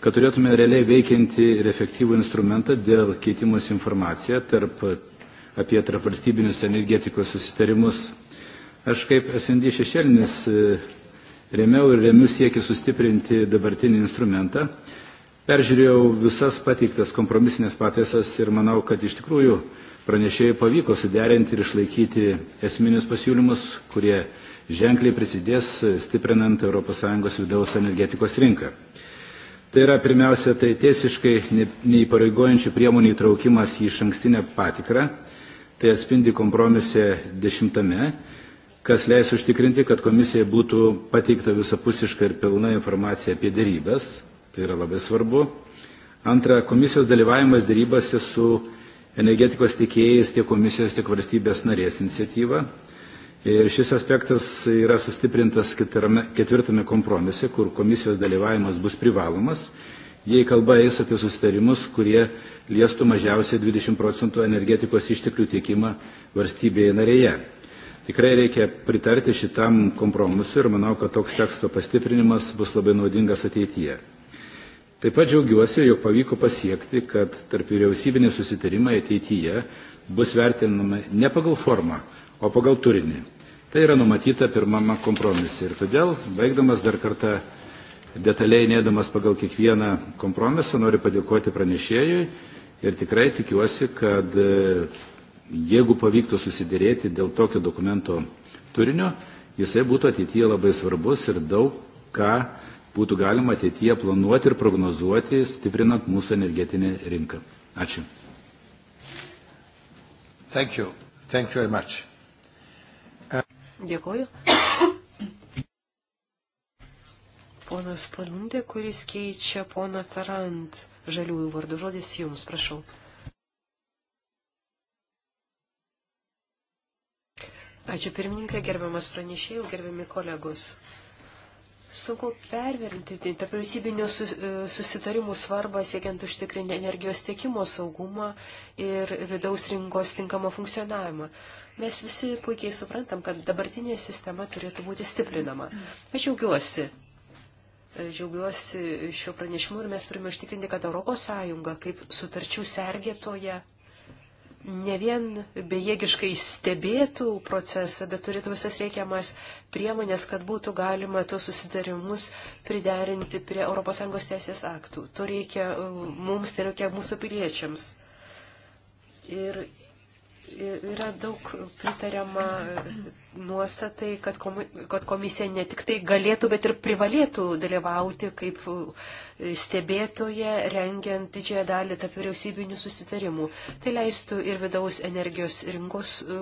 kad turėtume realiai veikianti ir efektyvų instrumentą dėl keitimus informaciją tarp, apie tarpvalstybinius energetikos susitarimus. Aš kaip SND šešėlinis remiau ir remiu siekį sustiprinti dabartinį instrumentą. Peržiūrėjau visas pateiktas kompromisinės pataisas ir manau, kad iš tikrųjų pranešėjai pavyko suderinti ir išlaikyti esminius pasiūlymus, kurie ženkliai prisidės stiprinant ES vidaus energetikos rinką. Tai yra pirmiausia, tai tiesiškai neįpareigojančių priemonių įtraukimas į šankstinę patikrą, tai atspindi kompromise dešimtame kas leis užtikrinti, kad komisijai būtų pateikta visapusiška ir pilna informacija apie dėrybės. Tai yra labai svarbu. Antra, komisijos dalyvavimas dėrybose su energetikos tiekėjais tiek komisijos, tiek valstybės narės iniciatyva. Ir šis aspektas yra sustiprintas ketvirtame kompromise, kur komisijos dalyvavimas bus privalomas, jei kalba eis apie susitarimus, kurie liestų mažiausiai 20 procentų energetikos išteklių tiekimą valstybėje narėje. Tikrai reikia pritarti šitam kompromisui ir manau, kad toks teksto pastiprinimas bus labai naudingas ateityje. Taip pat džiaugiuosi, jog pavyko pasiekti, kad tarp vyriausybiniai susitarimai ateityje bus vertinami ne pagal formą, o pagal turinį. Tai yra numatyta pirmame kompromise. Ir todėl, baigdamas dar kartą detaliai nėdamas pagal kiekvieną kompromisą, noriu padėkoti pranešėjui ir tikrai tikiuosi, kad jeigu pavyktų susidėrėti dėl tokio dokumento turinio, jisai būtų ateityje labai svarbus ir daug ką būtų galima ateityje planuoti ir prognozuoti, stiprinant mūsų energetinę rinką. Ačiū. Thank you. Thank you very much. Uh... Dėkuoju. Ponas Palundė, kuris keičia poną Tarant, žaliųjų vardu žodis jums, prašau. Ačiū pirmininkė, gerbiamas pranešėjų, gerbiami kolegos. Sunku perverinti tarpvalstybinio e, susitarimų svarbą siekiant užtikrinti energijos tiekimo saugumą ir vidaus rinkos tinkamą funkcionavimą. Mes visi puikiai suprantam, kad dabartinė sistema turėtų būti stiprinama. Aš džiaugiuosi. E, džiaugiuosi šiuo pranešimu ir mes turime užtikrinti, kad ES kaip sutarčių sergėtoja ne vien bejėgiškai stebėtų procesą, bet turėtų visas reikiamas priemonės, kad būtų galima tuos susidarimus priderinti prie ES teisės aktų. To reikia e, mums, tai reikia mūsų piliečiams. Ir Yra daug pritariama nuostatai, kad, komi, kad komisija ne tik tai galėtų, bet ir privalėtų dalyvauti kaip e, stebėtoje, rengiant didžiąją dalį tarp vyriausybinių susitarimų. Tai leistų ir vidaus energijos rinkos e,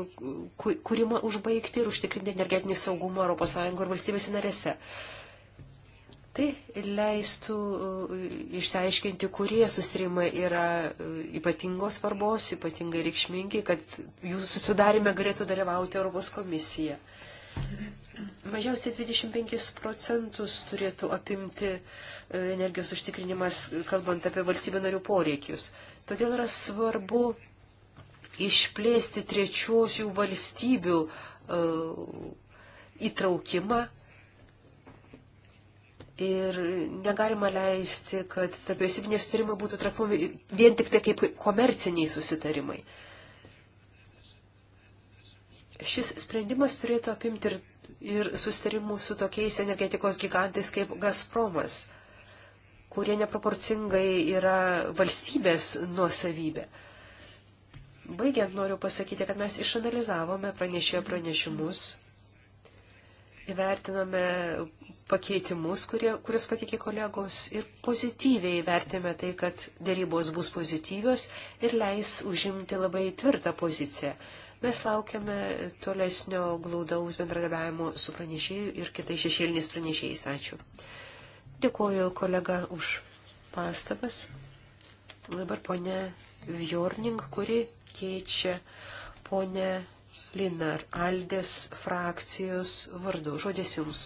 kūrimą užbaigti ir užtikrinti energetinį saugumą ES ir valstybėse narėse. Tai leistų uh, išsiaiškinti, kurie susitarimai yra uh, ypatingos svarbos, ypatingai reikšmingi, kad jų susidarime galėtų dalyvauti Europos komisija. Mažiausiai 25 procentus turėtų apimti uh, energijos užtikrinimas, kalbant apie valstybių narių poreikius. Todėl yra svarbu išplėsti trečiosių valstybių įtraukimą Ir negalima leisti, kad tarpėsybiniai sutarimai būtų traktuomi vien tik tai kaip komerciniai susitarimai. Šis sprendimas turėtų apimti ir, ir susitarimų su tokiais energetikos gigantais kaip Gazpromas, kurie neproporcingai yra valstybės nuosavybė. Baigiant noriu pasakyti, kad mes išanalizavome pranešėjo pranešimus įvertinome pakeitimus, kurie, kurios patikė kolegos ir pozityviai vertėme tai, kad dėrybos bus pozityvios ir leis užimti labai tvirtą poziciją. Mes laukiame tolesnio glaudaus bendradarbiavimo su pranešėju ir kitais šešėliniais pranešėjais. Ačiū. Dėkuoju kolega už pastabas. Dabar ponė Vjorning, kuri keičia ponę Linar Aldės frakcijos vardu. Žodis Jums.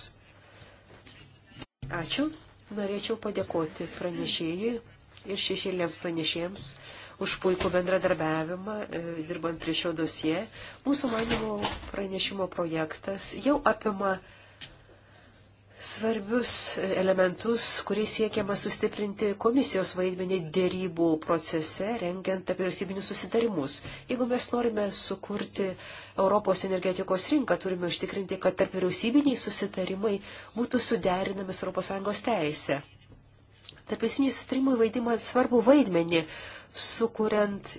Ačiū. Norėčiau padėkoti pranešėjai ir šešėlėms pranešėjams už puikų bendradarbiavimą, e, dirbant prie šio dosie. Mūsų manimo pranešimo projektas jau apima svarbius elementus, kuriais siekiama sustiprinti komisijos vaidmenį dėrybų procese, rengiant apie valstybinius susitarimus. Jeigu mes norime sukurti Europos energetikos rinką, turime užtikrinti, kad tarp vyriausybiniai susitarimai būtų suderinami su ES teise. Tarp esminiai susitarimai vaidima svarbu vaidmenį, sukuriant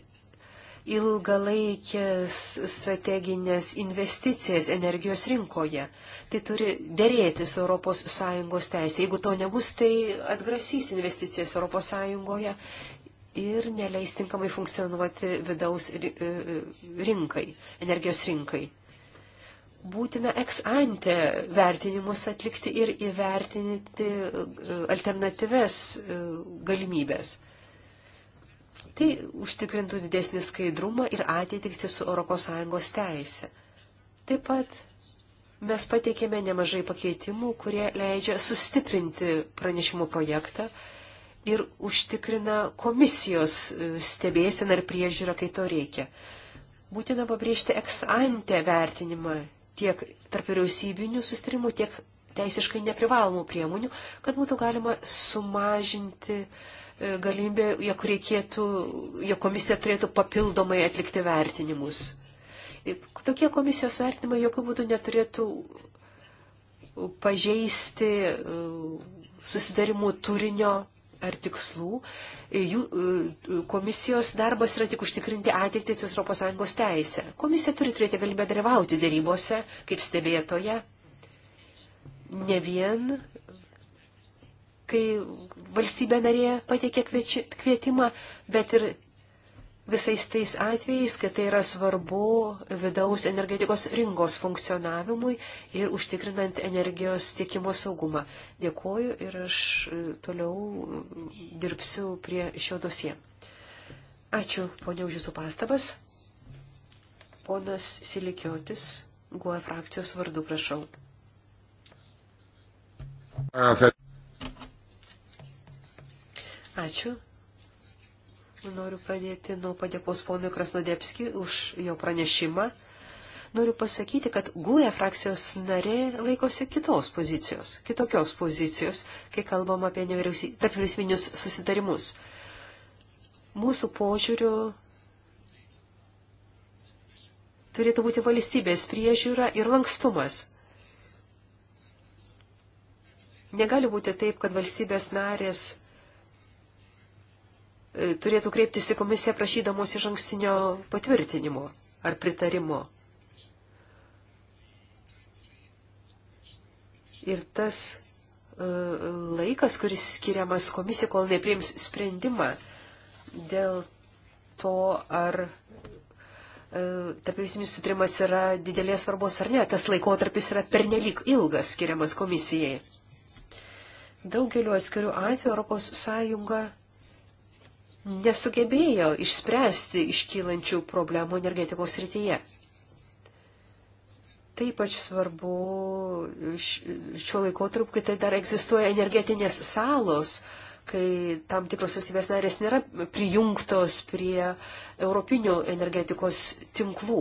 ilgalaikės strateginės investicijas energijos rinkoje. Tai turi dėrėti su ES teisė. Jeigu to nebus, tai atgrasys investicijas ES ir neleis tinkamai funkcionuoti vidaus e, e, rinkai, energijos rinkai. Būtina ex ante vertinimus atlikti ir įvertinti e, alternatyves galimybės. Tai užtikrintų didesnį skaidrumą ir atitikti su ES teise. Taip pat mes pateikėme nemažai pakeitimų, kurie leidžia sustiprinti pranešimų projektą ir užtikrina komisijos e, stebėsiną ir priežiūrą, kai to reikia. Būtina pabrėžti ex-ante vertinimą tiek tarp vyriausybinių sustarimų, tiek teisiškai neprivalomų priemonių, kad būtų galima sumažinti uh, E, galimybė, jog reikėtų, jog komisija turėtų papildomai atlikti vertinimus. Ir e, tokie komisijos vertinimai jokių būdų neturėtų pažeisti e, susidarimų turinio ar tikslų. Jų, komisijos darbas yra tik užtikrinti ateitį ES teisę. Komisija turi turėti galimybę dalyvauti dėrybose kaip stebėtoje, ne vien kai valstybė narė pateikė kvietimą, bet ir visais tais atvejais, kad tai yra svarbu vidaus energetikos rinkos funkcionavimui ir užtikrinant energijos tiekimo saugumą. Dėkuoju ir aš e, toliau dirbsiu prie šio dosie. Ačiū, ponia, už jūsų pastabas. Ponas Silikiotis, GUE frakcijos vardu, prašau. Ačiū. Noriu pradėti nuo padėkos ponui Krasnodėpski už jo pranešimą. Noriu pasakyti, kad GUE frakcijos narė laikosi kitos pozicijos, kitokios pozicijos, kai kalbam apie tarpvyriausybinius susitarimus. Mūsų požiūriu turėtų būti valstybės priežiūra ir lankstumas. Negali būti taip, kad valstybės narės E, turėtų kreiptis į komisiją prašydamos iš ankstinio patvirtinimo ar pritarimo. Ir tas e, laikas, kuris skiriamas komisija, kol nepriims sprendimą dėl to, ar e, tarpvysimis sutrimas yra didelės svarbos ar ne, tas laikotarpis yra pernelik ilgas skiriamas komisijai. Daugeliu atskirių atveju Europos Sąjunga nesugebėjo išspręsti iškylančių problemų energetikos rytyje. Tai ypač svarbu šiuo laikotarpiu, kai tai dar egzistuoja energetinės salos, kai tam tikros valstybės narės nėra prijungtos prie europinių energetikos tinklų.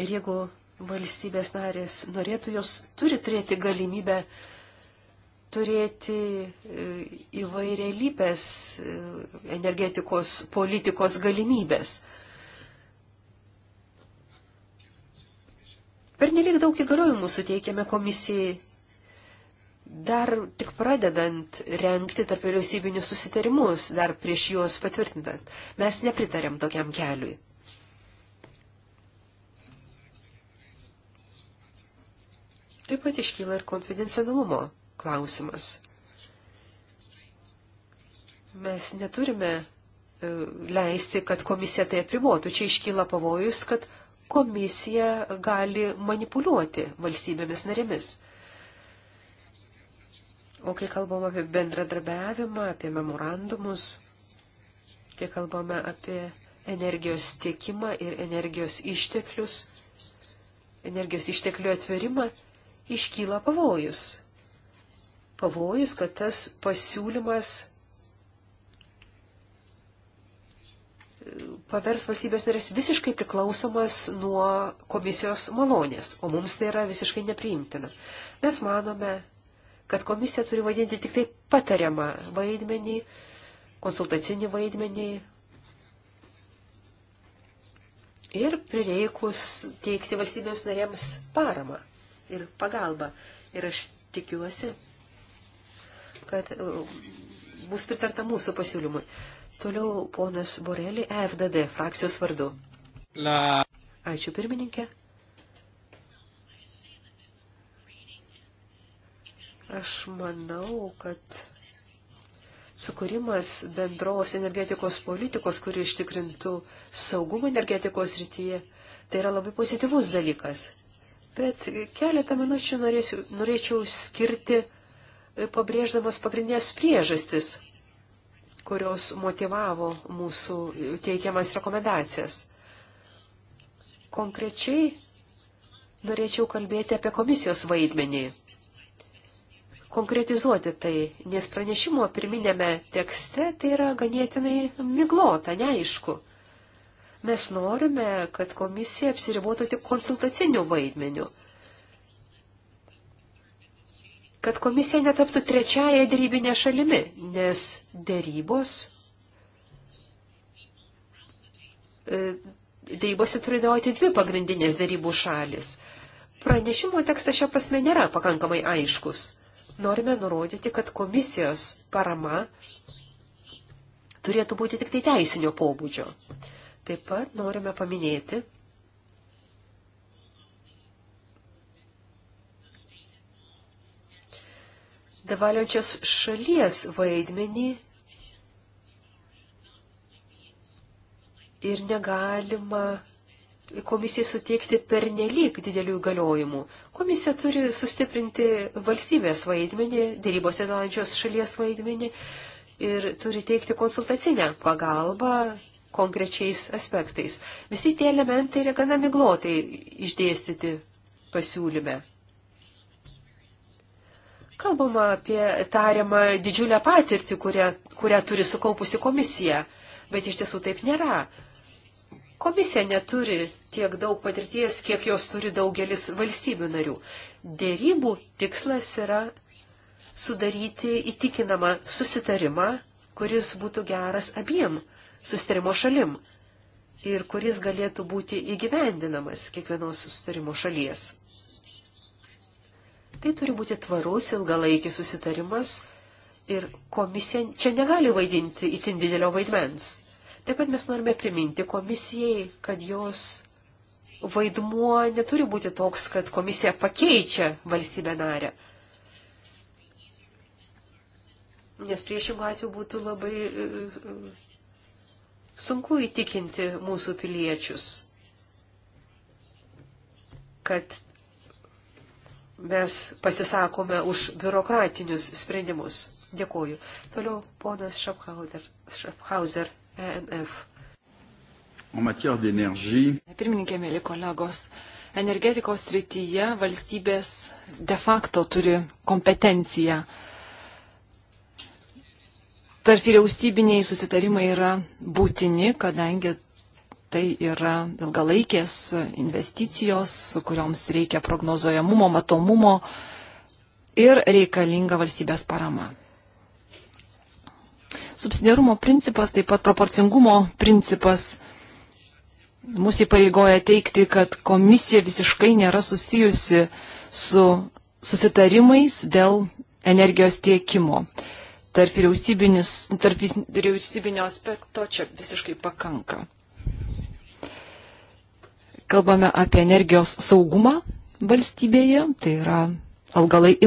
Ir jeigu valstybės narės norėtų, jos turi turėti galimybę uh, turėti e, įvairialypės e, energetikos politikos galimybės. Per nelik daug įgaliojimų suteikėme komisijai, dar tik pradedant renkti tarp vyriausybinius susitarimus, dar prieš juos patvirtinant. Mes nepritarėm tokiam keliui. Taip pat iškyla ir konfidencialumo klausimas. Mes neturime e, leisti, kad komisija tai apribotų. Čia iškyla pavojus, kad komisija gali manipuliuoti valstybėmis narėmis. O kai kalbam apie bendradarbiavimą, apie memorandumus, kai kalbame apie energijos tiekimą ir energijos išteklius, energijos išteklių atverimą, iškyla pavojus pavojus, kad tas pasiūlymas pavers valstybės narės visiškai priklausomas nuo komisijos malonės, o mums tai yra visiškai nepriimtina. Mes manome, kad komisija turi vadinti tik tai patariamą vaidmenį, konsultacinį vaidmenį ir prireikus teikti valstybėms narėms paramą ir pagalbą. Ir aš tikiuosi, kad e, bus pritarta mūsų pasiūlymui. Toliau ponas Borelį, e FDD frakcijos vardu. La. Ačiū pirmininkė. Aš manau, kad sukūrimas bendros energetikos politikos, kuri ištikrintų saugumą energetikos rytyje, tai yra labai pozityvus dalykas. Bet keletą minučių norėsiu, norėčiau skirti pabrėždamas pagrindinės priežastis, kurios motivavo mūsų teikiamas rekomendacijas. Konkrečiai norėčiau kalbėti apie komisijos vaidmenį. Konkretizuoti tai, nes pranešimo pirminėme tekste tai yra ganėtinai miglota, neaišku. Mes norime, kad komisija apsiribotų tik konsultaciniu vaidmeniu kad komisija netaptų trečiaja dėrybinė šalimi, nes dėrybos. E, dėrybose turi dalyvauti dvi pagrindinės dėrybų šalis. Pranešimo tekstas šia prasme nėra pakankamai aiškus. Norime nurodyti, kad komisijos parama turėtų būti tik tai teisinio pobūdžio. Taip pat norime paminėti, dalyvaujančios šalies vaidmenį ir negalima komisijai suteikti pernelyg didelių įgaliojimų. Komisija turi sustiprinti valstybės vaidmenį, dėrybose dalyvaujančios šalies vaidmenį ir turi teikti konsultacinę pagalbą konkrečiais aspektais. Visi tie elementai yra gana miglotai išdėstyti pasiūlyme kalbama apie tariamą didžiulę patirtį, kurią, kurią turi sukaupusi komisija, bet iš tiesų taip nėra. Komisija neturi tiek daug patirties, kiek jos turi daugelis valstybių narių. Dėrybų tikslas yra sudaryti įtikinamą susitarimą, kuris būtų geras abiem susitarimo šalim ir kuris galėtų būti įgyvendinamas kiekvienos susitarimo šalies. Tai turi būti tvarus ilgalaikis susitarimas ir komisija čia negali vaidinti itin didelio vaidmens. Taip pat mes norime priminti komisijai, kad jos vaidmuo neturi būti toks, kad komisija pakeičia valstybę narę. Nes priešingų atveju būtų labai e, e, sunku įtikinti mūsų piliečius, kad mes pasisakome už biurokratinius sprendimus. Dėkuoju. Toliau ponas Schaphauser, ENF. Pirmininkė, mėly kolegos, energetikos srityje valstybės de facto turi kompetenciją. Tarp vyriausybiniai susitarimai yra būtini, kadangi tai yra ilgalaikės investicijos, kurioms reikia prognozojamumo, matomumo ir reikalinga valstybės parama. Subsidiarumo principas, taip pat proporcingumo principas mūsų įpareigoja teikti, kad komisija visiškai nėra susijusi su susitarimais dėl energijos tiekimo. Tarp, tarp vyriausybinio aspekto čia visiškai pakanka. Kalbame apie energijos saugumą valstybėje, tai yra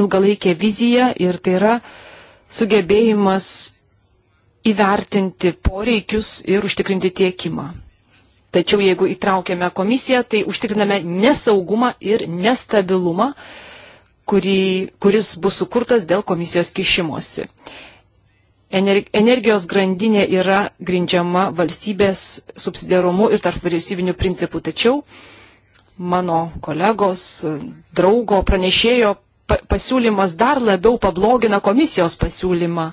ilgalaikė vizija ir tai yra sugebėjimas įvertinti poreikius ir užtikrinti tiekimą. Tačiau jeigu įtraukiame komisiją, tai užtikriname nesaugumą ir nestabilumą, kurį, kuris bus sukurtas dėl komisijos kišimosi energijos grandinė yra grindžiama valstybės subsidiarumu ir tarp vyriausybinių principų. Tačiau mano kolegos, draugo, pranešėjo pasiūlymas dar labiau pablogina komisijos pasiūlymą,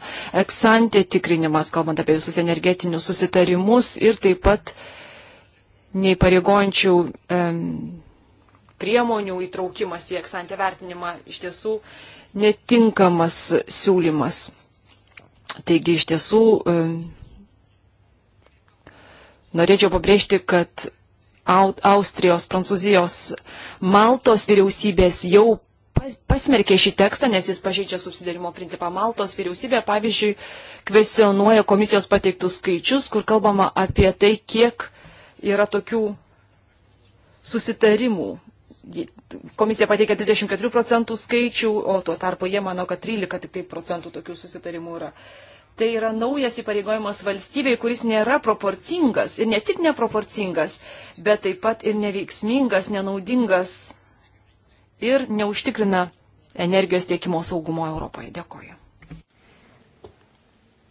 eksantė tikrinimas, kalbant apie visus energetinius susitarimus ir taip pat neįpareigojančių um, priemonių įtraukimas į eksantę vertinimą iš tiesų netinkamas siūlymas. Taigi iš tiesų norėčiau pabrėžti, kad Austrijos, Prancūzijos, Maltos vyriausybės jau pasmerkė šį tekstą, nes jis pažeidžia subsidarimo principą. Maltos vyriausybė, pavyzdžiui, kvesionuoja komisijos pateiktus skaičius, kur kalbama apie tai, kiek yra tokių susitarimų komisija pateikia 34 procentų skaičių, o tuo tarpu jie mano, kad 13 tik tai procentų tokių susitarimų yra. Tai yra naujas įpareigojimas valstybei, kuris nėra proporcingas ir ne tik neproporcingas, bet taip pat ir neveiksmingas, nenaudingas ir neužtikrina energijos tiekimo saugumo Europoje. Dėkoju.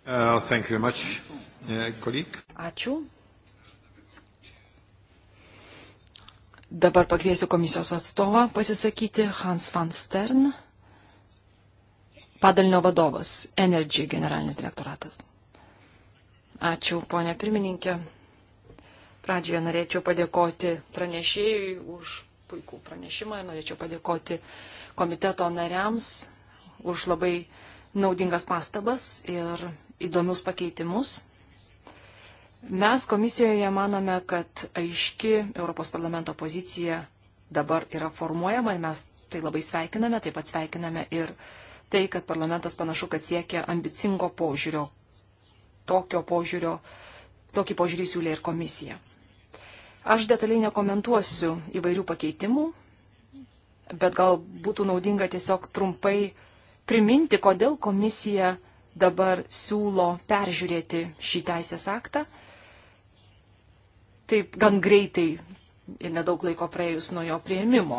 Uh, uh, Ačiū. Dabar pakviesiu komisijos atstovą pasisakyti Hans van Stern, padalinio vadovas, Energy generalinis direktoratas. Ačiū, ponė pirmininkė. Pradžioje norėčiau padėkoti pranešėjui už puikų pranešimą ir norėčiau padėkoti komiteto nariams už labai naudingas pastabas ir įdomius pakeitimus. Mes komisijoje manome, kad aiški Europos parlamento pozicija dabar yra formuojama ir mes tai labai sveikiname, taip pat sveikiname ir tai, kad parlamentas panašu, kad siekia ambicingo požiūrio, tokio požiūrio, tokį požiūrį siūlė ir komisija. Aš detaliai nekomentuosiu įvairių pakeitimų, bet gal būtų naudinga tiesiog trumpai priminti, kodėl komisija dabar siūlo peržiūrėti šį teisės aktą taip gan greitai ir nedaug laiko praėjus nuo jo prieimimo.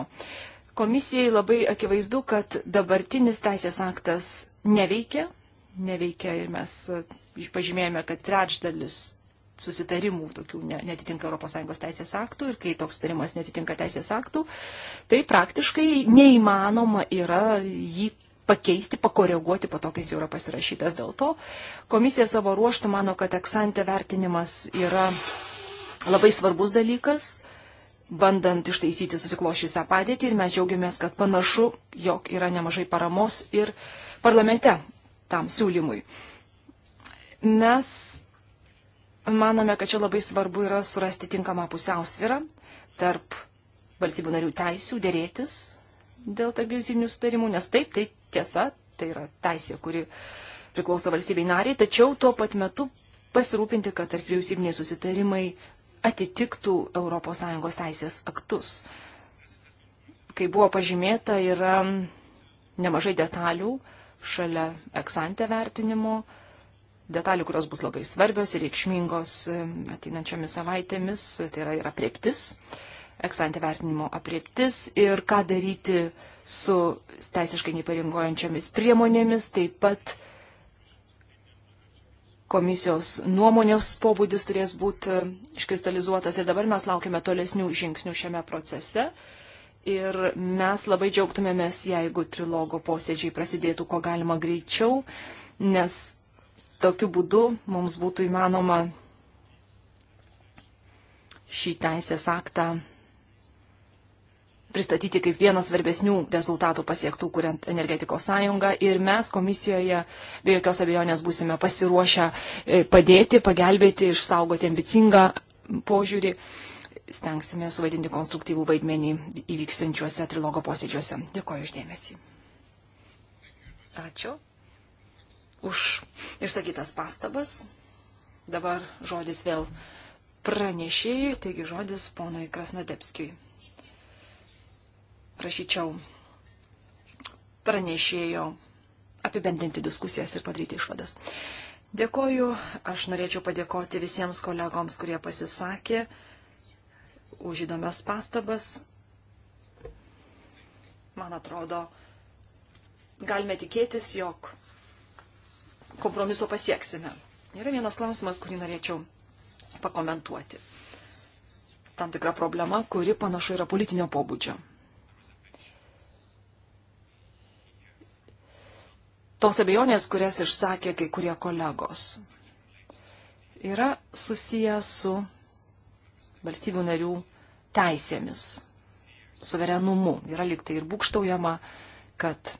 Komisijai labai akivaizdu, kad dabartinis teisės aktas neveikia, neveikia ir mes e, pažymėjome, kad trečdalis susitarimų tokių netitinka ES teisės aktų ir kai toks sutarimas netitinka teisės aktų, tai praktiškai neįmanoma yra jį pakeisti, pakoreguoti po to, kai jis jau yra pasirašytas. Dėl to komisija savo ruoštų mano, kad eksante vertinimas yra labai svarbus dalykas, bandant ištaisyti susiklošiusią padėtį ir mes džiaugiamės, kad panašu, jog yra nemažai paramos ir parlamente tam siūlymui. Mes manome, kad čia labai svarbu yra surasti tinkamą pusiausvyrą tarp valstybių narių teisių dėrėtis dėl tarpjausinių sutarimų, nes taip, tai tiesa, tai yra teisė, kuri priklauso valstybei nariai, tačiau tuo pat metu pasirūpinti, kad tarpjausiniai susitarimai atitiktų ES teisės aktus. Kai buvo pažymėta, yra nemažai detalių šalia eksante vertinimo, detalių, kurios bus labai svarbios ir reikšmingos e, ateinančiomis savaitėmis, tai yra, yra prieptis, eksante vertinimo aprieptis ir ką daryti su teisiškai neparingojančiomis priemonėmis, taip pat komisijos nuomonės pobūdis turės būti iškristalizuotas ir dabar mes laukime tolesnių žingsnių šiame procese. Ir mes labai džiaugtumėmės, jeigu trilogo posėdžiai prasidėtų kuo galima greičiau, nes tokiu būdu mums būtų įmanoma šį teisės aktą pristatyti kaip vienas svarbesnių rezultatų pasiektų, kuriant energetikos sąjungą. Ir mes komisijoje be jokios abejonės būsime pasiruošę e, padėti, pagelbėti, išsaugoti ambicingą požiūrį. Stengsime suvaidinti konstruktyvų vaidmenį įvyksiančiuose trilogo posėdžiuose. Dėkoju uždėmesį. Ačiū už išsakytas pastabas. Dabar žodis vėl pranešėjui, taigi žodis ponui Krasnodepskijui prašyčiau pranešėjo apibendrinti diskusijas ir padaryti išvadas. Dėkoju, aš norėčiau padėkoti visiems kolegoms, kurie pasisakė už įdomias pastabas. Man atrodo, galime tikėtis, jog kompromiso pasieksime. Yra vienas klausimas, kurį norėčiau pakomentuoti. Tam tikra problema, kuri panašu yra politinio pobūdžio. tos abejonės, kurias išsakė kai kurie kolegos, yra susiję su valstybių narių teisėmis, suverenumu. Yra liktai ir būkštaujama, kad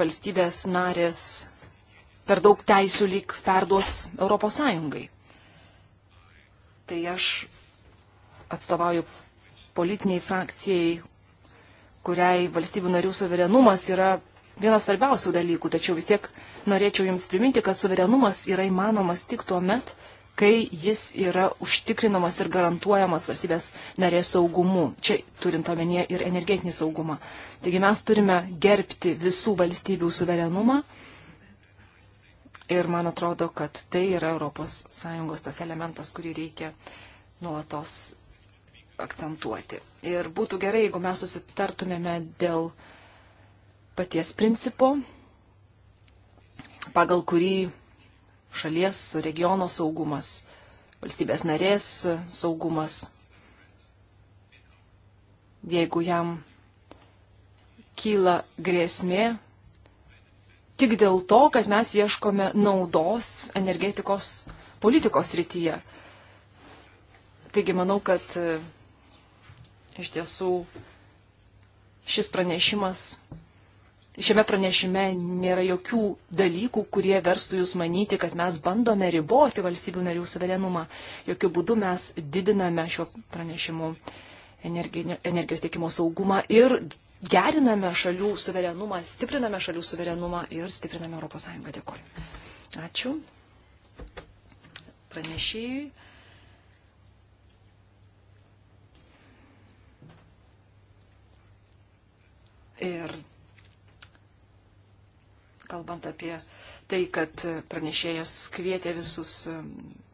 valstybės narės per daug teisų lyg perduos Europos Sąjungai. Tai aš atstovauju politiniai frakcijai, kuriai valstybių narių suverenumas yra vienas svarbiausių dalykų, tačiau vis tiek norėčiau Jums priminti, kad suverenumas yra įmanomas tik tuo met, kai jis yra užtikrinamas ir garantuojamas valstybės narės saugumu, čia turint omenyje ir energetinį saugumą. Taigi mes turime gerbti visų valstybių suverenumą ir man atrodo, kad tai yra ES tas elementas, kurį reikia nuolatos akcentuoti. Ir būtų gerai, jeigu mes susitartumėme dėl paties principo, pagal kurį šalies regiono saugumas, valstybės narės saugumas, jeigu jam kyla grėsmė tik dėl to, kad mes ieškome naudos energetikos politikos rytyje. Taigi manau, kad Iš tiesų, šis pranešimas, šiame pranešime nėra jokių dalykų, kurie verstų jūs manyti, kad mes bandome riboti valstybių narių suverenumą. Jokių būdų mes didiname šiuo pranešimu energijos tiekimo saugumą ir geriname šalių suverenumą, stipriname šalių suverenumą ir stipriname ES. Dėkuoju. Ačiū. Pranešėjai. Ir kalbant apie tai, kad pranešėjas kvietė visus um,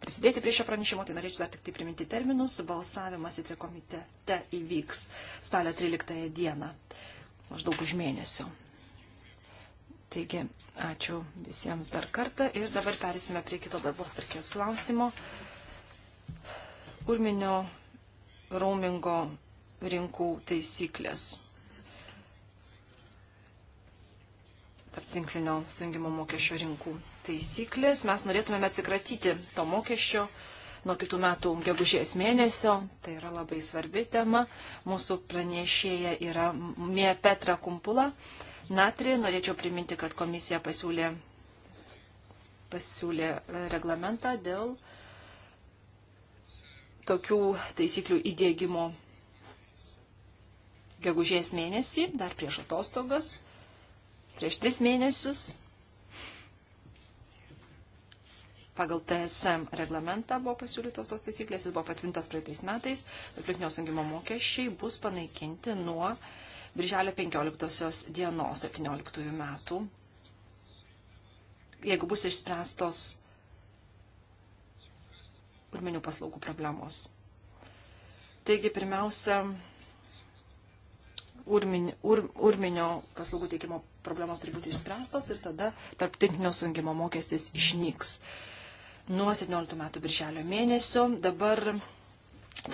prisidėti prie šio pranešimo, tai norėčiau dar tik tai priminti terminus. Balsavimas į trikomitete įvyks spalio 13 dieną, maždaug už mėnesio. Taigi, ačiū visiems dar kartą ir dabar perėsime prie kito darbos tarkės klausimo. Urminio roamingo rinkų taisyklės. tinklinio sujungimo mokesčio rinkų taisyklės. Mes norėtumėme atsikratyti to mokesčio nuo kitų metų gegužės mėnesio. Tai yra labai svarbi tema. Mūsų pranešėja yra Mie Petra Kumpula. Natri, norėčiau priminti, kad komisija pasiūlė, pasiūlė e, reglamentą dėl tokių taisyklių įdėgymo gegužės mėnesį, dar prieš atostogas prieš tris mėnesius pagal TSM reglamentą buvo pasiūlytos tos taisyklės, jis buvo patvintas praeitais metais, aplinknio sungimo mokesčiai bus panaikinti nuo birželio 15 dienos 17 metų, jeigu bus išspręstos urmenių paslaugų problemos. Taigi, pirmiausia, urmin, ur, urminio paslaugų teikimo problemos turi būti išspręstos ir tada tarptinklinio sujungimo mokestis išnyks. Nuo 17 metų birželio mėnesio dabar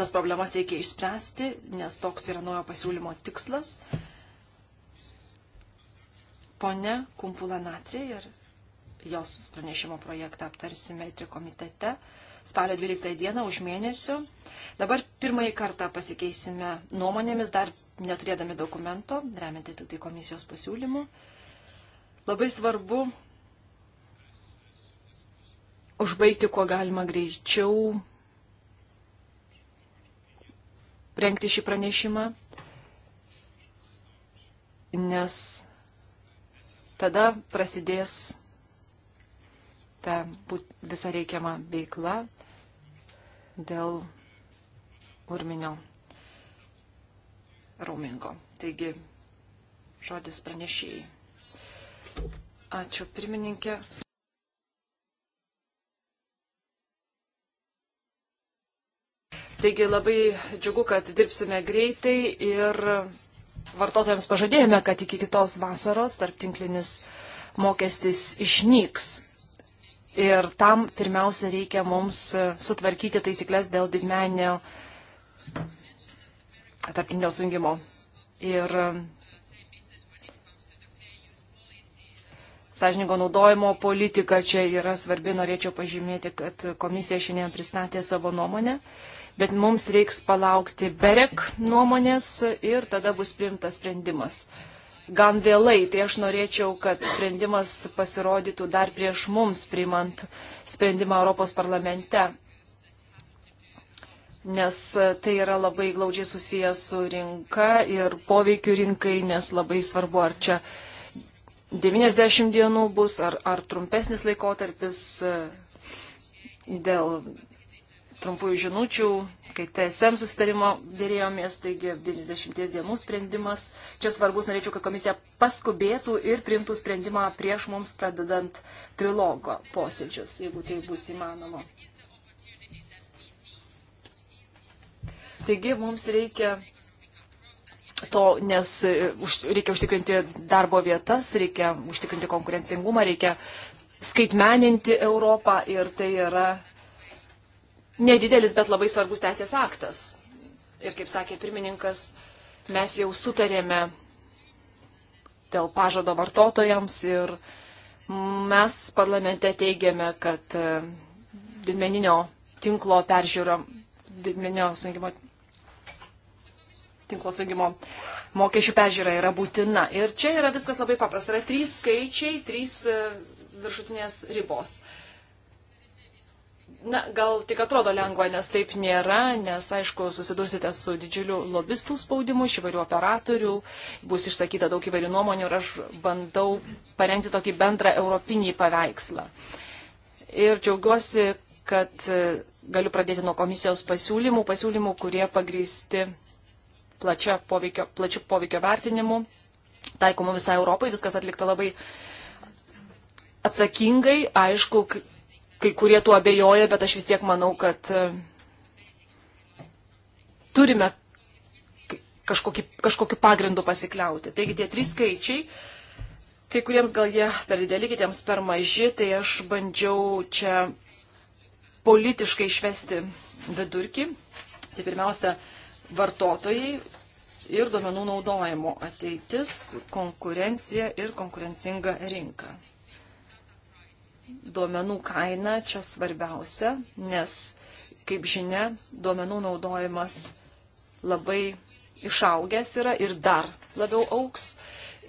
tas problemas reikia išspręsti, nes toks yra naujo pasiūlymo tikslas. Pone Kumpulanatri ir jos pranešimo projektą aptarsime tri komitete. Uh, spalio 12 dieną už mėnesių. Dabar pirmąjį kartą pasikeisime nuomonėmis, dar neturėdami dokumento, remiantis tik tai komisijos pasiūlymų. Labai svarbu užbaigti kuo galima greičiau, rengti šį pranešimą, nes tada prasidės ta visa reikiama veikla dėl urminio raumingo. Taigi, žodis pranešėjai. Ačiū pirmininkė. Taigi labai džiugu, kad dirbsime greitai ir vartotojams pažadėjome, kad iki kitos vasaros tarptinklinis mokestis išnyks. Ir tam pirmiausia reikia mums sutvarkyti taisyklės dėl didmenio tarpinio sujungimo. Ir sąžininko naudojimo politika čia yra svarbi, norėčiau pažymėti, kad komisija šiandien pristatė savo nuomonę, bet mums reiks palaukti BEREK nuomonės ir tada bus priimtas sprendimas gan vėlai, tai aš norėčiau, kad sprendimas pasirodytų dar prieš mums priimant sprendimą Europos parlamente, nes tai yra labai glaudžiai susijęs su rinka ir poveikiu rinkai, nes labai svarbu, ar čia 90 dienų bus, ar, ar trumpesnis laikotarpis e, dėl trumpųjų žinučių, kai TSM susitarimo dėrėjomės, taigi 90 dienų sprendimas. Čia svarbus, norėčiau, kad komisija paskubėtų ir primtų sprendimą prieš mums pradedant trilogo posėdžius, jeigu tai bus įmanoma. Taigi mums reikia to, nes e, už, reikia užtikrinti darbo vietas, reikia užtikrinti konkurencingumą, reikia skaitmeninti Europą ir tai yra nedidelis, bet labai svarbus teisės aktas. Ir kaip sakė pirmininkas, mes jau sutarėme dėl pažado vartotojams ir mes parlamente teigiame, kad e, didmeninio tinklo peržiūra, didmeninio sujungimo, tinklo sujungimo mokesčių peržiūra yra būtina. Ir čia yra viskas labai paprasta. Yra trys skaičiai, trys e, viršutinės ribos. Uh, Na, gal tik atrodo lengva, nes taip nėra, nes, aišku, susidursite su didžiuliu lobistų spaudimu iš įvairių operatorių, bus išsakyta daug įvairių nuomonių ir aš bandau parengti tokį bendrą europinį paveikslą. Ir džiaugiuosi, kad e, galiu pradėti nuo komisijos pasiūlymų, pasiūlymų, kurie pagrysti plačiu poveikio, plačiu poveikio vertinimu, taikomu visai Europai, viskas atlikta labai atsakingai, aišku, kai kurie tuo abejoja, bet aš vis tiek manau, kad e, turime kažkokį, kažkokiu pagrindu pasikliauti. Taigi tie trys skaičiai, kai kuriems gal jie per dideli, kitiems per maži, tai aš bandžiau čia politiškai išvesti vidurkį. Tai pirmiausia, vartotojai ir duomenų naudojimo ateitis, konkurencija ir konkurencinga rinka duomenų kaina čia svarbiausia, nes, kaip žinia, duomenų naudojimas labai išaugęs yra ir dar labiau auks.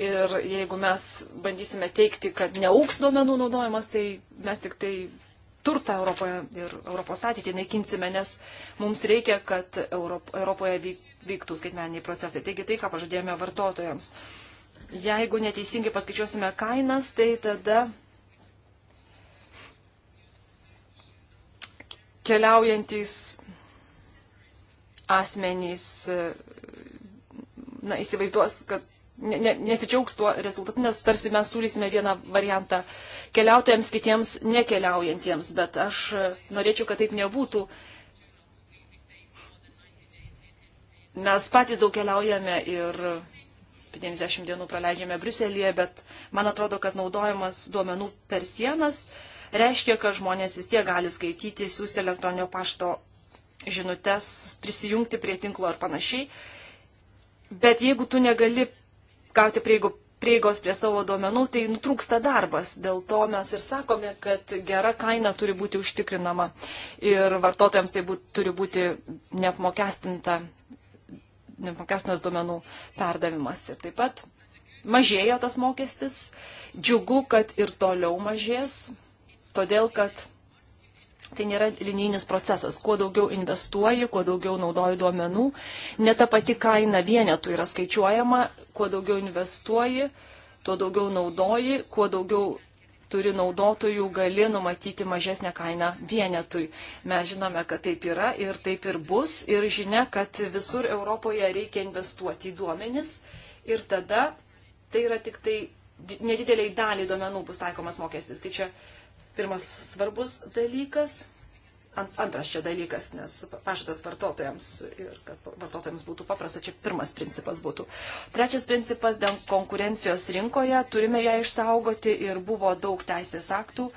Ir jeigu mes bandysime teikti, kad neauks duomenų naudojimas, tai mes tik tai turtą Europoje ir Europos ateitį naikinsime, nes mums reikia, kad Europoje vyktų skaitmeniniai procesai. Taigi tai, ką pažadėjome vartotojams. Jeigu neteisingai paskaičiuosime kainas, tai tada keliaujantys asmenys na, įsivaizduos, kad ne, ne, nesidžiaugs tuo rezultatu, nes tarsi mes siūlysime vieną variantą keliautojams, kitiems nekeliaujantiems, bet aš norėčiau, kad taip nebūtų. Mes patys daug keliaujame ir 50 dienų praleidžiame Briuselėje, bet man atrodo, kad naudojamas duomenų per sienas uh, reiškia, kad žmonės vis tiek gali skaityti, siūsti elektroninio pašto žinutes, prisijungti prie tinklo ar panašiai. Bet jeigu tu negali gauti prieigų, prieigos prie savo duomenų, tai nutrūksta darbas. Dėl to mes ir sakome, kad gera kaina turi būti užtikrinama ir vartotojams tai būt, turi būti neapmokestinta, neapmokestinas duomenų perdavimas. Ir taip pat mažėjo tas mokestis. Džiugu, kad ir toliau mažės todėl kad tai nėra linijinis procesas. Kuo daugiau investuoji, kuo daugiau naudoji duomenų, ne ta pati kaina vienetų yra skaičiuojama, kuo daugiau investuoji, tuo daugiau naudoji, kuo daugiau turi naudotojų, gali numatyti mažesnę kainą vienetui. Mes žinome, kad taip yra ir taip ir bus. Ir žinia, kad visur Europoje reikia investuoti į duomenis. Ir tada tai yra tik tai nedideliai daliai duomenų bus taikomas mokestis. Tai čia pirmas svarbus dalykas. Antras čia dalykas, nes pažadas vartotojams ir kad vartotojams būtų paprasta, čia pirmas principas būtų. Trečias principas dėl konkurencijos rinkoje, turime ją išsaugoti ir buvo daug teisės aktų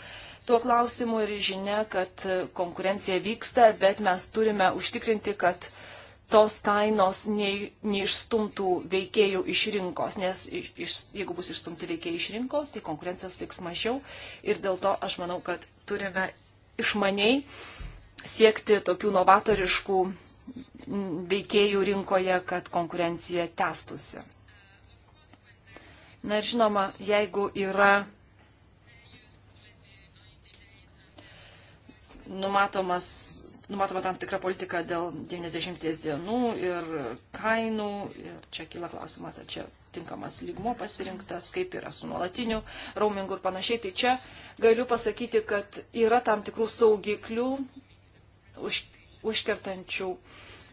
tuo klausimu ir žinia, kad konkurencija vyksta, bet mes turime užtikrinti, kad uh, tos kainos nei, neišstumtų veikėjų iš rinkos, nes iš, iš, jeigu bus išstumti veikėjai iš rinkos, tai konkurencijos liks mažiau ir dėl to aš manau, kad turime išmaniai siekti tokių novatoriškų veikėjų rinkoje, kad konkurencija tęstusi. Na ir žinoma, jeigu yra numatomas numatoma tam tikra politika dėl 90 dienų ir kainų. Ir čia kyla klausimas, ar čia tinkamas lygmo pasirinktas, kaip yra su nuolatiniu roamingu ir panašiai. Tai čia galiu pasakyti, kad yra tam tikrų saugiklių už, užkertančių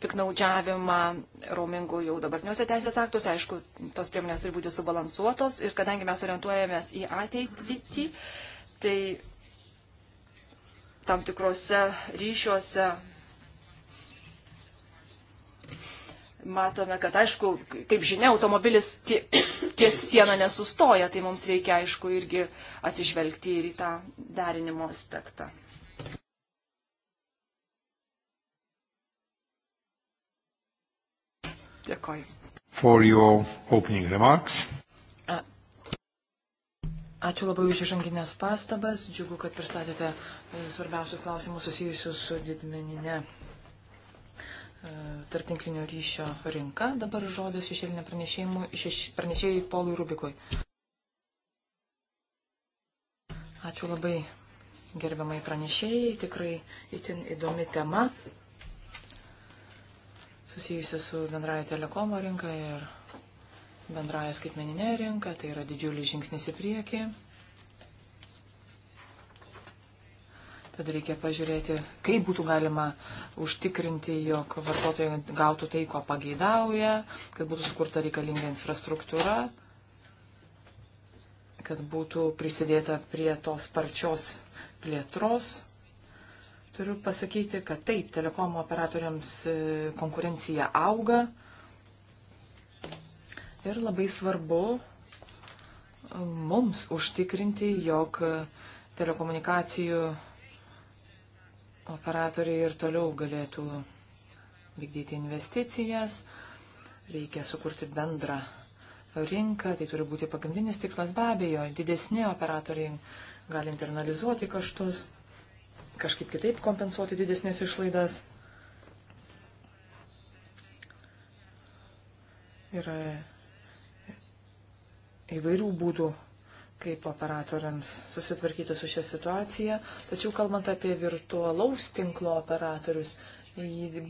piknaudžiavimą roamingu jau dabartiniuose teisės aktuose. Aišku, tos priemonės turi būti subalansuotos ir kadangi mes orientuojamės į ateitį, tai tam tikrose ryšiuose. Matome, kad aišku, kaip žinia, automobilis ties sieną nesustoja, tai mums reikia aišku irgi atsižvelgti ir į tą derinimo aspektą. Dėkoju. For your opening remarks. Ačiū labai už išanginės pastabas. Džiugu, kad pristatėte e, svarbiausius klausimus susijusius su didmeninė e, tarptinklinio ryšio rinka. Dabar žodis išėlinė pranešėjai Polui Rubikui. Ačiū labai gerbiamai pranešėjai. Tikrai itin įdomi tema susijusi su bendraja telekomo rinka ir bendraja skaitmeninė rinka, tai yra didžiulis žingsnis į priekį. Tad reikia pažiūrėti, kaip būtų galima užtikrinti, jog vartotojai gautų tai, ko pageidauja, kad būtų sukurta reikalinga infrastruktūra, kad būtų prisidėta prie tos parčios plėtros. Turiu pasakyti, kad taip, telekomo operatoriams e, konkurencija auga Ir labai svarbu mums užtikrinti, jog telekomunikacijų operatoriai ir toliau galėtų vykdyti investicijas, reikia sukurti bendrą rinką, tai turi būti pagrindinis tikslas be abejo, didesni operatoriai gali internalizuoti kaštus, kažkaip kitaip kompensuoti didesnės išlaidas. Yra įvairių būdų, kaip operatoriams susitvarkyti su šią situaciją. Tačiau kalbant apie virtualaus tinklo operatorius,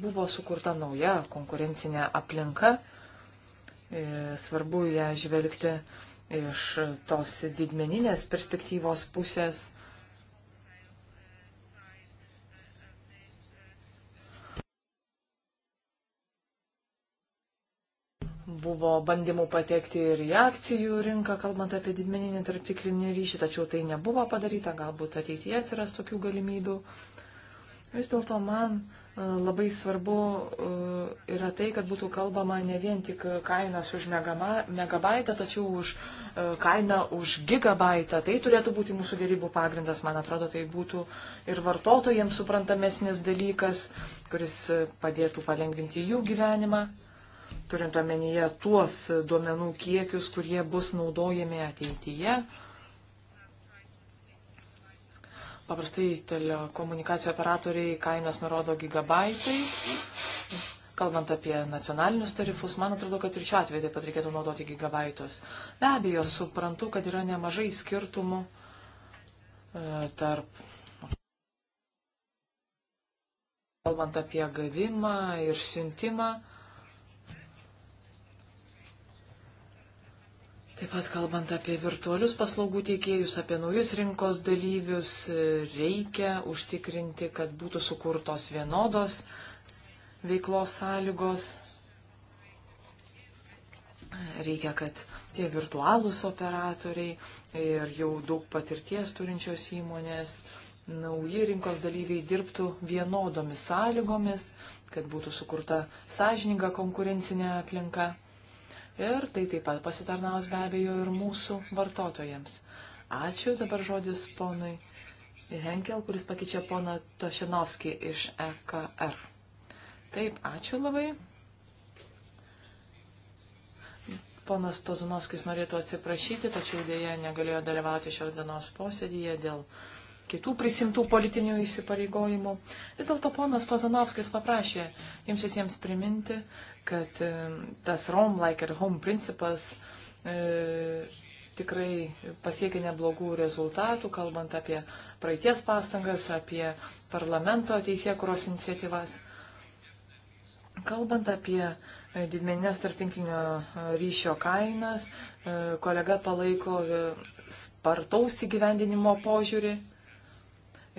buvo sukurta nauja konkurencinė aplinka. E, svarbu ją žvelgti iš tos didmeninės perspektyvos pusės Buvo bandymų patekti ir į akcijų rinką, kalbant apie didmeninį tarptiklinį ryšį, tačiau tai nebuvo padaryta, galbūt ateityje atsiras tokių galimybių. Vis dėlto man e, labai svarbu e, yra tai, kad būtų kalbama ne vien tik kainas už megabaitą, tačiau už e, kainą už gigabaitą. Tai turėtų būti mūsų dėrybų pagrindas, man atrodo, tai būtų ir vartotojams suprantamesnis dalykas, kuris padėtų palengvinti jų gyvenimą turint omenyje tuos duomenų kiekius, kurie bus naudojami ateityje. Paprastai telekomunikacijų operatoriai kainas nurodo gigabaitais. Kalbant apie nacionalinius tarifus, man atrodo, kad ir šiuo atveju taip pat reikėtų naudoti gigabaitus. Be abejo, suprantu, kad yra nemažai skirtumų e, tarp kalbant apie gavimą ir siuntimą, Taip pat kalbant apie virtualius paslaugų teikėjus, apie naujus rinkos dalyvius, reikia užtikrinti, kad būtų sukurtos vienodos veiklos sąlygos. Reikia, kad tie virtualūs operatoriai ir jau daug patirties turinčios įmonės, nauji rinkos dalyviai dirbtų vienodomis sąlygomis, kad būtų sukurta sąžininga konkurencinė aplinka ir tai taip pat pasitarnaus be abejo ir mūsų vartotojams. Ačiū, dabar žodis ponui Henkel, kuris pakeičia poną Tošinovskį iš EKR. Taip, ačiū labai. Ponas Tozanovskis norėtų atsiprašyti, tačiau dėja negalėjo dalyvauti šios dienos posėdėje dėl kitų prisimtų politinių įsipareigojimų. Vis dėlto ponas Tozanovskis paprašė jums visiems priminti, kad e, tas Rome like at home principas e, tikrai pasiekė neblogų rezultatų, kalbant apie praeities pastangas, apie parlamento teisėkuros iniciatyvas. Kalbant apie e, didmeninės tarptinklinio e, ryšio kainas, e, kolega palaiko spartaus įgyvendinimo požiūrį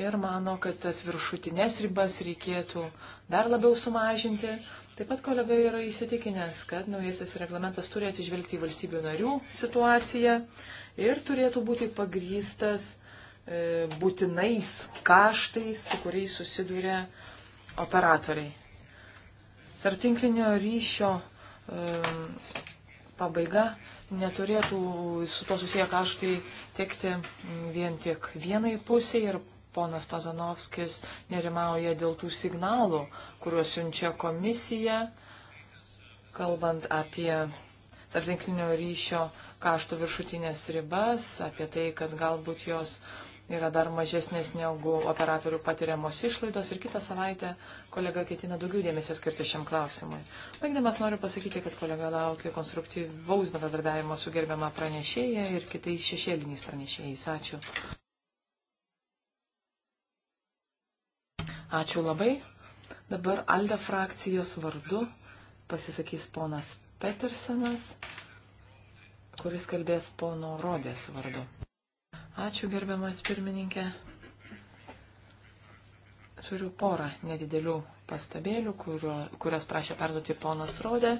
ir mano, kad tas viršutinės ribas reikėtų dar labiau sumažinti, Taip pat kolega yra įsitikinęs, kad naujasis reglamentas turi atsižvelgti į valstybių narių situaciją ir turėtų būti pagrystas e, būtinais kaštais, su kuriais susiduria operatoriai. Tarptinklinio ryšio e, pabaiga neturėtų su to susiję kaštai tekti vien tik vienai pusiai ir ponas Tazanovskis nerimauja dėl tų signalų, kuriuos siunčia komisija, kalbant apie tarptinklinio ryšio kaštų viršutinės ribas, apie tai, kad galbūt jos yra dar mažesnės negu operatorių patiriamos išlaidos ir kitą savaitę kolega ketina daugiau dėmesio skirti šiam klausimui. Baigdamas noriu pasakyti, kad kolega laukia konstruktyvaus bendradarbiavimo su gerbiama pranešėja ir kitais šešėliniais pranešėjais. Ačiū. Ačiū labai. Dabar Alde frakcijos vardu pasisakys ponas Petersenas, kuris kalbės pono Rodės vardu. Ačiū gerbiamas pirmininkė. Turiu porą nedidelių pastabėlių, kurio, kurias prašė perduoti ponas Rodė.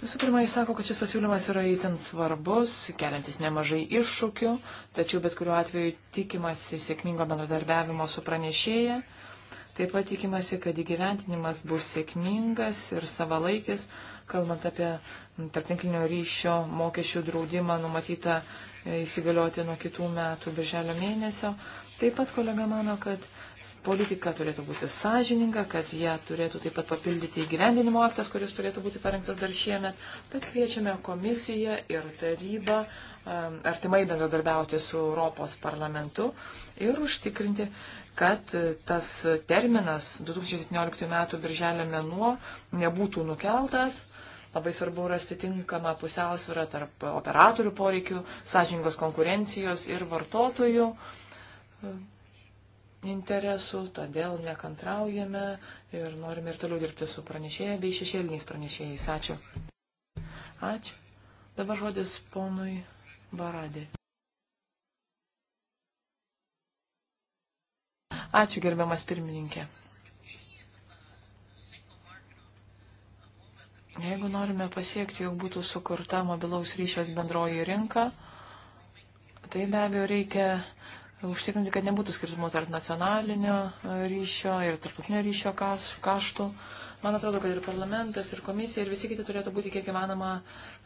Visų pirma, jis sako, kad šis pasiūlymas yra įtin svarbus, keliantis nemažai iššūkių, tačiau bet kuriuo atveju tikimasi sėkmingo bendradarbiavimo su pranešėja. Taip pat tikimasi, kad įgyventinimas bus sėkmingas ir savalaikis, kalbant apie tarptinklinio ryšio mokesčių draudimą numatytą įsigalioti nuo kitų metų birželio mėnesio. Taip pat kolega mano, kad politika turėtų būti sąžininga, kad ją turėtų taip pat papildyti įgyvendinimo aktas, kuris turėtų būti parengtas dar šiemet. Tad kviečiame komisiją ir tarybą um, artimai bendradarbiauti su Europos parlamentu ir užtikrinti, kad tas terminas 2017 m. birželio mėnuo nebūtų nukeltas labai svarbu rasti tinkamą pusiausvyrą tarp operatorių poreikių, sąžingos konkurencijos ir vartotojų interesų, todėl nekantraujame ir norime ir toliau dirbti su pranešėjai bei šešėliniais pranešėjais. Ačiū. Ačiū. Dabar žodis ponui Baradė. Ačiū gerbiamas pirmininkė. Jeigu norime pasiekti, jog būtų sukurta mobilaus ryšės bendroji rinka, tai be abejo reikia užtikrinti, kad nebūtų skirtumų tarp nacionalinio e, ryšio ir tarptautinio ryšio kaštų. Man atrodo, kad ir parlamentas, ir komisija, ir visi kiti turėtų būti kiek įmanoma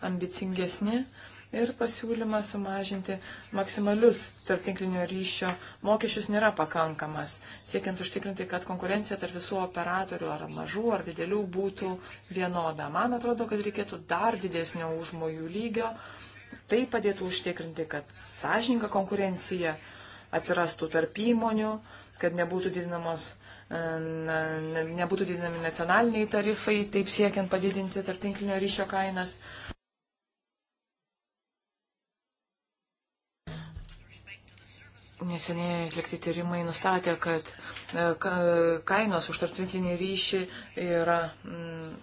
ambicingesni ir pasiūlymas sumažinti maksimalius tarptinklinio ryšio mokesčius nėra pakankamas, siekiant užtikrinti, kad konkurencija tarp visų operatorių ar mažų ar didelių būtų vienoda. Man atrodo, kad reikėtų dar didesnio užmojų lygio. Tai padėtų užtikrinti, kad sąžininga konkurencija atsirastų tarp įmonių, kad nebūtų didinamos e, na, nebūtų didinami nacionaliniai tarifai, taip siekiant padidinti tarptinklinio ryšio kainas. Neseniai atlikti tyrimai nustatė, kad e, kainos už tarptinklinį ryšį yra mm,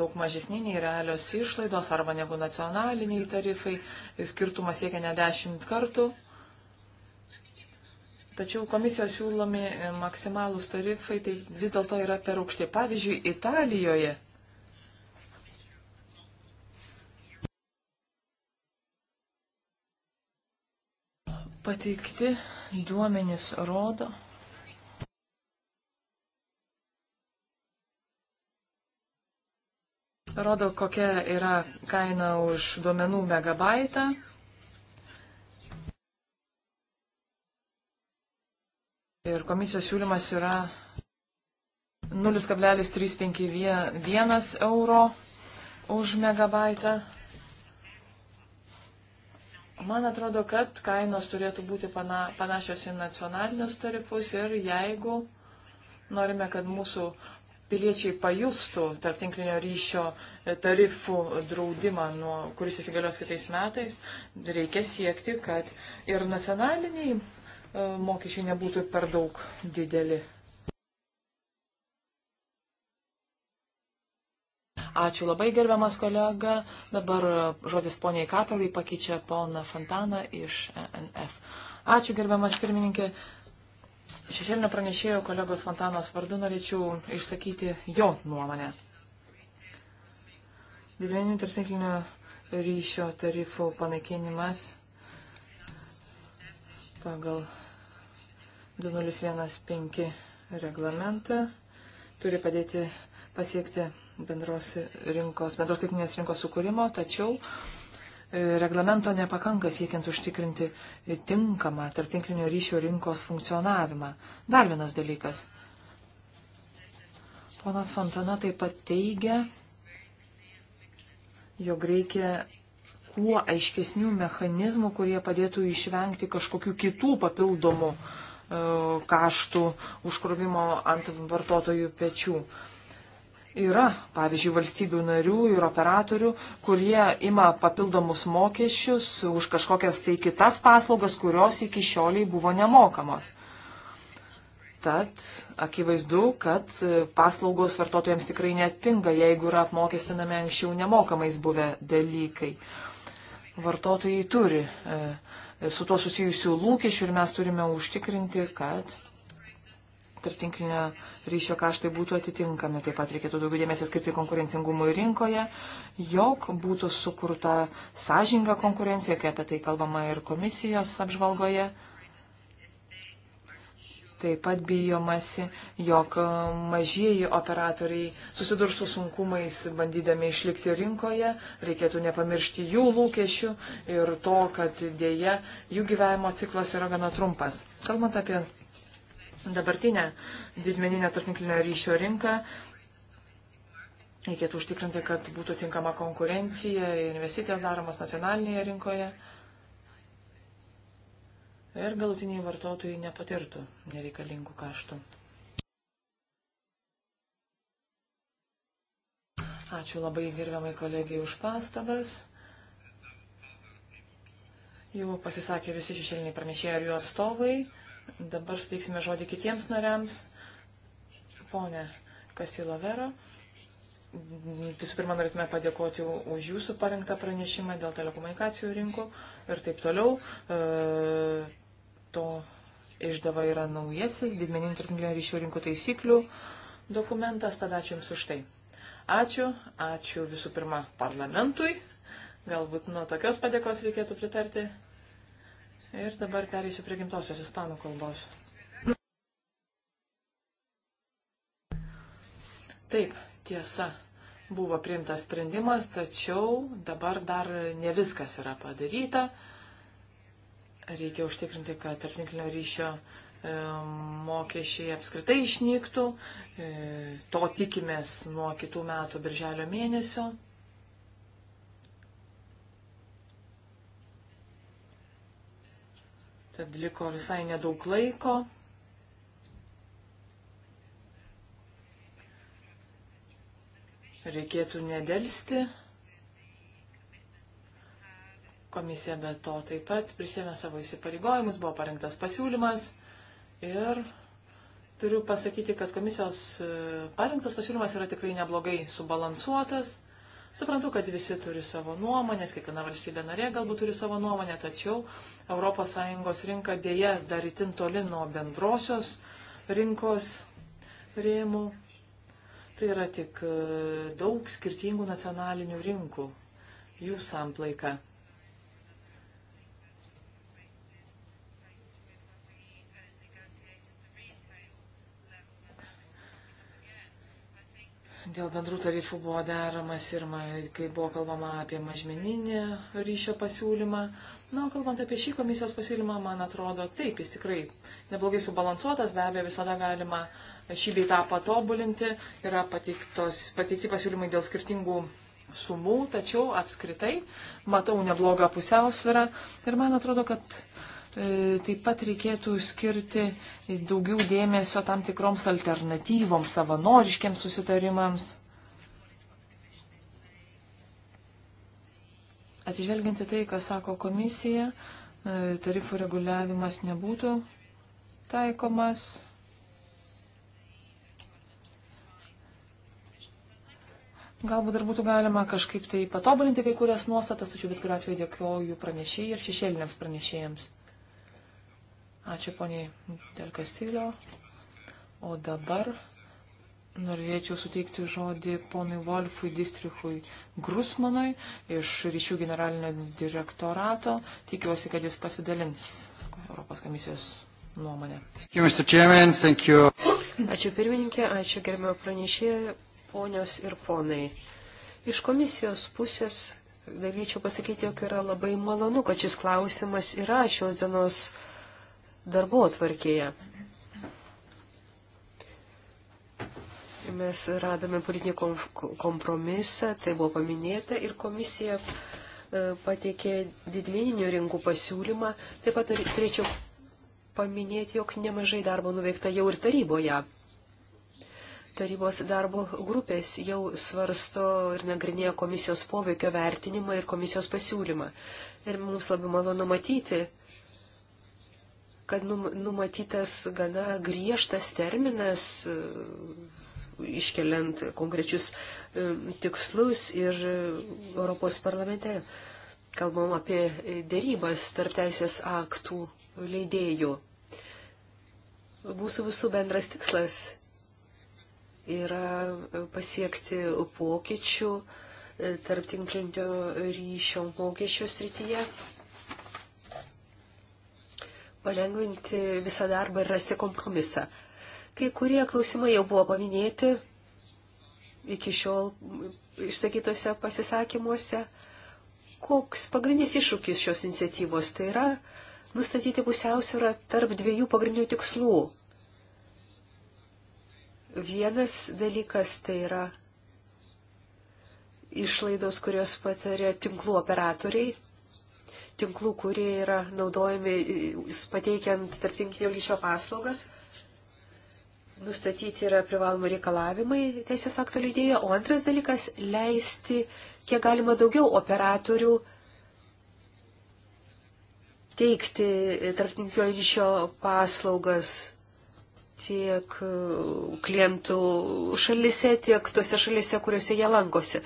daug mažesni nei realios išlaidos arba negu nacionaliniai tarifai, skirtumas siekia ne dešimt kartų. Tačiau komisijos siūlomi e, maksimalūs tarifai tai vis dėlto yra per aukšti. Pavyzdžiui, Italijoje pateikti duomenys rodo, rodo, kokia yra kaina už duomenų megabaitą. Ir komisijos siūlymas yra 0,351 euro už megabaitą. Man atrodo, kad kainos turėtų būti pana, panašios į nacionalinius tarifus ir jeigu norime, kad mūsų piliečiai pajustų tarptinklinio ryšio tarifų draudimą, nuo, kuris įsigalios kitais metais, reikia siekti, kad ir nacionaliniai E, mokesčiai nebūtų per daug dideli. Ačiū labai gerbiamas kolega. Dabar žodis poniai Kapelai pakeičia poną Fontaną iš e NF. Ačiū gerbiamas pirmininkė. Šešėlinio pranešėjo kolegos Fontanos vardu norėčiau išsakyti jo nuomonę. Didmeninių tarptinklinio ryšio tarifų panaikinimas pagal 2015 reglamentą turi padėti pasiekti bendros rinkos, bendros skaitinės rinkos sukūrimo, tačiau e, reglamento nepakanka siekiant užtikrinti tinkamą tarptinklinio ryšio rinkos funkcionavimą. Dar vienas dalykas. Ponas Fontana taip pat teigia, jog reikia kuo aiškesnių mechanizmų, kurie padėtų išvengti kažkokių kitų papildomų e, kaštų užkrovimo ant vartotojų pečių. Yra, pavyzdžiui, valstybių narių ir operatorių, kurie ima papildomus mokesčius už kažkokias tai kitas paslaugas, kurios iki šioliai buvo nemokamos. Tad akivaizdu, kad paslaugos vartotojams tikrai netpinga, jeigu yra apmokestinami anksčiau nemokamais buvę dalykai vartotojai turi e, su tuo susijusių lūkesčių ir mes turime užtikrinti, kad tarptinklinio ryšio kaštai būtų atitinkami. Taip pat reikėtų daugiau dėmesio skirti konkurencingumui rinkoje, jog būtų sukurta sąžinga konkurencija, kai apie tai kalbama ir komisijos apžvalgoje. Taip pat bijomasi, jog mažieji operatoriai susidurs su sunkumais, bandydami išlikti rinkoje, reikėtų nepamiršti jų lūkesčių ir to, kad dėje jų gyvenimo ciklas yra gana trumpas. Kalbant apie dabartinę didmeninę tarptinklinio ryšio rinką, reikėtų užtikrinti, kad būtų tinkama konkurencija ir investicijos daromas nacionalinėje rinkoje ir galutiniai vartotojai nepatirtų nereikalingų kaštų. Ačiū labai gerbiamai kolegijai už pastabas. Jau pasisakė visi šešėliniai pranešėjai ir jų atstovai. Dabar suteiksime žodį kitiems nariams. Pone Kasilovero, visų pirma, norėtume padėkoti už jūsų parengtą pranešimą dėl telekomunikacijų rinkų ir taip toliau. E, to išdava yra naujasis didmeninių tarptautinio ryšių rinkų taisyklių dokumentas, tada ačiū Jums už tai. Ačiū, ačiū visų pirma parlamentui, galbūt nuo tokios padėkos reikėtų pritarti. Ir dabar perėsiu prie gimtosios ispanų kalbos. Taip, tiesa, buvo priimtas sprendimas, tačiau dabar dar ne viskas yra padaryta. Reikia užtikrinti, kad tarptinklinio ryšio e, mokesčiai apskritai išnyktų. E, to tikimės nuo kitų metų birželio mėnesio. Tad liko visai nedaug laiko. Reikėtų nedelsti Komisija be to taip pat prisėmė savo įsipareigojimus, buvo parengtas pasiūlymas ir turiu pasakyti, kad komisijos e, parengtas pasiūlymas yra tikrai neblogai subalansuotas. Suprantu, kad visi turi savo nuomonės, kiekviena valstybė narė galbūt turi savo nuomonę, tačiau ES rinka dėja dar itin toli nuo bendrosios rinkos rėmų. Tai yra tik e, daug skirtingų nacionalinių rinkų, jų samplaika. dėl bendrų tarifų buvo daromas ir kai buvo kalbama apie mažmeninį ryšio pasiūlymą. Na, kalbant apie šį komisijos pasiūlymą, man atrodo, taip, jis tikrai neblogai subalansuotas, be abejo, visada galima šį bei tą patobulinti, yra pateiktos, pateikti pasiūlymai dėl skirtingų sumų, tačiau apskritai matau neblogą pusiausvyrą ir man atrodo, kad E, taip pat reikėtų skirti daugiau dėmesio tam tikroms alternatyvoms, savanoriškiams susitarimams. Atsižvelginti tai, ką sako komisija, e, tarifų reguliavimas nebūtų taikomas. Galbūt dar būtų galima kažkaip tai patobulinti kai kurias nuostatas, tačiau bet kuriuo atveju dėkoju pranešėjai ir šešėliniams pranešėjams. Ačiū poniai Del Castillo. O dabar norėčiau suteikti žodį ponui Wolfui Districhui Grusmanui iš ryšių generalinio direktorato. Tikiuosi, kad jis pasidalins Europos komisijos nuomonę. Ačiū pirmininkė, ačiū gerbėjo pranešėjai, ponios ir ponai. Iš komisijos pusės galėčiau pasakyti, jog yra labai malonu, kad šis klausimas yra šios dienos darbo atvarkėje. Mes radome politinį kompromisą, tai buvo paminėta ir komisija e, pateikė didmeninių rinkų pasiūlymą. Taip pat turėčiau paminėti, jog nemažai darbo nuveikta jau ir taryboje. Tarybos darbo grupės jau svarsto ir nagrinėja komisijos poveikio vertinimą ir komisijos pasiūlymą. Ir mums labai malonu matyti, kad numatytas gana griežtas terminas e, iškeliant konkrečius e, tikslus ir e, Europos parlamente kalbam apie dėrybas tarp teisės aktų leidėjų. Mūsų visų bendras tikslas yra pasiekti pokyčių tarp tinklinio ryšio mokesčio srityje palengvinti visą darbą ir rasti kompromisą. Kai kurie klausimai jau buvo paminėti iki šiol išsakytose pasisakymuose. Koks pagrindinis iššūkis šios iniciatyvos tai yra nustatyti pusiausvyrą tarp dviejų pagrindinių tikslų. Vienas dalykas tai yra išlaidos, kurios patarė tinklų operatoriai tinklų, kurie yra naudojami pateikiant tarptinklinio ryšio paslaugas. Nustatyti yra privalomų reikalavimai teisės akto leidėjo, o antras dalykas - leisti kiek galima daugiau operatorių teikti tarptinklinio ryšio paslaugas tiek e, klientų šalise, tiek tose šalise, kuriuose jie lankosi.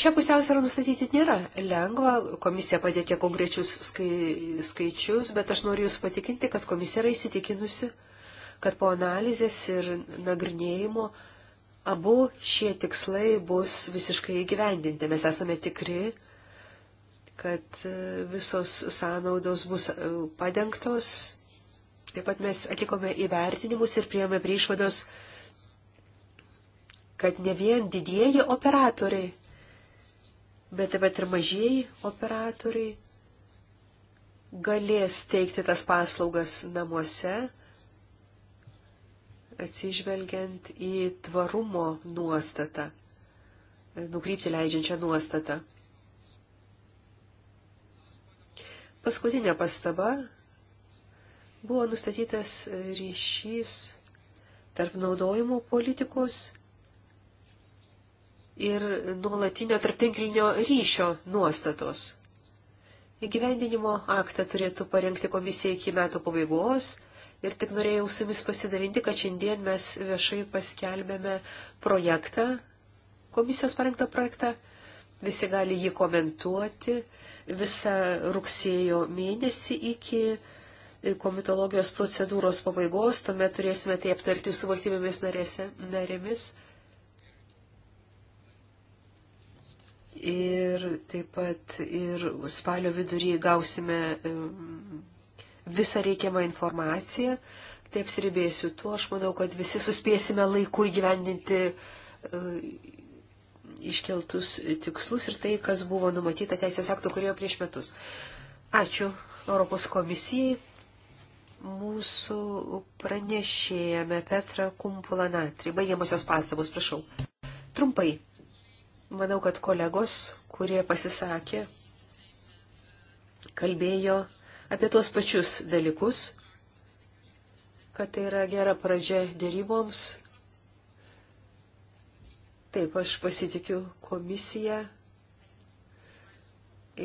Šią pusiausvyrą nustatyti nėra lengva, komisija padėkė konkrečius skai, skaičius, bet aš noriu Jūs patikinti, kad komisija yra įsitikinusi, kad po analizės ir nagrinėjimo abu šie tikslai bus visiškai įgyvendinti. Mes esame tikri, kad e, visos sąnaudos bus e, padengtos. Taip pat mes atlikome įvertinimus ir priėmėme prie išvados, kad ne vien didieji operatoriai bet taip pat ir mažieji operatoriai galės teikti tas paslaugas namuose, atsižvelgiant į tvarumo nuostatą, nukrypti leidžiančią nuostatą. Paskutinė pastaba buvo nustatytas ryšys tarp naudojimo politikos ir nuolatinio tarptinklinio ryšio nuostatos. Įgyvendinimo aktą turėtų parengti komisija iki metų pabaigos ir tik norėjau su jumis pasidalinti, kad šiandien mes viešai paskelbėme projektą, komisijos parengtą projektą, visi gali jį komentuoti visą rugsėjo mėnesį iki komitologijos procedūros pabaigos, tuomet turėsime tai aptarti su valstybėmis narėse, narėmis. Ir taip pat ir spalio viduryje gausime visą reikiamą informaciją. Taip sribėsiu tuo, aš manau, kad visi suspėsime laiku įgyvendinti e, iškeltus tikslus ir tai, kas buvo numatyta teisės aktų, kurioje prieš metus. Ačiū Europos komisijai. Mūsų pranešėjame Petra Kumpulanatri. Baigiamosios pastabos, prašau. Trumpai. Manau, kad kolegos, kurie pasisakė, kalbėjo apie tuos pačius dalykus, kad tai yra gera pradžia dėryboms. Taip, aš pasitikiu komisiją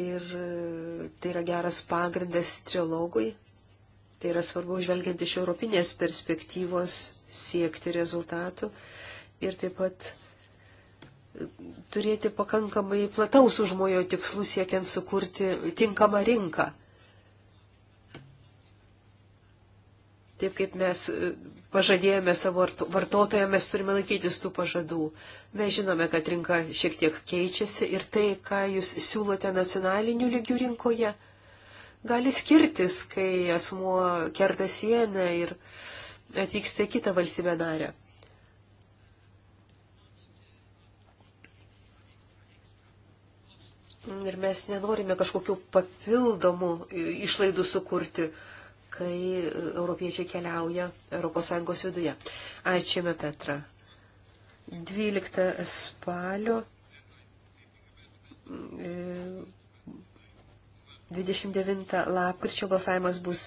ir tai yra geras pagrindas trilogui. Tai yra svarbu žvelgiant iš europinės perspektyvos siekti rezultatų ir taip pat turėti pakankamai plataus užmojo tikslų siekiant sukurti tinkamą rinką. Taip kaip mes e, pažadėjome savo vartotojams, mes turime laikytis tų pažadų. Mes žinome, kad rinka šiek tiek keičiasi ir tai, ką jūs siūlote nacionaliniu lygiu rinkoje, gali skirtis, kai asmuo kerta sieną ir atvyksta į kitą valstybę narę. Ir mes nenorime kažkokių papildomų išlaidų sukurti, kai e, europiečiai keliauja ES viduje. Ačiū, Petra. 12 spalio 29 e, lapkričio balsavimas bus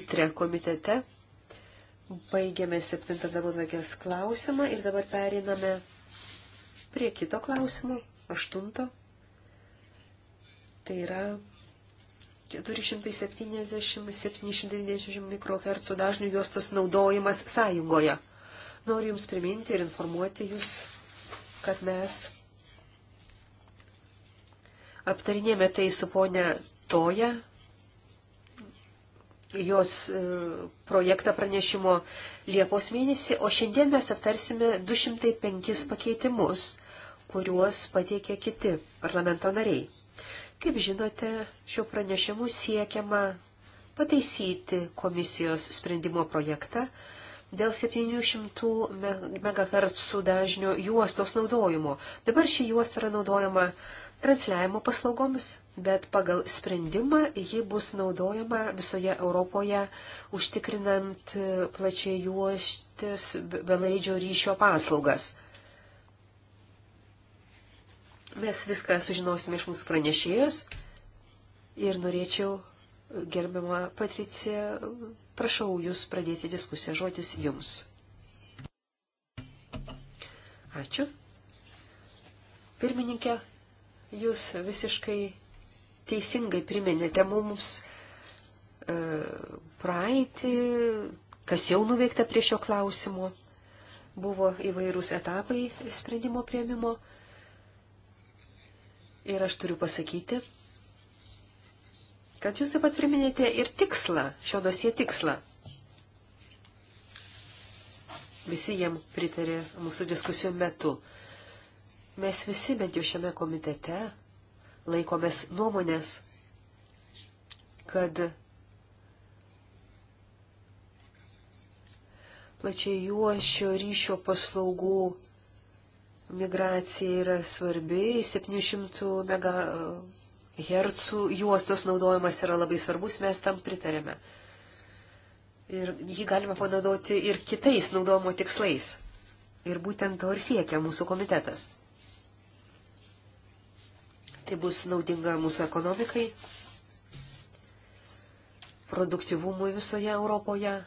įtre komitete. Baigėme 7 darbotvarkės klausimą ir dabar periname prie kito klausimo, 8. Tai yra 470-790 mikrohercų dažnių juostos naudojimas sąjungoje. Noriu Jums priminti ir informuoti Jūs, kad mes aptarinėme tai su ponia Toja, jos e, projektą pranešimo Liepos mėnesį, o šiandien mes aptarsime 205 pakeitimus, kuriuos pateikė kiti parlamento nariai. Kaip žinote, šiuo pranešimu siekiama pataisyti komisijos sprendimo projektą dėl 700 MHz dažnio juostos naudojimo. Dabar ši juosta yra naudojama transliavimo paslaugoms, bet pagal sprendimą ji bus naudojama visoje Europoje užtikrinant plačiai juostis belaidžio ryšio paslaugas. Mes viską sužinosime iš mūsų pranešėjos ir norėčiau, gerbiama Patricija, prašau jūs pradėti diskusiją. Žodis jums. Ačiū. Pirmininkė, jūs visiškai teisingai priminėte mums e, praeitį, kas jau nuveikta prie šio klausimo. Buvo įvairūs etapai sprendimo prieimimo. E, Ir aš turiu pasakyti, kad jūs taip pat priminėte ir tikslą, šio dosie tikslą. Visi jiem pritarė mūsų diskusijų metu. Mes visi, bent jau šiame komitete, laikomės nuomonės, kad plačiai juošio ryšio paslaugų migracija yra svarbi, 700 MHz juostos naudojimas yra labai svarbus, mes tam pritarėme. Ir jį galima panaudoti ir kitais naudojimo tikslais. Ir būtent to ir siekia mūsų komitetas. Tai bus naudinga mūsų ekonomikai, produktivumui visoje Europoje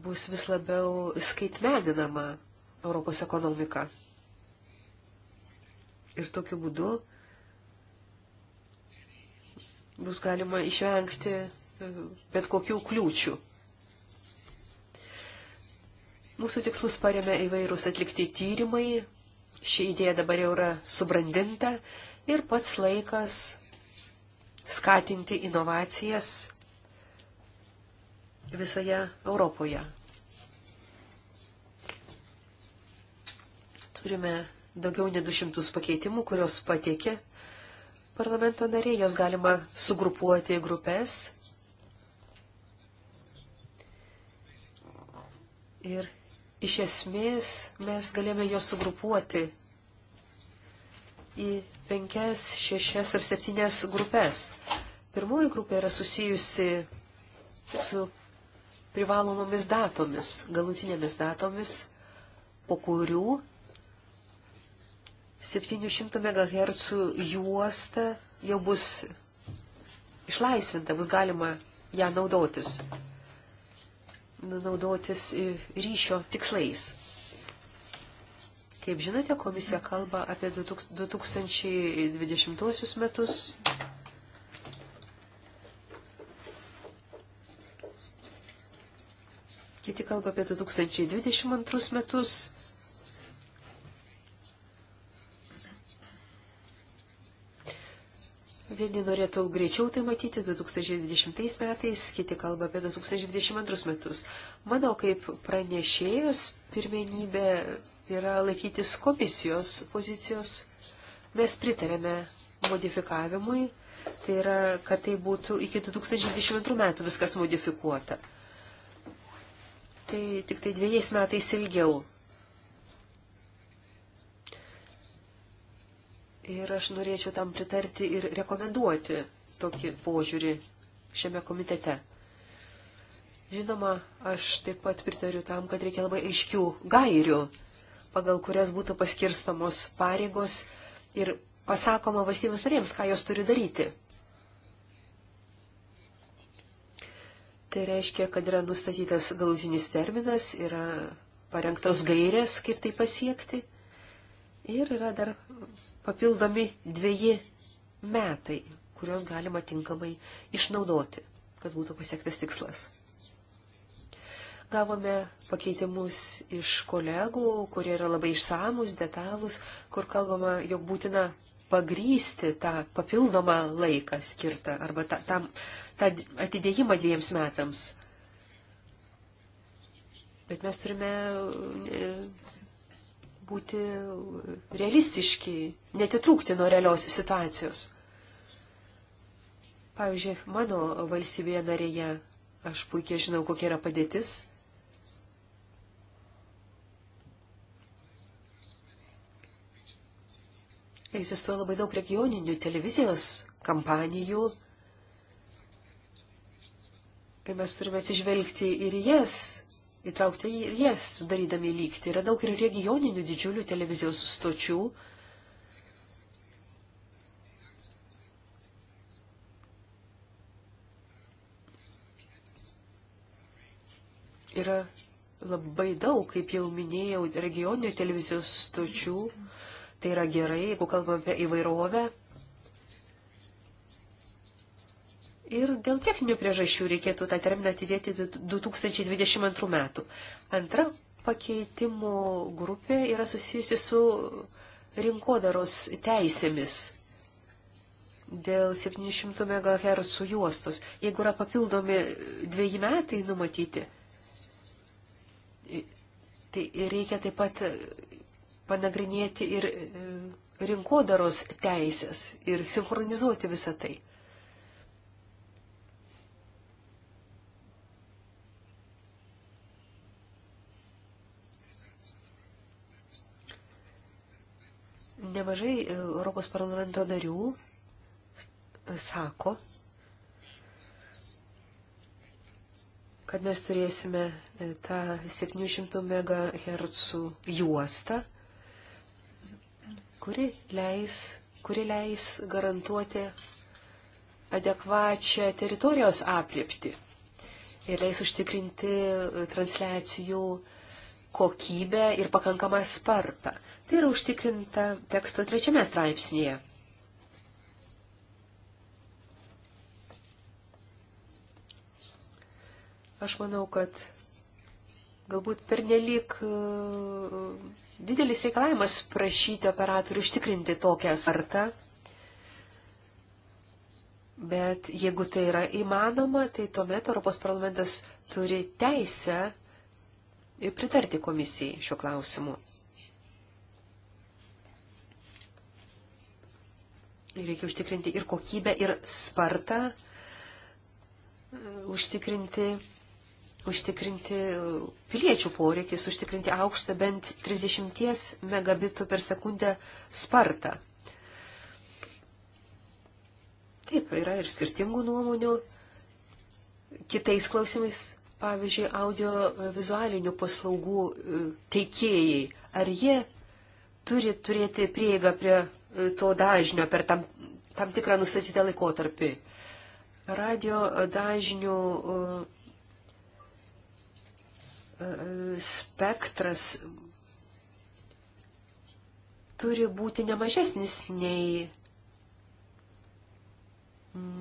bus vis labiau skaitmeninama Europos ekonomika. Ir tokiu būdu bus galima išvengti e, bet kokių kliūčių. Mūsų tikslus paremė įvairūs atlikti tyrimai, ši idėja dabar jau yra subrandinta ir pats laikas skatinti inovacijas visoje Europoje. Turime daugiau nei 200 pakeitimų, kurios pateikė parlamento nariai, jos galima sugrupuoti į grupės. Ir iš esmės mes galėjome juos sugrupuoti į penkias, šešias ar septynias grupės. Pirmoji grupė yra susijusi su privalomomis datomis, galutinėmis datomis, po kurių 700 MHz juosta jau bus išlaisvinta, bus galima ją naudotis, naudotis ryšio tikslais. Kaip žinote, komisija kalba apie 2020 metus, Kiti kalba apie 2022 metus. Vieni norėtų greičiau tai matyti 2020 metais, kiti kalba apie 2022 metus. Manau, kaip pranešėjos pirmenybė yra laikytis komisijos pozicijos. Mes pritarėme modifikavimui, tai yra, kad tai būtų iki 2022 metų viskas modifikuota tai tik tai dviejais metais ilgiau. Ir aš norėčiau tam pritarti ir rekomenduoti tokį požiūrį šiame komitete. Žinoma, aš taip pat pritariu tam, kad reikia labai aiškių gairių, pagal kurias būtų paskirstamos pareigos ir pasakoma valstybės narėms, ką jos turi daryti. Tai reiškia, kad yra nustatytas galutinis terminas, yra parengtos gairės, kaip tai pasiekti. Ir yra dar papildomi dviejį metai, kuriuos galima tinkamai išnaudoti, kad būtų pasiektas tikslas. Gavome pakeitimus iš kolegų, kurie yra labai išsamus, detalus, kur kalbama, jog būtina pagrysti tą papildomą laiką skirtą arba tą, tą, tą atidėjimą dviems metams. Bet mes turime e, būti realistiški, netitrūkti nuo realios situacijos. Pavyzdžiui, mano valstybėje narėje aš puikiai žinau, kokia yra padėtis. Egzistuoja labai daug regioninių televizijos kampanijų ir mes turime atsižvelgti ir jas, įtraukti ir jas, darydami lygti. Yra daug ir regioninių didžiulių televizijos stočių. Yra labai daug, kaip jau minėjau, regioninių televizijos stočių. Mm -hmm Tai yra gerai, jeigu kalbame apie įvairovę. Ir dėl techninių priežasčių reikėtų tą terminą atidėti 2022 metų. Antra pakeitimų grupė yra susijusi su rinkodaros teisėmis dėl 700 MHz juostos. Jeigu yra papildomi dviejį metai numatyti, tai reikia taip pat panagrinėti ir e, rinkodaros teisės ir sinchronizuoti visą tai. Nemažai e, Europos parlamento narių e, sako, kad mes turėsime tą 700 MHz juostą kuri leis, kuri leis garantuoti adekvačią teritorijos apriepti ir leis užtikrinti transliacijų kokybę ir pakankamą spartą. Tai yra užtikrinta teksto trečiame straipsnėje. Aš manau, kad galbūt pernelyg didelis reikalavimas prašyti operatorių užtikrinti tokią sartą. Bet jeigu tai yra įmanoma, tai tuomet Europos parlamentas turi teisę pritarti komisijai šiuo klausimu. Reikia užtikrinti ir kokybę, ir spartą, e, užtikrinti užtikrinti piliečių poreikis, užtikrinti aukštą bent 30 megabitų per sekundę spartą. Taip, yra ir skirtingų nuomonių. Kitais klausimais, pavyzdžiui, audio vizualinių paslaugų e, teikėjai, ar jie turi turėti prieigą prie e, to dažnio per tam, tam tikrą nustatytą laikotarpį. Radio dažnių uh, spektras turi būti nemažesnis nei,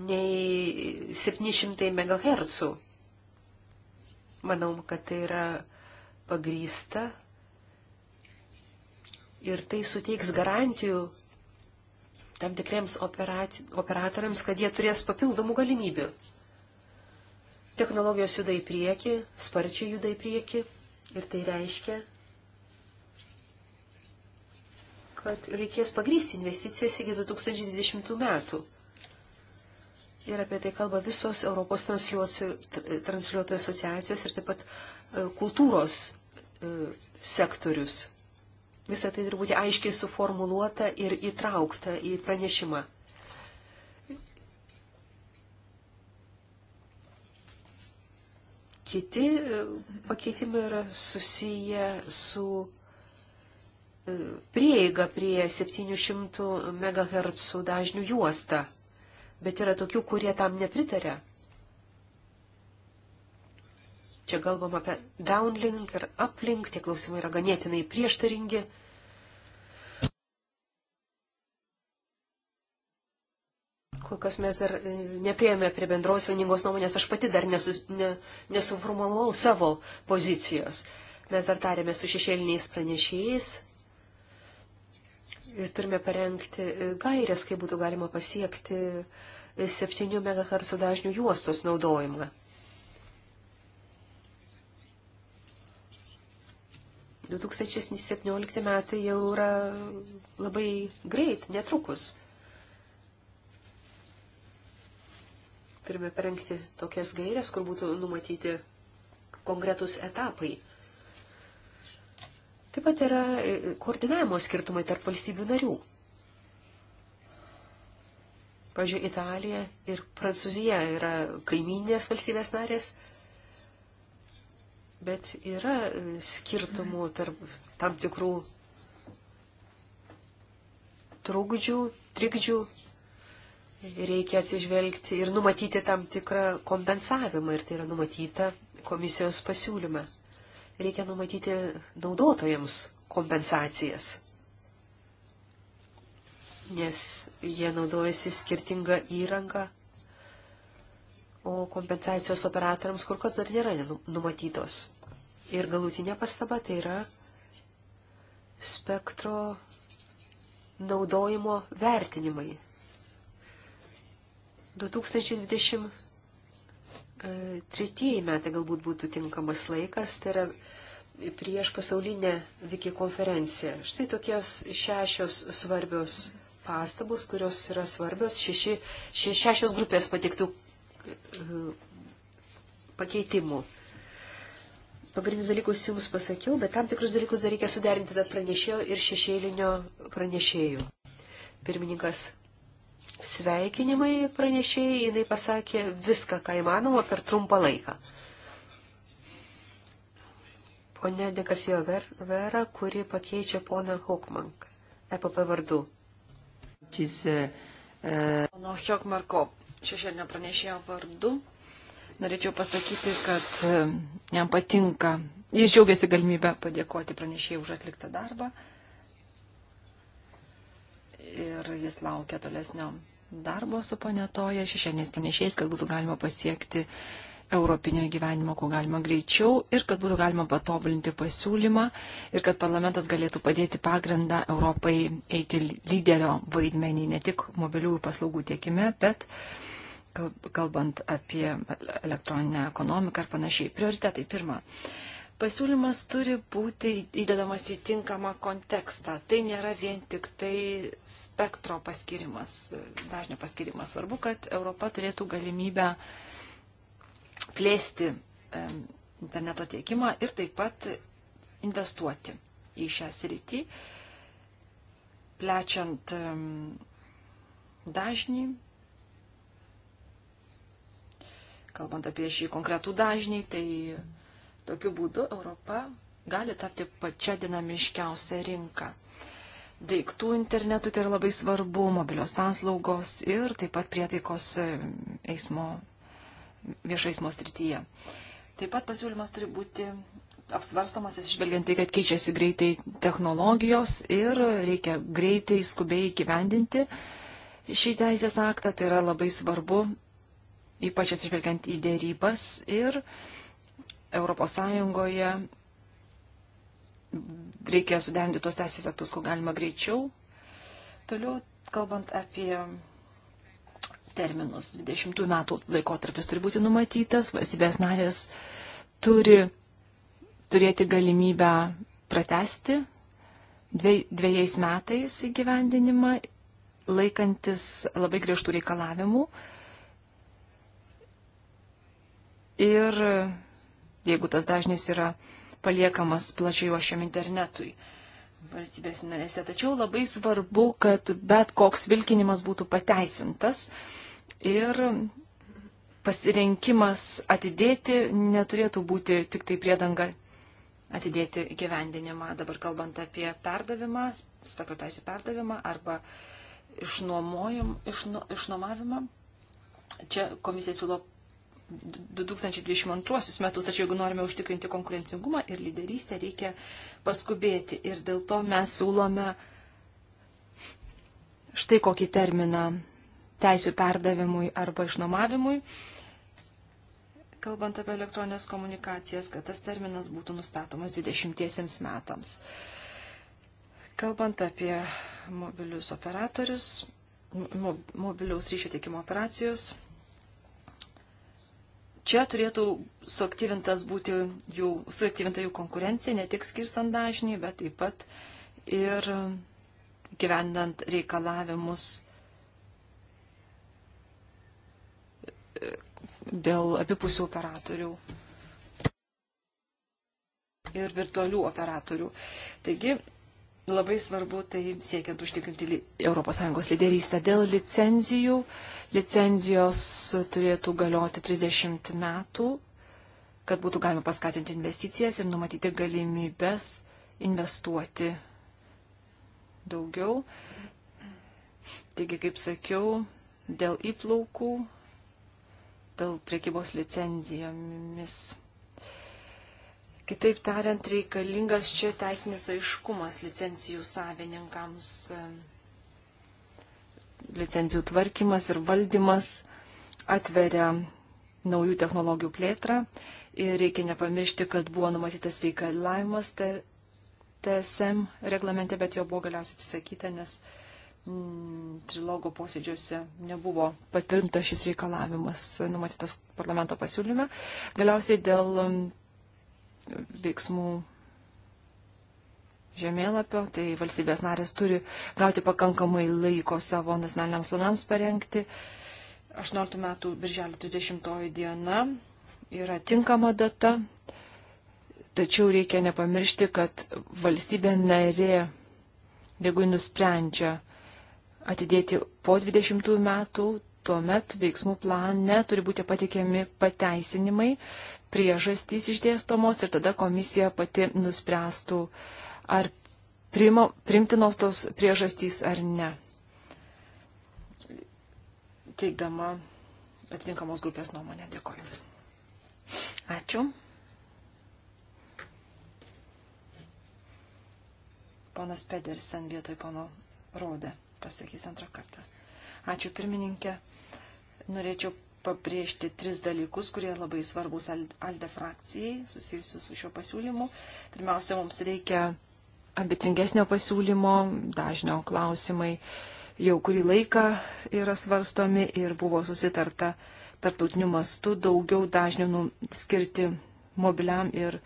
nei 700 MHz. Manau, kad tai yra pagrysta ir tai suteiks garantijų tam tikriems operatoriams, kad jie turės papildomų galimybių. Technologijos juda į priekį, sparčiai juda į priekį ir tai reiškia, kad reikės pagrysti investicijas iki 2020 metų. Ir apie tai kalba visos Europos transliuotojų asociacijos ir taip pat e, kultūros e, sektorius. Visą tai turi būti aiškiai suformuluota ir įtraukta į pranešimą. Kiti e, pakeitimai yra susiję su e, prieiga prie 700 MHz dažnių juostą, bet yra tokių, kurie tam nepritarė. Čia kalbam apie downlink ir uplink, tie klausimai yra ganėtinai prieštaringi. kas mes dar e, neprieėmė prie bendros vieningos nuomonės, aš pati dar nesu, ne, nesuformulavau savo pozicijos. Mes dar tarėme su šešėliniais pranešėjais ir turime parengti e, gairias, kaip būtų galima pasiekti 7 e, MHz dažnių juostos naudojimą. 2017 metai jau yra labai greit, netrukus. turime parengti tokias gairias, kur būtų numatyti konkretus etapai. Taip pat yra e, koordinavimo skirtumai tarp valstybių narių. Pavyzdžiui, Italija ir Prancūzija yra kaiminės valstybės narės, bet yra e, skirtumų tarp tam tikrų trukdžių, trikdžių reikia atsižvelgti ir numatyti tam tikrą kompensavimą, ir tai yra numatyta komisijos pasiūlyme. Reikia numatyti naudotojams kompensacijas, nes jie naudojasi skirtingą įrangą, o kompensacijos operatoriams kur kas dar nėra numatytos. Ir galutinė pastaba tai yra spektro naudojimo vertinimai 2023 e, metai galbūt būtų tinkamas laikas, tai yra prieš pasaulinę Viki konferenciją. Štai tokios šešios svarbios pastabos, kurios yra svarbios, šeši, še, šešios grupės patiktų e, pakeitimų. Pagrindinius dalykus jums pasakiau, bet tam tikrus dalykus dar reikia suderinti tarp pranešėjo ir šešėlinio pranešėjų. Pirmininkas sveikinimai pranešėjai, jinai pasakė viską, ką įmanoma per trumpą laiką. Pone Dekasijo Vera, kuri pakeičia poną Hokmank, EPP vardu. Uh, uh, Pono Hokmarko, šešėlinio pranešėjo vardu, norėčiau pasakyti, kad um, jam patinka, jis džiaugiasi galimybę padėkoti pranešėjai už atliktą darbą ir jis laukia tolesnio darbo su panetoje, šešėliniais pranešėjais, kad būtų galima pasiekti europinio gyvenimo, kuo galima greičiau ir kad būtų galima patobulinti pasiūlymą ir kad parlamentas galėtų padėti pagrindą Europai eiti lyderio vaidmenį ne tik mobiliųjų paslaugų tiekime, bet kalbant apie elektroninę ekonomiką ir panašiai. Prioritetai. Pirma, Pasiūlymas turi būti įdedamas į tinkamą kontekstą. Tai nėra vien tik tai spektro paskirimas, dažnio paskirimas. Svarbu, kad Europa turėtų galimybę plėsti interneto tiekimą ir taip pat investuoti į šią sritį, plečiant dažnį, kalbant apie šį konkretų dažnį, tai Tokiu būdu Europa gali tapti pačia dinamiškiausia rinka. Daiktų internetu tai yra labai svarbu, mobilios paslaugos ir taip pat prietaikos e, eismo, viešo eismo srityje. Taip pat pasiūlymas turi būti apsvarstomas, išvelgiant tai, kad keičiasi greitai technologijos ir reikia greitai, skubiai gyvendinti šį teisės aktą. Tai yra labai svarbu, ypač atsižvelgiant į dėrybas ir uh, ES reikia suderinti tos teisės aktus, kuo galima greičiau. Toliau, kalbant apie terminus, 20 metų laikotarpis turi būti numatytas, valstybės narės turi turėti galimybę pratesti dviejais metais įgyvendinimą, laikantis labai griežtų reikalavimų. Ir jeigu tas dažnis yra paliekamas plačiajuošiam internetui valstybės narėse. Tačiau labai svarbu, kad bet koks vilkinimas būtų pateisintas ir pasirinkimas atidėti neturėtų būti tik tai priedanga atidėti gyvendinimą. Dabar kalbant apie perdavimą, spektro teisų perdavimą arba išnuomavimą, čia komisija siūlo 2022 metus, tačiau jeigu norime užtikrinti konkurencingumą ir lyderystę, reikia paskubėti. Ir dėl to mes siūlome štai kokį terminą teisų perdavimui arba išnomavimui, kalbant apie elektroninės komunikacijas, kad tas terminas būtų nustatomas 20 metams. Kalbant apie mobilius operatorius, mobiliaus ryšio tiekimo operacijos, Čia turėtų suaktyvintas būti jų, suaktyvinta jų konkurencija, ne tik skirstant dažnį, bet taip pat ir gyvendant reikalavimus dėl abipusių operatorių ir virtualių operatorių. Taigi, labai svarbu tai siekiant užtikrinti ES lyderystę. Dėl licenzijų, licenzijos turėtų galioti 30 metų, kad būtų galima paskatinti investicijas ir numatyti galimybės investuoti daugiau. Taigi, kaip sakiau, dėl įplaukų, dėl priekybos licenzijomis Kitaip tariant, reikalingas čia teisinis aiškumas licencijų savininkams, e, licencijų tvarkymas ir valdymas atveria naujų technologijų plėtrą ir reikia nepamiršti, kad buvo numatytas reikalavimas TSM reglamente, bet jo buvo galiausiai atsisakyta, nes mm, trilogo posėdžiuose nebuvo patvirtintas šis reikalavimas numatytas parlamento pasiūlyme. Galiausiai dėl veiksmų žemėlapio, tai valstybės narės turi gauti pakankamai laiko savo nacionaliniams planams parengti. 18 metų birželio 30 diena yra tinkama data, tačiau reikia nepamiršti, kad valstybė narė, jeigu nusprendžia atidėti po 20 metų, tuomet veiksmų plane turi būti pateikiami pateisinimai, priežastys išdėstomos ir tada komisija pati nuspręstų, ar primo, primtinos tos priežastys ar ne. Teikdama atitinkamos grupės nuomonę. Dėkoju. Ačiū. Ponas Pedersen vietoj pono Rodė pasakys antrą kartą. Ačiū pirmininkė. Norėčiau pabrėžti tris dalykus, kurie labai svarbus Alde frakcijai susijusius su šiuo pasiūlymu. Pirmiausia, mums reikia ambicingesnio pasiūlymo, dažnio klausimai jau kurį laiką yra svarstomi ir buvo susitarta tarptautiniu mastu daugiau dažnių nu, skirti mobiliam ir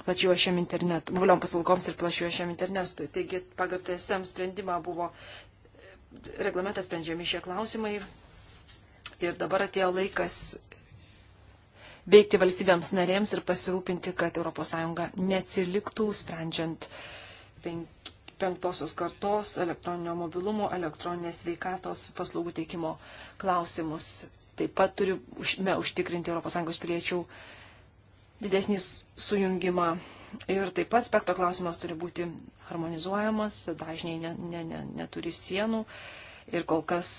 plačiuošiam internetu, mobiliam paslaugoms ir plačiuošiam internetui. Taigi pagal TSM sprendimą buvo reglamentas sprendžiami šie klausimai, Ir dabar atėjo laikas veikti valstybėms narėms ir pasirūpinti, kad ES neatsiliktų, sprendžiant penk, penktosios kartos elektroninio mobilumo, elektroninės veikatos paslaugų teikimo klausimus. Taip pat turime užtikrinti ES piliečių didesnį sujungimą. Ir taip pat spektro klausimas turi būti harmonizuojamas, dažniai ne, ne, ne, neturi sienų. Ir kol kas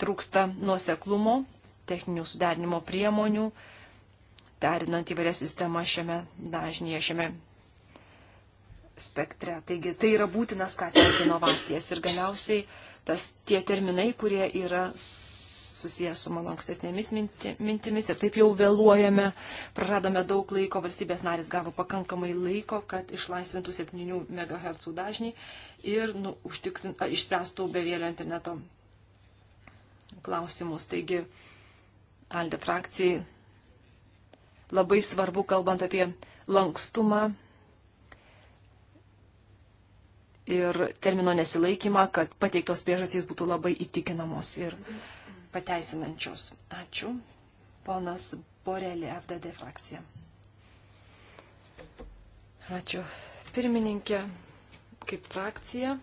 trūksta nuoseklumo, techninių suderinimo priemonių, derinant įvairias sistemas šiame dažnyje, šiame spektre. Taigi tai yra būtina skatinti inovacijas ir galiausiai tas tie terminai, kurie yra susijęs su mano ankstesnėmis minti, mintimis ir taip jau vėluojame, praradome daug laiko, valstybės narys gavo pakankamai laiko, kad išlaisvintų 7 MHz dažnį ir nu, užtikrin, išspręstų bevėlio interneto klausimus. Taigi, Alde frakcijai labai svarbu, kalbant apie lankstumą ir termino nesilaikymą, kad pateiktos priežastys būtų labai įtikinamos ir pateisinančios. Ačiū. Ponas Borelė, FDD frakcija. Ačiū. Pirmininkė, kaip frakcija,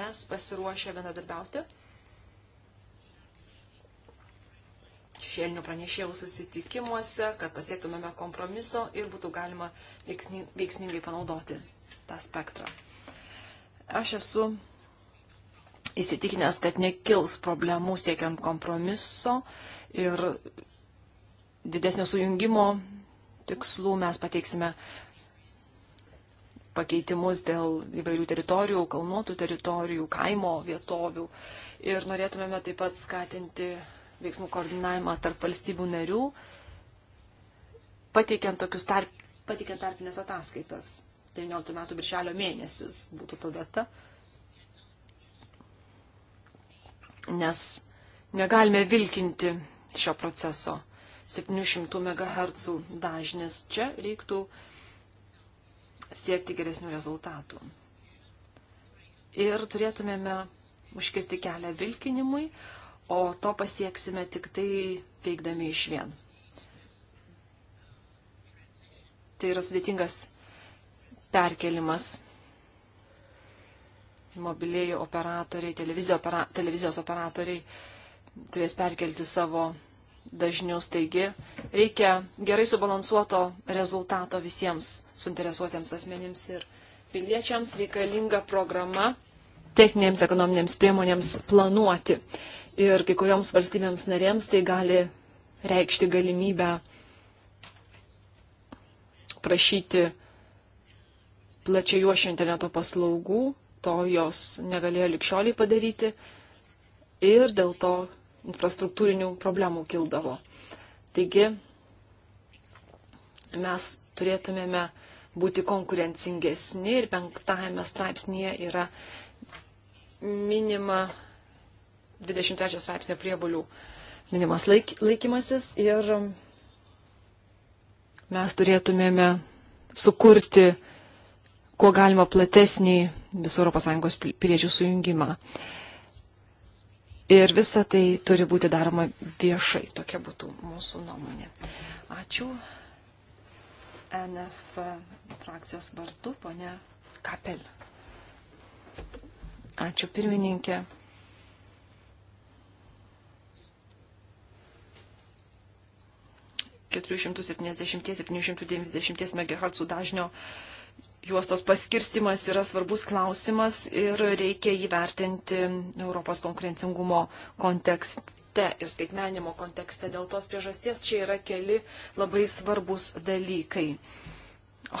mes pasiruošę bendradarbiauti šešėlinių pranešėjų susitikimuose, kad pasiektumėme kompromiso ir būtų galima veiksmingai panaudoti tą spektrą. Aš esu įsitikinęs, kad nekils problemų siekiant kompromiso ir didesnio sujungimo tikslų mes pateiksime pakeitimus dėl įvairių teritorijų, kalnuotų teritorijų, kaimo vietovių. Ir norėtumėme taip pat skatinti veiksmų koordinavimą tarp valstybių narių, pateikiant, tarp, pateikiant tarpinės ataskaitas. 19 metų birželio mėnesis būtų ta data. Nes negalime vilkinti šio proceso. 700 MHz dažnis čia reiktų siekti geresnių rezultatų. Ir turėtumėme užkisti kelią vilkinimui, o to pasieksime tik tai veikdami iš vien. Tai yra sudėtingas perkelimas. Mobiliai operatoriai, televizijos, opera, televizijos operatoriai turės perkelti savo dažnius. Taigi reikia gerai subalansuoto rezultato visiems suinteresuotiems asmenims ir piliečiams reikalinga programa techninėms ekonominėms priemonėms planuoti ir kai kurioms valstybėms narėms tai gali reikšti galimybę prašyti plačiai juošio interneto paslaugų, to jos negalėjo likščioliai padaryti ir dėl to infrastruktūrinių problemų kildavo. Taigi mes turėtumėme būti konkurencingesni ir penktajame straipsnėje yra minima 23 straipsnio prievolių minimas laik, laikymasis ir mes turėtumėme sukurti kuo galima platesnį visų ES piliečių sujungimą. Ir visa tai turi būti daroma viešai, tokia būtų mūsų nuomonė. Ačiū. NF frakcijos vardu, ponia Kapel. Ačiū pirmininkė. 470-790 MHz dažnio juostos paskirstimas yra svarbus klausimas ir reikia įvertinti Europos konkurencingumo kontekste ir skaitmenimo kontekste. Dėl tos priežasties čia yra keli labai svarbus dalykai.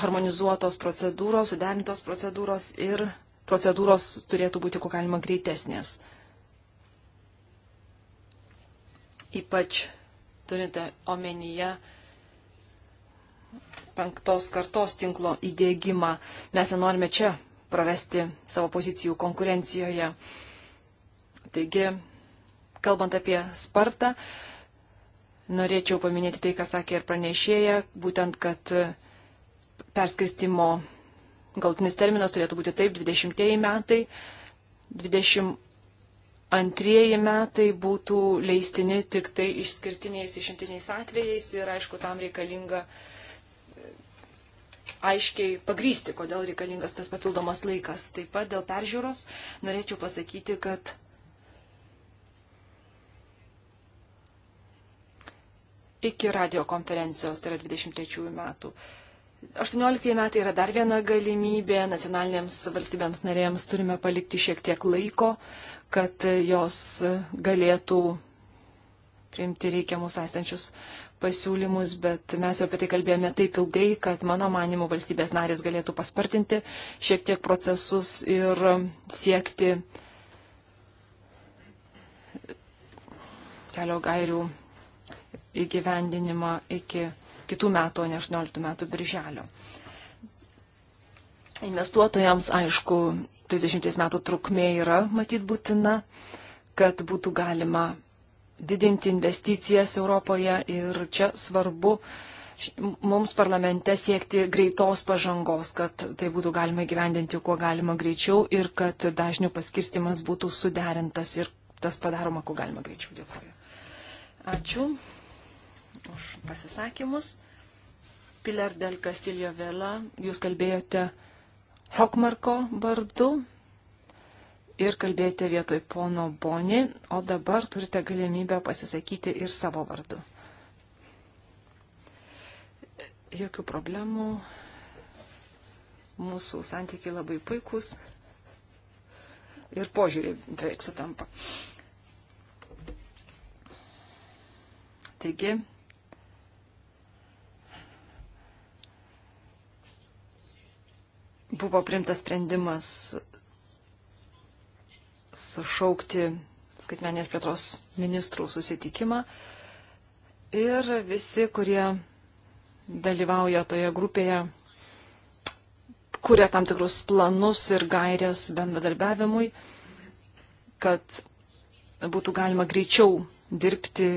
Harmonizuotos procedūros, suderintos procedūros ir procedūros turėtų būti kuo galima greitesnės. Ypač turint omenyje penktos kartos tinklo įdėgymą. Mes nenorime čia prarasti savo pozicijų konkurencijoje. Taigi, kalbant apie spartą, norėčiau paminėti tai, ką sakė ir pranešėja, būtent, kad perskirstimo galtinis terminas turėtų būti taip, 20 metai, 20 antrieji metai būtų leistini tik tai išskirtiniais išimtiniais atvejais ir aišku, tam reikalinga e, aiškiai pagrysti, kodėl reikalingas tas papildomas laikas. Taip pat dėl peržiūros norėčiau pasakyti, kad iki radiokonferencijos, tai yra 23 metų. 18 metai yra dar viena galimybė, nacionalinėms valstybėms narėms turime palikti šiek tiek laiko, kad jos galėtų priimti reikiamus esančius pasiūlymus, bet mes jau apie tai kalbėjome taip ilgai, kad mano manimu valstybės narės galėtų paspartinti šiek tiek procesus ir siekti kelio gairių įgyvendinimą iki kitų metų, ne 18 metų birželio. Investuotojams, aišku, 30 metų trukmė yra matyt būtina, kad būtų galima didinti investicijas Europoje ir čia svarbu mums parlamente siekti greitos pažangos, kad tai būtų galima gyvendinti kuo galima greičiau ir kad dažnių paskirstimas būtų suderintas ir tas padaroma kuo galima greičiau. Dėkuoju. Ačiū už pasisakymus. Pilar del Castillo Vela, jūs kalbėjote Hokmarko vardu ir kalbėjote vietoj pono Boni, o dabar turite galimybę pasisakyti ir savo vardu. Jokių problemų. Mūsų santykiai labai puikus. Ir požiūrį beveik sutampa. Taigi, buvo primtas sprendimas sušaukti skaitmenės plėtros ministrų susitikimą. Ir visi, kurie dalyvauja toje grupėje, kuria tam tikrus planus ir gairias bendradarbiavimui, kad būtų galima greičiau dirbti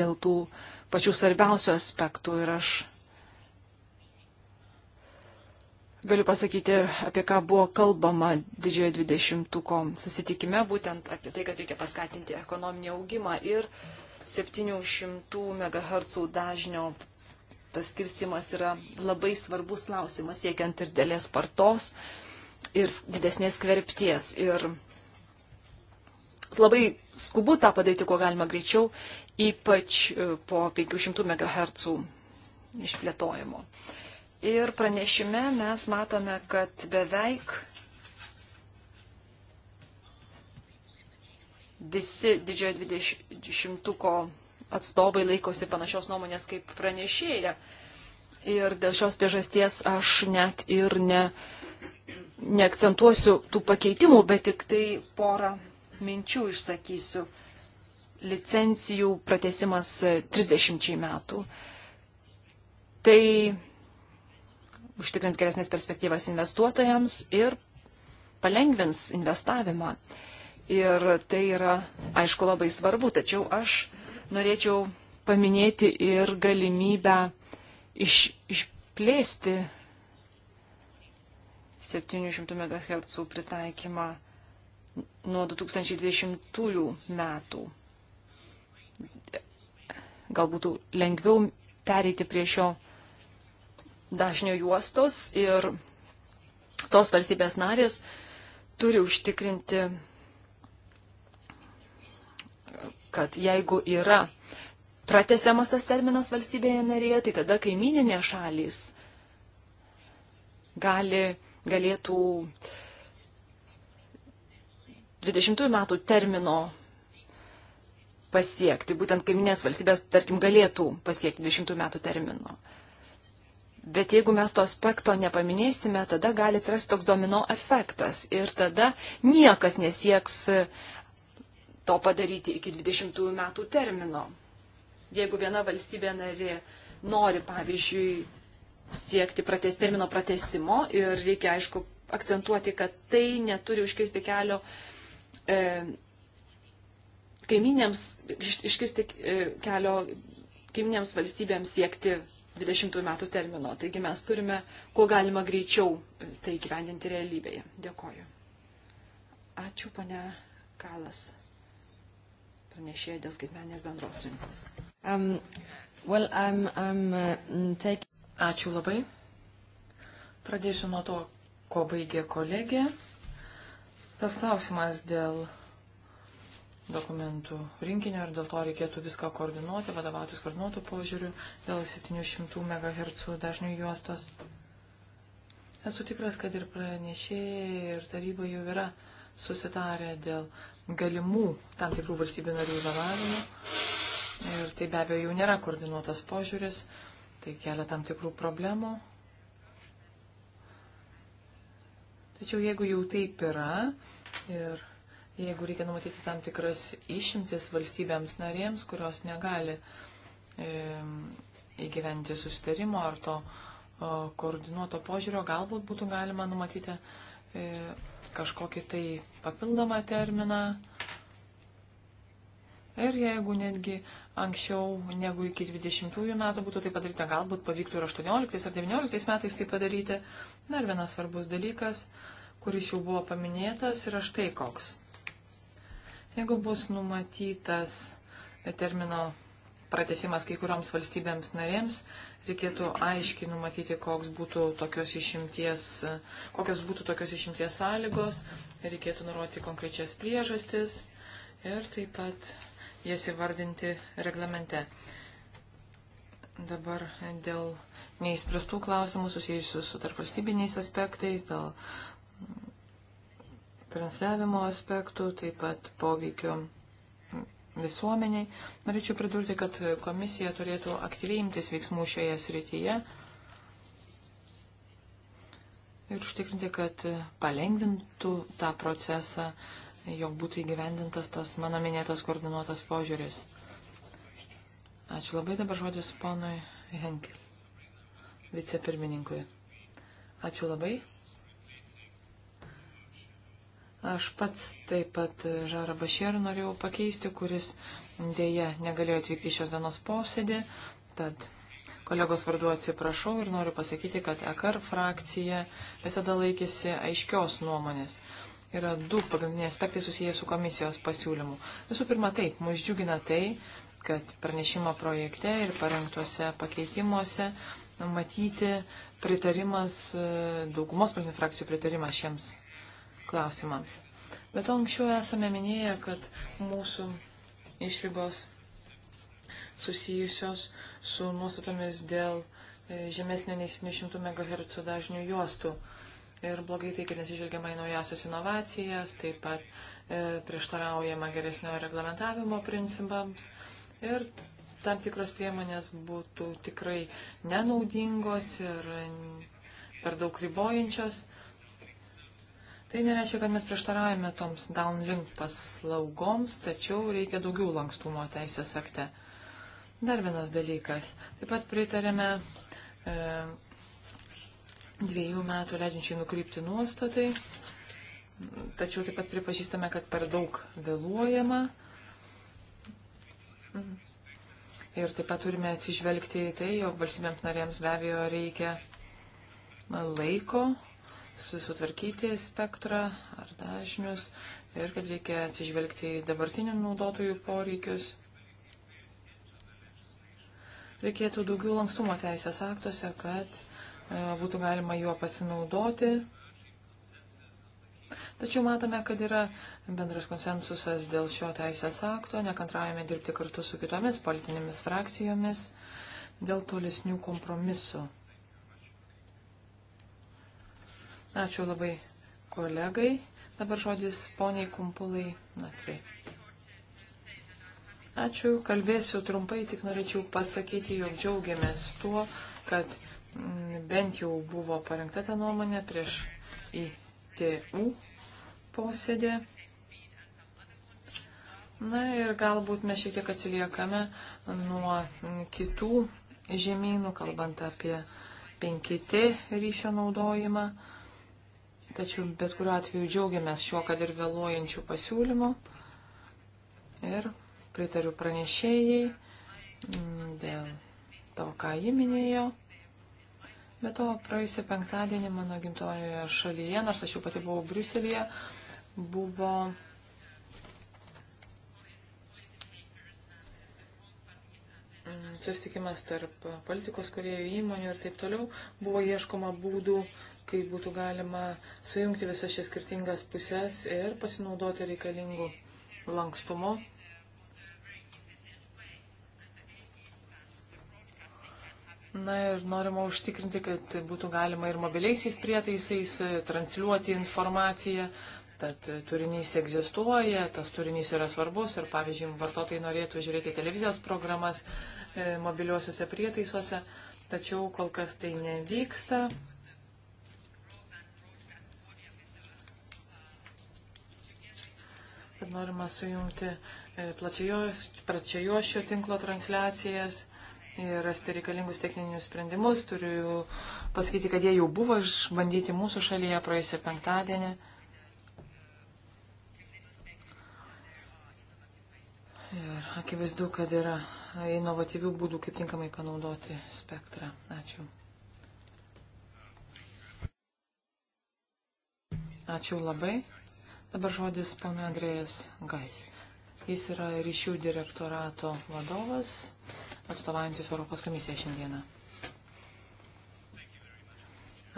dėl tų pačių svarbiausių aspektų. Ir aš galiu pasakyti, apie ką buvo kalbama didžiojo dvidešimtuko susitikime, būtent apie tai, kad reikia paskatinti ekonominį augimą ir 700 MHz dažnio paskirstimas yra labai svarbus klausimas, siekiant ir dėlės spartos ir didesnės kverpties. Ir labai skubu tą padaryti, kuo galima greičiau, ypač e, po 500 MHz išplėtojimo. Ir pranešime mes matome, kad beveik visi didžiojo dvidešimtuko atstovai laikosi panašios nuomonės kaip pranešėja. Ir dėl šios priežasties aš net ir ne, neakcentuosiu tų pakeitimų, bet tik tai porą minčių išsakysiu. Licencijų pratesimas 30 metų. Tai užtikrins geresnės perspektyvas investuotojams ir palengvins investavimą. Ir tai yra, aišku, labai svarbu, tačiau aš norėčiau paminėti ir galimybę iš, išplėsti 700 MHz pritaikymą nuo 2020 metų. Gal būtų lengviau pereiti prie šio dažnio juostos ir tos valstybės narės turi užtikrinti, kad jeigu yra pratesiamas tas terminas valstybėje narėje, tai tada kaimininės šalys gali, galėtų 20 metų termino pasiekti, būtent kaiminės valstybės, tarkim, galėtų pasiekti 20 metų termino. Bet jeigu mes to aspekto nepaminėsime, tada gali atsirasti toks domino efektas ir tada niekas nesieks e, to padaryti iki 20 metų termino. Jeigu viena valstybė nari nori, pavyzdžiui, siekti prates, termino pratesimo ir reikia, aišku, akcentuoti, kad tai neturi užkisti kelio e, kaiminėms, iškisti e, kelio kaiminėms valstybėms siekti 20 metų termino. Taigi mes turime, kuo galima greičiau e, tai gyvendinti realybėje. Dėkoju. Ačiū, pane Kalas, pranešėja dėl skaitmenės bendros rinkos. Um, well, I'm, I'm, uh, mm, take... Ačiū labai. Pradėsiu nuo to, ko baigė kolegė. Tas klausimas dėl dokumentų rinkinio ir dėl to reikėtų viską koordinuoti, vadovautis koordinuotų požiūrių dėl 700 MHz dažnių juostos. Esu tikras, kad ir pranešėjai, ir taryba jau yra susitarę dėl galimų tam tikrų valstybių narių vėlavimų. Ir tai be abejo jau nėra koordinuotas požiūris, tai kelia tam tikrų problemų. Tačiau jeigu jau taip yra ir jeigu reikia numatyti tam tikras išimtis valstybėms narėms, kurios negali e, įgyventi sustarimo ar to o, koordinuoto požiūrio, galbūt būtų galima numatyti e, kažkokį tai papildomą terminą. Ir jeigu netgi anksčiau negu iki 20 metų būtų tai padaryta, galbūt pavyktų ir 18 ar 19 metais tai padaryti. Dar vienas svarbus dalykas, kuris jau buvo paminėtas, yra štai koks. Jeigu bus numatytas termino pratesimas kai kurioms valstybėms narėms, reikėtų aiškiai numatyti, koks būtų tokios išimties, kokios būtų tokios išimties sąlygos, reikėtų nurodyti konkrečias priežastis ir taip pat jas įvardinti reglamente. Dabar dėl neįspręstų klausimų susijusių su tarpvalstybiniais aspektais, dėl transliavimo aspektų, taip pat poveikio visuomeniai. Norėčiau pridurti, kad komisija turėtų aktyviai imtis veiksmų šioje srityje ir užtikrinti, kad palengvintų tą procesą, jog būtų įgyvendintas tas mano minėtas koordinuotas požiūris. Ačiū labai dabar žodis ponui Henkel, vicepirmininkui. Ačiū labai. Aš pats taip pat Žarą Bašierą norėjau pakeisti, kuris dėja negalėjo atvykti šios dienos posėdį. Tad kolegos vardu atsiprašau ir noriu pasakyti, kad EKR frakcija visada laikėsi aiškios nuomonės yra du pagrindiniai aspektai susiję su komisijos pasiūlymu. Visų pirma, taip, mus džiugina tai, kad pranešimo projekte ir parengtuose pakeitimuose matyti pritarimas, daugumos politinių frakcijų pritarimas šiems klausimams. Bet to anksčiau esame minėję, kad mūsų išlygos susijusios su nuostatomis dėl e, žemesnio nei 700 MHz dažnių juostų. Ir blogai tai, kad nesižvelgiama į naujasias inovacijas, taip pat e, prieštaraujama geresnio reglamentavimo principams. Ir tam tikros priemonės būtų tikrai nenaudingos ir per daug ribojančios. Tai nereiškia, kad mes prieštaravime toms downlink paslaugoms, tačiau reikia daugiau lankstumo teisės akte. Dar vienas dalykas. Taip pat pritarėme e, dviejų metų leidžiančiai nukrypti nuostatai, tačiau taip pat pripažįstame, kad per daug vėluojama. Ir taip pat turime atsižvelgti į tai, jog valstybėms narėms be abejo reikia laiko susitvarkyti spektrą ar dažnius ir kad reikia atsižvelgti į dabartinių naudotojų poreikius. Reikėtų daugiau lankstumo teisės aktuose, kad e, būtų galima juo pasinaudoti. Tačiau matome, kad yra bendras konsensusas dėl šio teisės akto, nekantraujame dirbti kartu su kitomis politinėmis frakcijomis dėl tolesnių kompromisų. Ačiū labai kolegai. Dabar žodis poniai Kumpulai Natrai. Ačiū, kalbėsiu trumpai, tik norėčiau pasakyti, jog džiaugiamės tuo, kad mm, bent jau buvo parengta ta nuomonė prieš ITU posėdį. Na ir galbūt mes šiek tiek atsiliekame nuo kitų žemynų, kalbant apie 5T ryšio naudojimą. Tačiau bet kuriuo atveju džiaugiamės šiuo, kad ir vėluojančių pasiūlymų. Ir pritariu pranešėjai mm, dėl to, ką ji minėjo. Be to, praėjusią penktadienį mano gimtojoje šalyje, nors aš jau pati buvau Briuselėje, buvo mm, susitikimas tarp politikos kuriejų įmonių ir taip toliau. Buvo ieškoma būdų kaip būtų galima sujungti visas šias skirtingas pusės ir pasinaudoti reikalingų lankstumo. Na ir norima užtikrinti, kad būtų galima ir mobiliaisiais prietaisais e, transliuoti informaciją, Tad e, turinys egzistuoja, tas turinys yra svarbus ir, pavyzdžiui, vartotojai norėtų žiūrėti televizijos programas e, mobiliuosiuose prietaisuose, tačiau kol kas tai nevyksta. kad norima sujungti e, plačiojo šio tinklo transliacijas ir rasti reikalingus techninius sprendimus. Turiu pasakyti, kad jie jau buvo išbandyti mūsų šalyje praėjusią penktadienį. Ir akivaizdu, kad yra inovatyvių būdų, kaip tinkamai panaudoti spektrą. Ačiū. Ačiū labai. Dabar žodis pana Andrėjas Gais. Jis yra ryšių direktorato vadovas, atstovaujantis Europos komisiją šiandieną.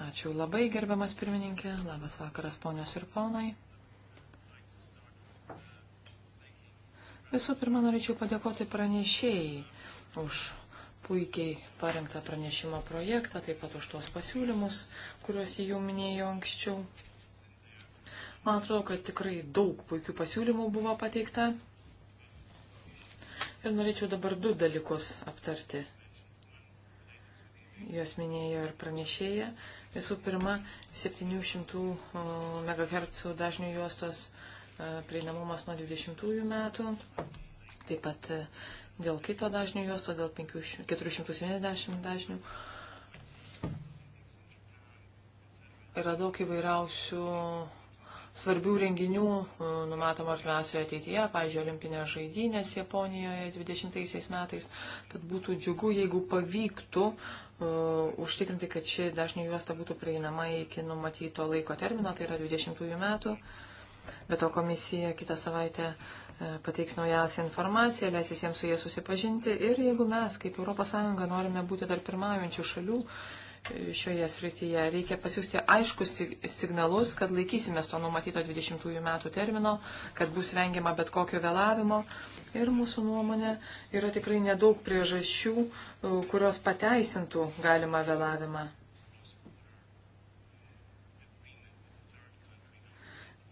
Ačiū labai, gerbiamas pirmininkė. Labas vakaras, ponios ir ponai. Visų pirma, norėčiau padėkoti pranešėjai už puikiai parengtą pranešimo projektą, taip pat už tuos pasiūlymus, kuriuos jį jau minėjo anksčiau. Man atrodo, kad tikrai daug puikių pasiūlymų buvo pateikta. Ir norėčiau dabar du dalykus aptarti. Jos minėjo ir pranešėja. Visų pirma, 700 MHz dažnių juostos e, prieinamumas nuo 20 metų. Taip pat e, dėl kito dažnių juosto, dėl 500, 470 dažnių. Yra daug įvairiausių svarbių renginių e, numatoma artimiausioje ateityje, pavyzdžiui, olimpinės žaidynės Japonijoje 20 metais. Tad būtų džiugu, jeigu pavyktų uh, užtikrinti, kad ši dažnių juosta būtų prieinama iki numatyto laiko termino, tai yra 20 metų. Be to komisija kitą savaitę e, pateiks naujausią informaciją, leis visiems su jie susipažinti ir jeigu mes kaip ES norime būti tarp pirmaujančių šalių šioje srityje. Reikia pasiūsti aiškus signalus, kad laikysime to numatyto 20 metų termino, kad bus vengiama bet kokio vėlavimo. Ir mūsų nuomonė yra tikrai nedaug priežasčių, kurios pateisintų galimą vėlavimą.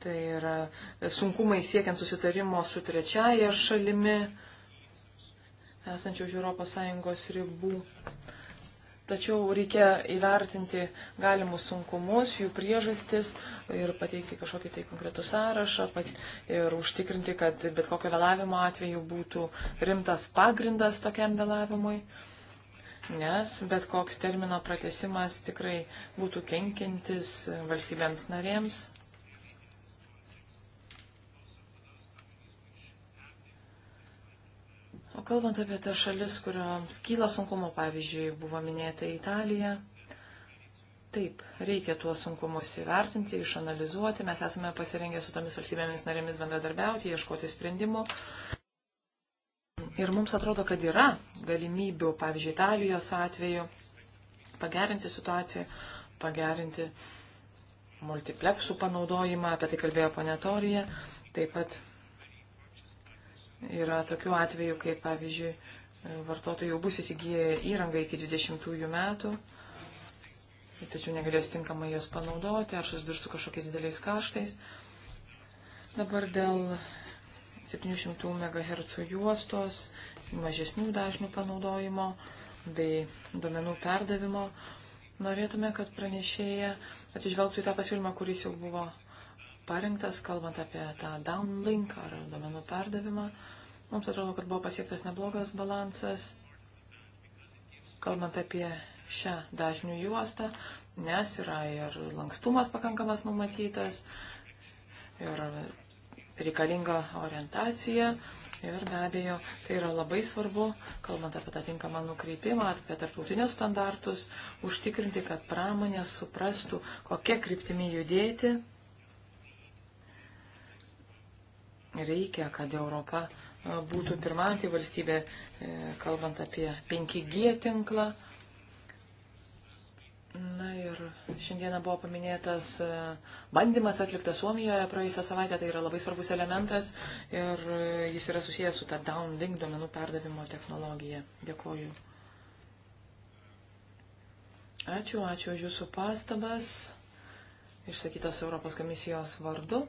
Tai yra sunkumai siekiant susitarimo su trečiaja šalimi, esančia už ES ribų. Tačiau reikia įvertinti galimus sunkumus, jų priežastis ir pateikti kažkokį tai konkretų sąrašą pat, ir užtikrinti, kad bet kokio vėlavimo atveju būtų rimtas pagrindas tokiam vėlavimui, nes bet koks termino pratesimas tikrai būtų kenkintis valstybėms narėms O kalbant apie tas šalis, kurioms kyla sunkumo, pavyzdžiui, buvo minėta Italija, taip, reikia tuos sunkumus įvertinti, išanalizuoti, mes esame pasirengę su tomis valstybėmis narėmis bendradarbiauti, ieškoti sprendimų. Ir mums atrodo, kad yra galimybių, pavyzdžiui, Italijos atveju, pagerinti situaciją, pagerinti multiplexų panaudojimą, apie tai kalbėjo ponetorija, taip pat Yra tokių atvejų, kai pavyzdžiui vartotojai jau bus įsigiję įrangą iki 20 metų, tačiau negalės tinkamai jos panaudoti ar susidurs su kažkokiais dideliais kaštais. Dabar dėl 700 MHz juostos, mažesnių dažnių panaudojimo bei duomenų perdavimo norėtume, kad pranešėja atsižvelgtų į tą pasiūlymą, kuris jau buvo parinktas, kalbant apie tą downlink ar domenų perdavimą. Mums atrodo, kad buvo pasiektas neblogas balansas, kalbant apie šią dažnių juostą, nes yra ir lankstumas pakankamas numatytas, ir reikalinga orientacija, ir be abejo, tai yra labai svarbu, kalbant apie tą tinkamą nukreipimą, apie tarptautinius standartus, užtikrinti, kad pramonė suprastų, kokia kryptimi judėti Reikia, kad Europa būtų pirmantį valstybę, e, kalbant apie 5G tinklą. Na ir šiandieną buvo paminėtas bandymas atliktas Suomijoje praėjusią savaitę, tai yra labai svarbus elementas ir jis yra susijęs su ta downlink duomenų perdavimo technologija. Dėkoju. Ačiū, ačiū už Jūsų pastabas, išsakytas Europos komisijos vardu.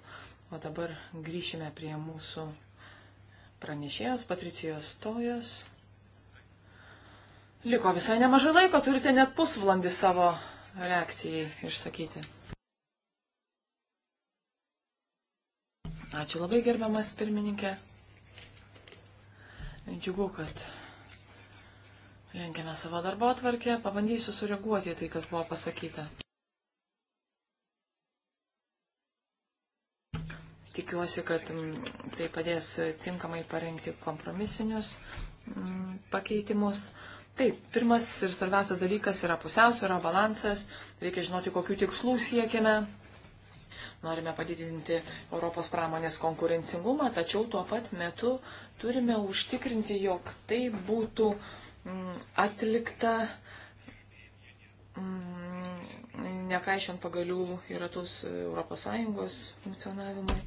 O dabar grįšime prie mūsų pranešėjos Patricijos Tojos. Liko visai nemažai laiko, turite net pusvalandį savo reakcijai išsakyti. Ačiū labai gerbiamas pirmininkė. Džiugu, kad lenkiame savo darbo atvarkę. Pabandysiu sureaguoti į tai, kas buvo pasakyta. Tikiuosi, kad mm, tai padės tinkamai parengti kompromisinius mm, pakeitimus. Taip, pirmas ir svarbiausias dalykas yra pusiausvėra, balansas, reikia žinoti, kokiu tikslu siekiame. Norime padidinti Europos pramonės konkurencingumą, tačiau tuo pat metu turime užtikrinti, jog tai būtų mm, atlikta, nekaišiant pagalių į ratus ES funkcionavimui.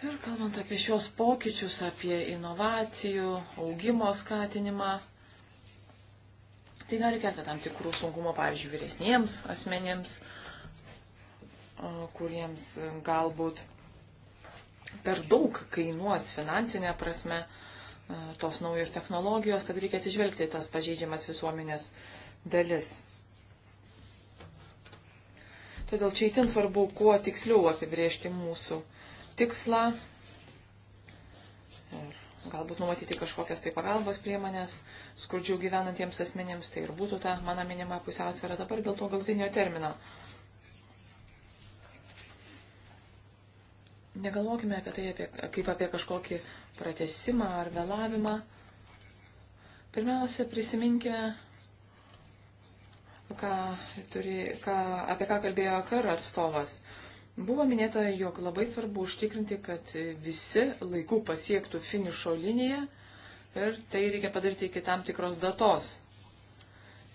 Ir kalbant apie šios pokyčius, apie inovacijų, augimo skatinimą, tai gali kelti tam tikrų sunkumo, pavyzdžiui, vyresniems asmenėms, kuriems galbūt per daug kainuos finansinė prasme e, tos naujos technologijos, tad reikia atsižvelgti į tas pažeidžiamas visuomenės dalis. Todėl čia įtin svarbu, kuo tiksliau apibriežti mūsų tikslą ir galbūt numatyti kažkokias tai pagalbos priemonės skurdžių gyvenantiems asmenėms, tai ir būtų ta mano minima pusiausvėra dabar dėl to galtinio termino. Negalvokime apie tai apie, kaip apie kažkokį pratesimą ar vėlavimą. Pirmiausia, prisiminkime ką turi, ką, apie ką kalbėjo karo atstovas. Buvo minėta, jog labai svarbu užtikrinti, kad visi laiku pasiektų finišo liniją ir tai reikia padaryti iki tam tikros datos.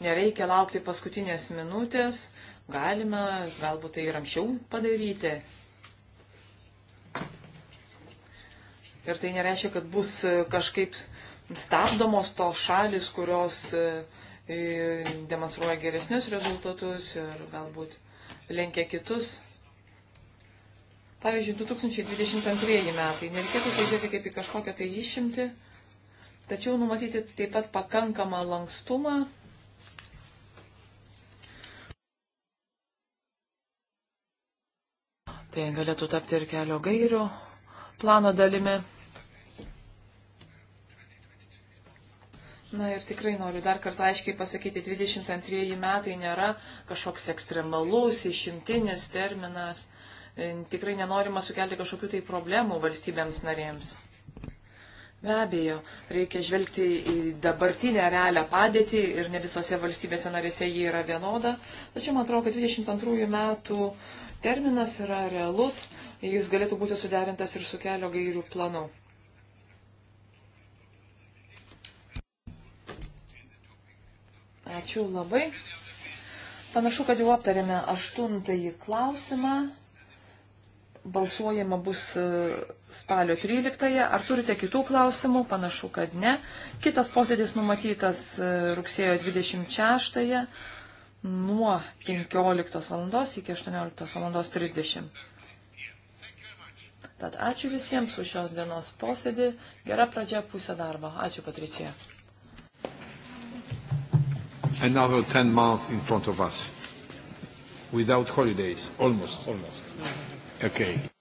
Nereikia laukti paskutinės minutės, galima galbūt tai ir anksčiau padaryti. Ir tai nereiškia, kad bus kažkaip stabdomos tos šalis, kurios uh, demonstruoja geresnius rezultatus ir galbūt lenkia kitus. Pavyzdžiui, 2022 metai nereikėtų tai žiūrėti kaip į kažkokią tai išimti, tačiau numatyti taip pat pakankamą lankstumą. Tai galėtų tapti ir kelio gairių plano dalimi. Na ir tikrai noriu dar kartą aiškiai pasakyti, 22 metai nėra kažkoks ekstremalus, išimtinis terminas. E, tikrai nenorima sukelti kažkokių tai problemų valstybėms narėms. Be abejo, reikia žvelgti į dabartinę realią padėtį ir ne visose valstybėse narėse ji yra vienoda. Tačiau man atrodo, kad 22 metų terminas yra realus, jis galėtų būti suderintas ir su kelio gairių planu. Ačiū labai. Panašu, kad jau aptarėme aštuntąjį klausimą. Balsuojama bus e, spalio 13. Ar turite kitų klausimų? Panašu, kad ne. Kitas posėdis numatytas e, rugsėjo 26 nuo 15 val. iki 18 val. 30. Tad ačiū visiems už šios dienos posėdį. Gera pradžia pusė darbo. Ačiū, Patricija another 10 months in front of us without holidays, almost. Almost. Okay.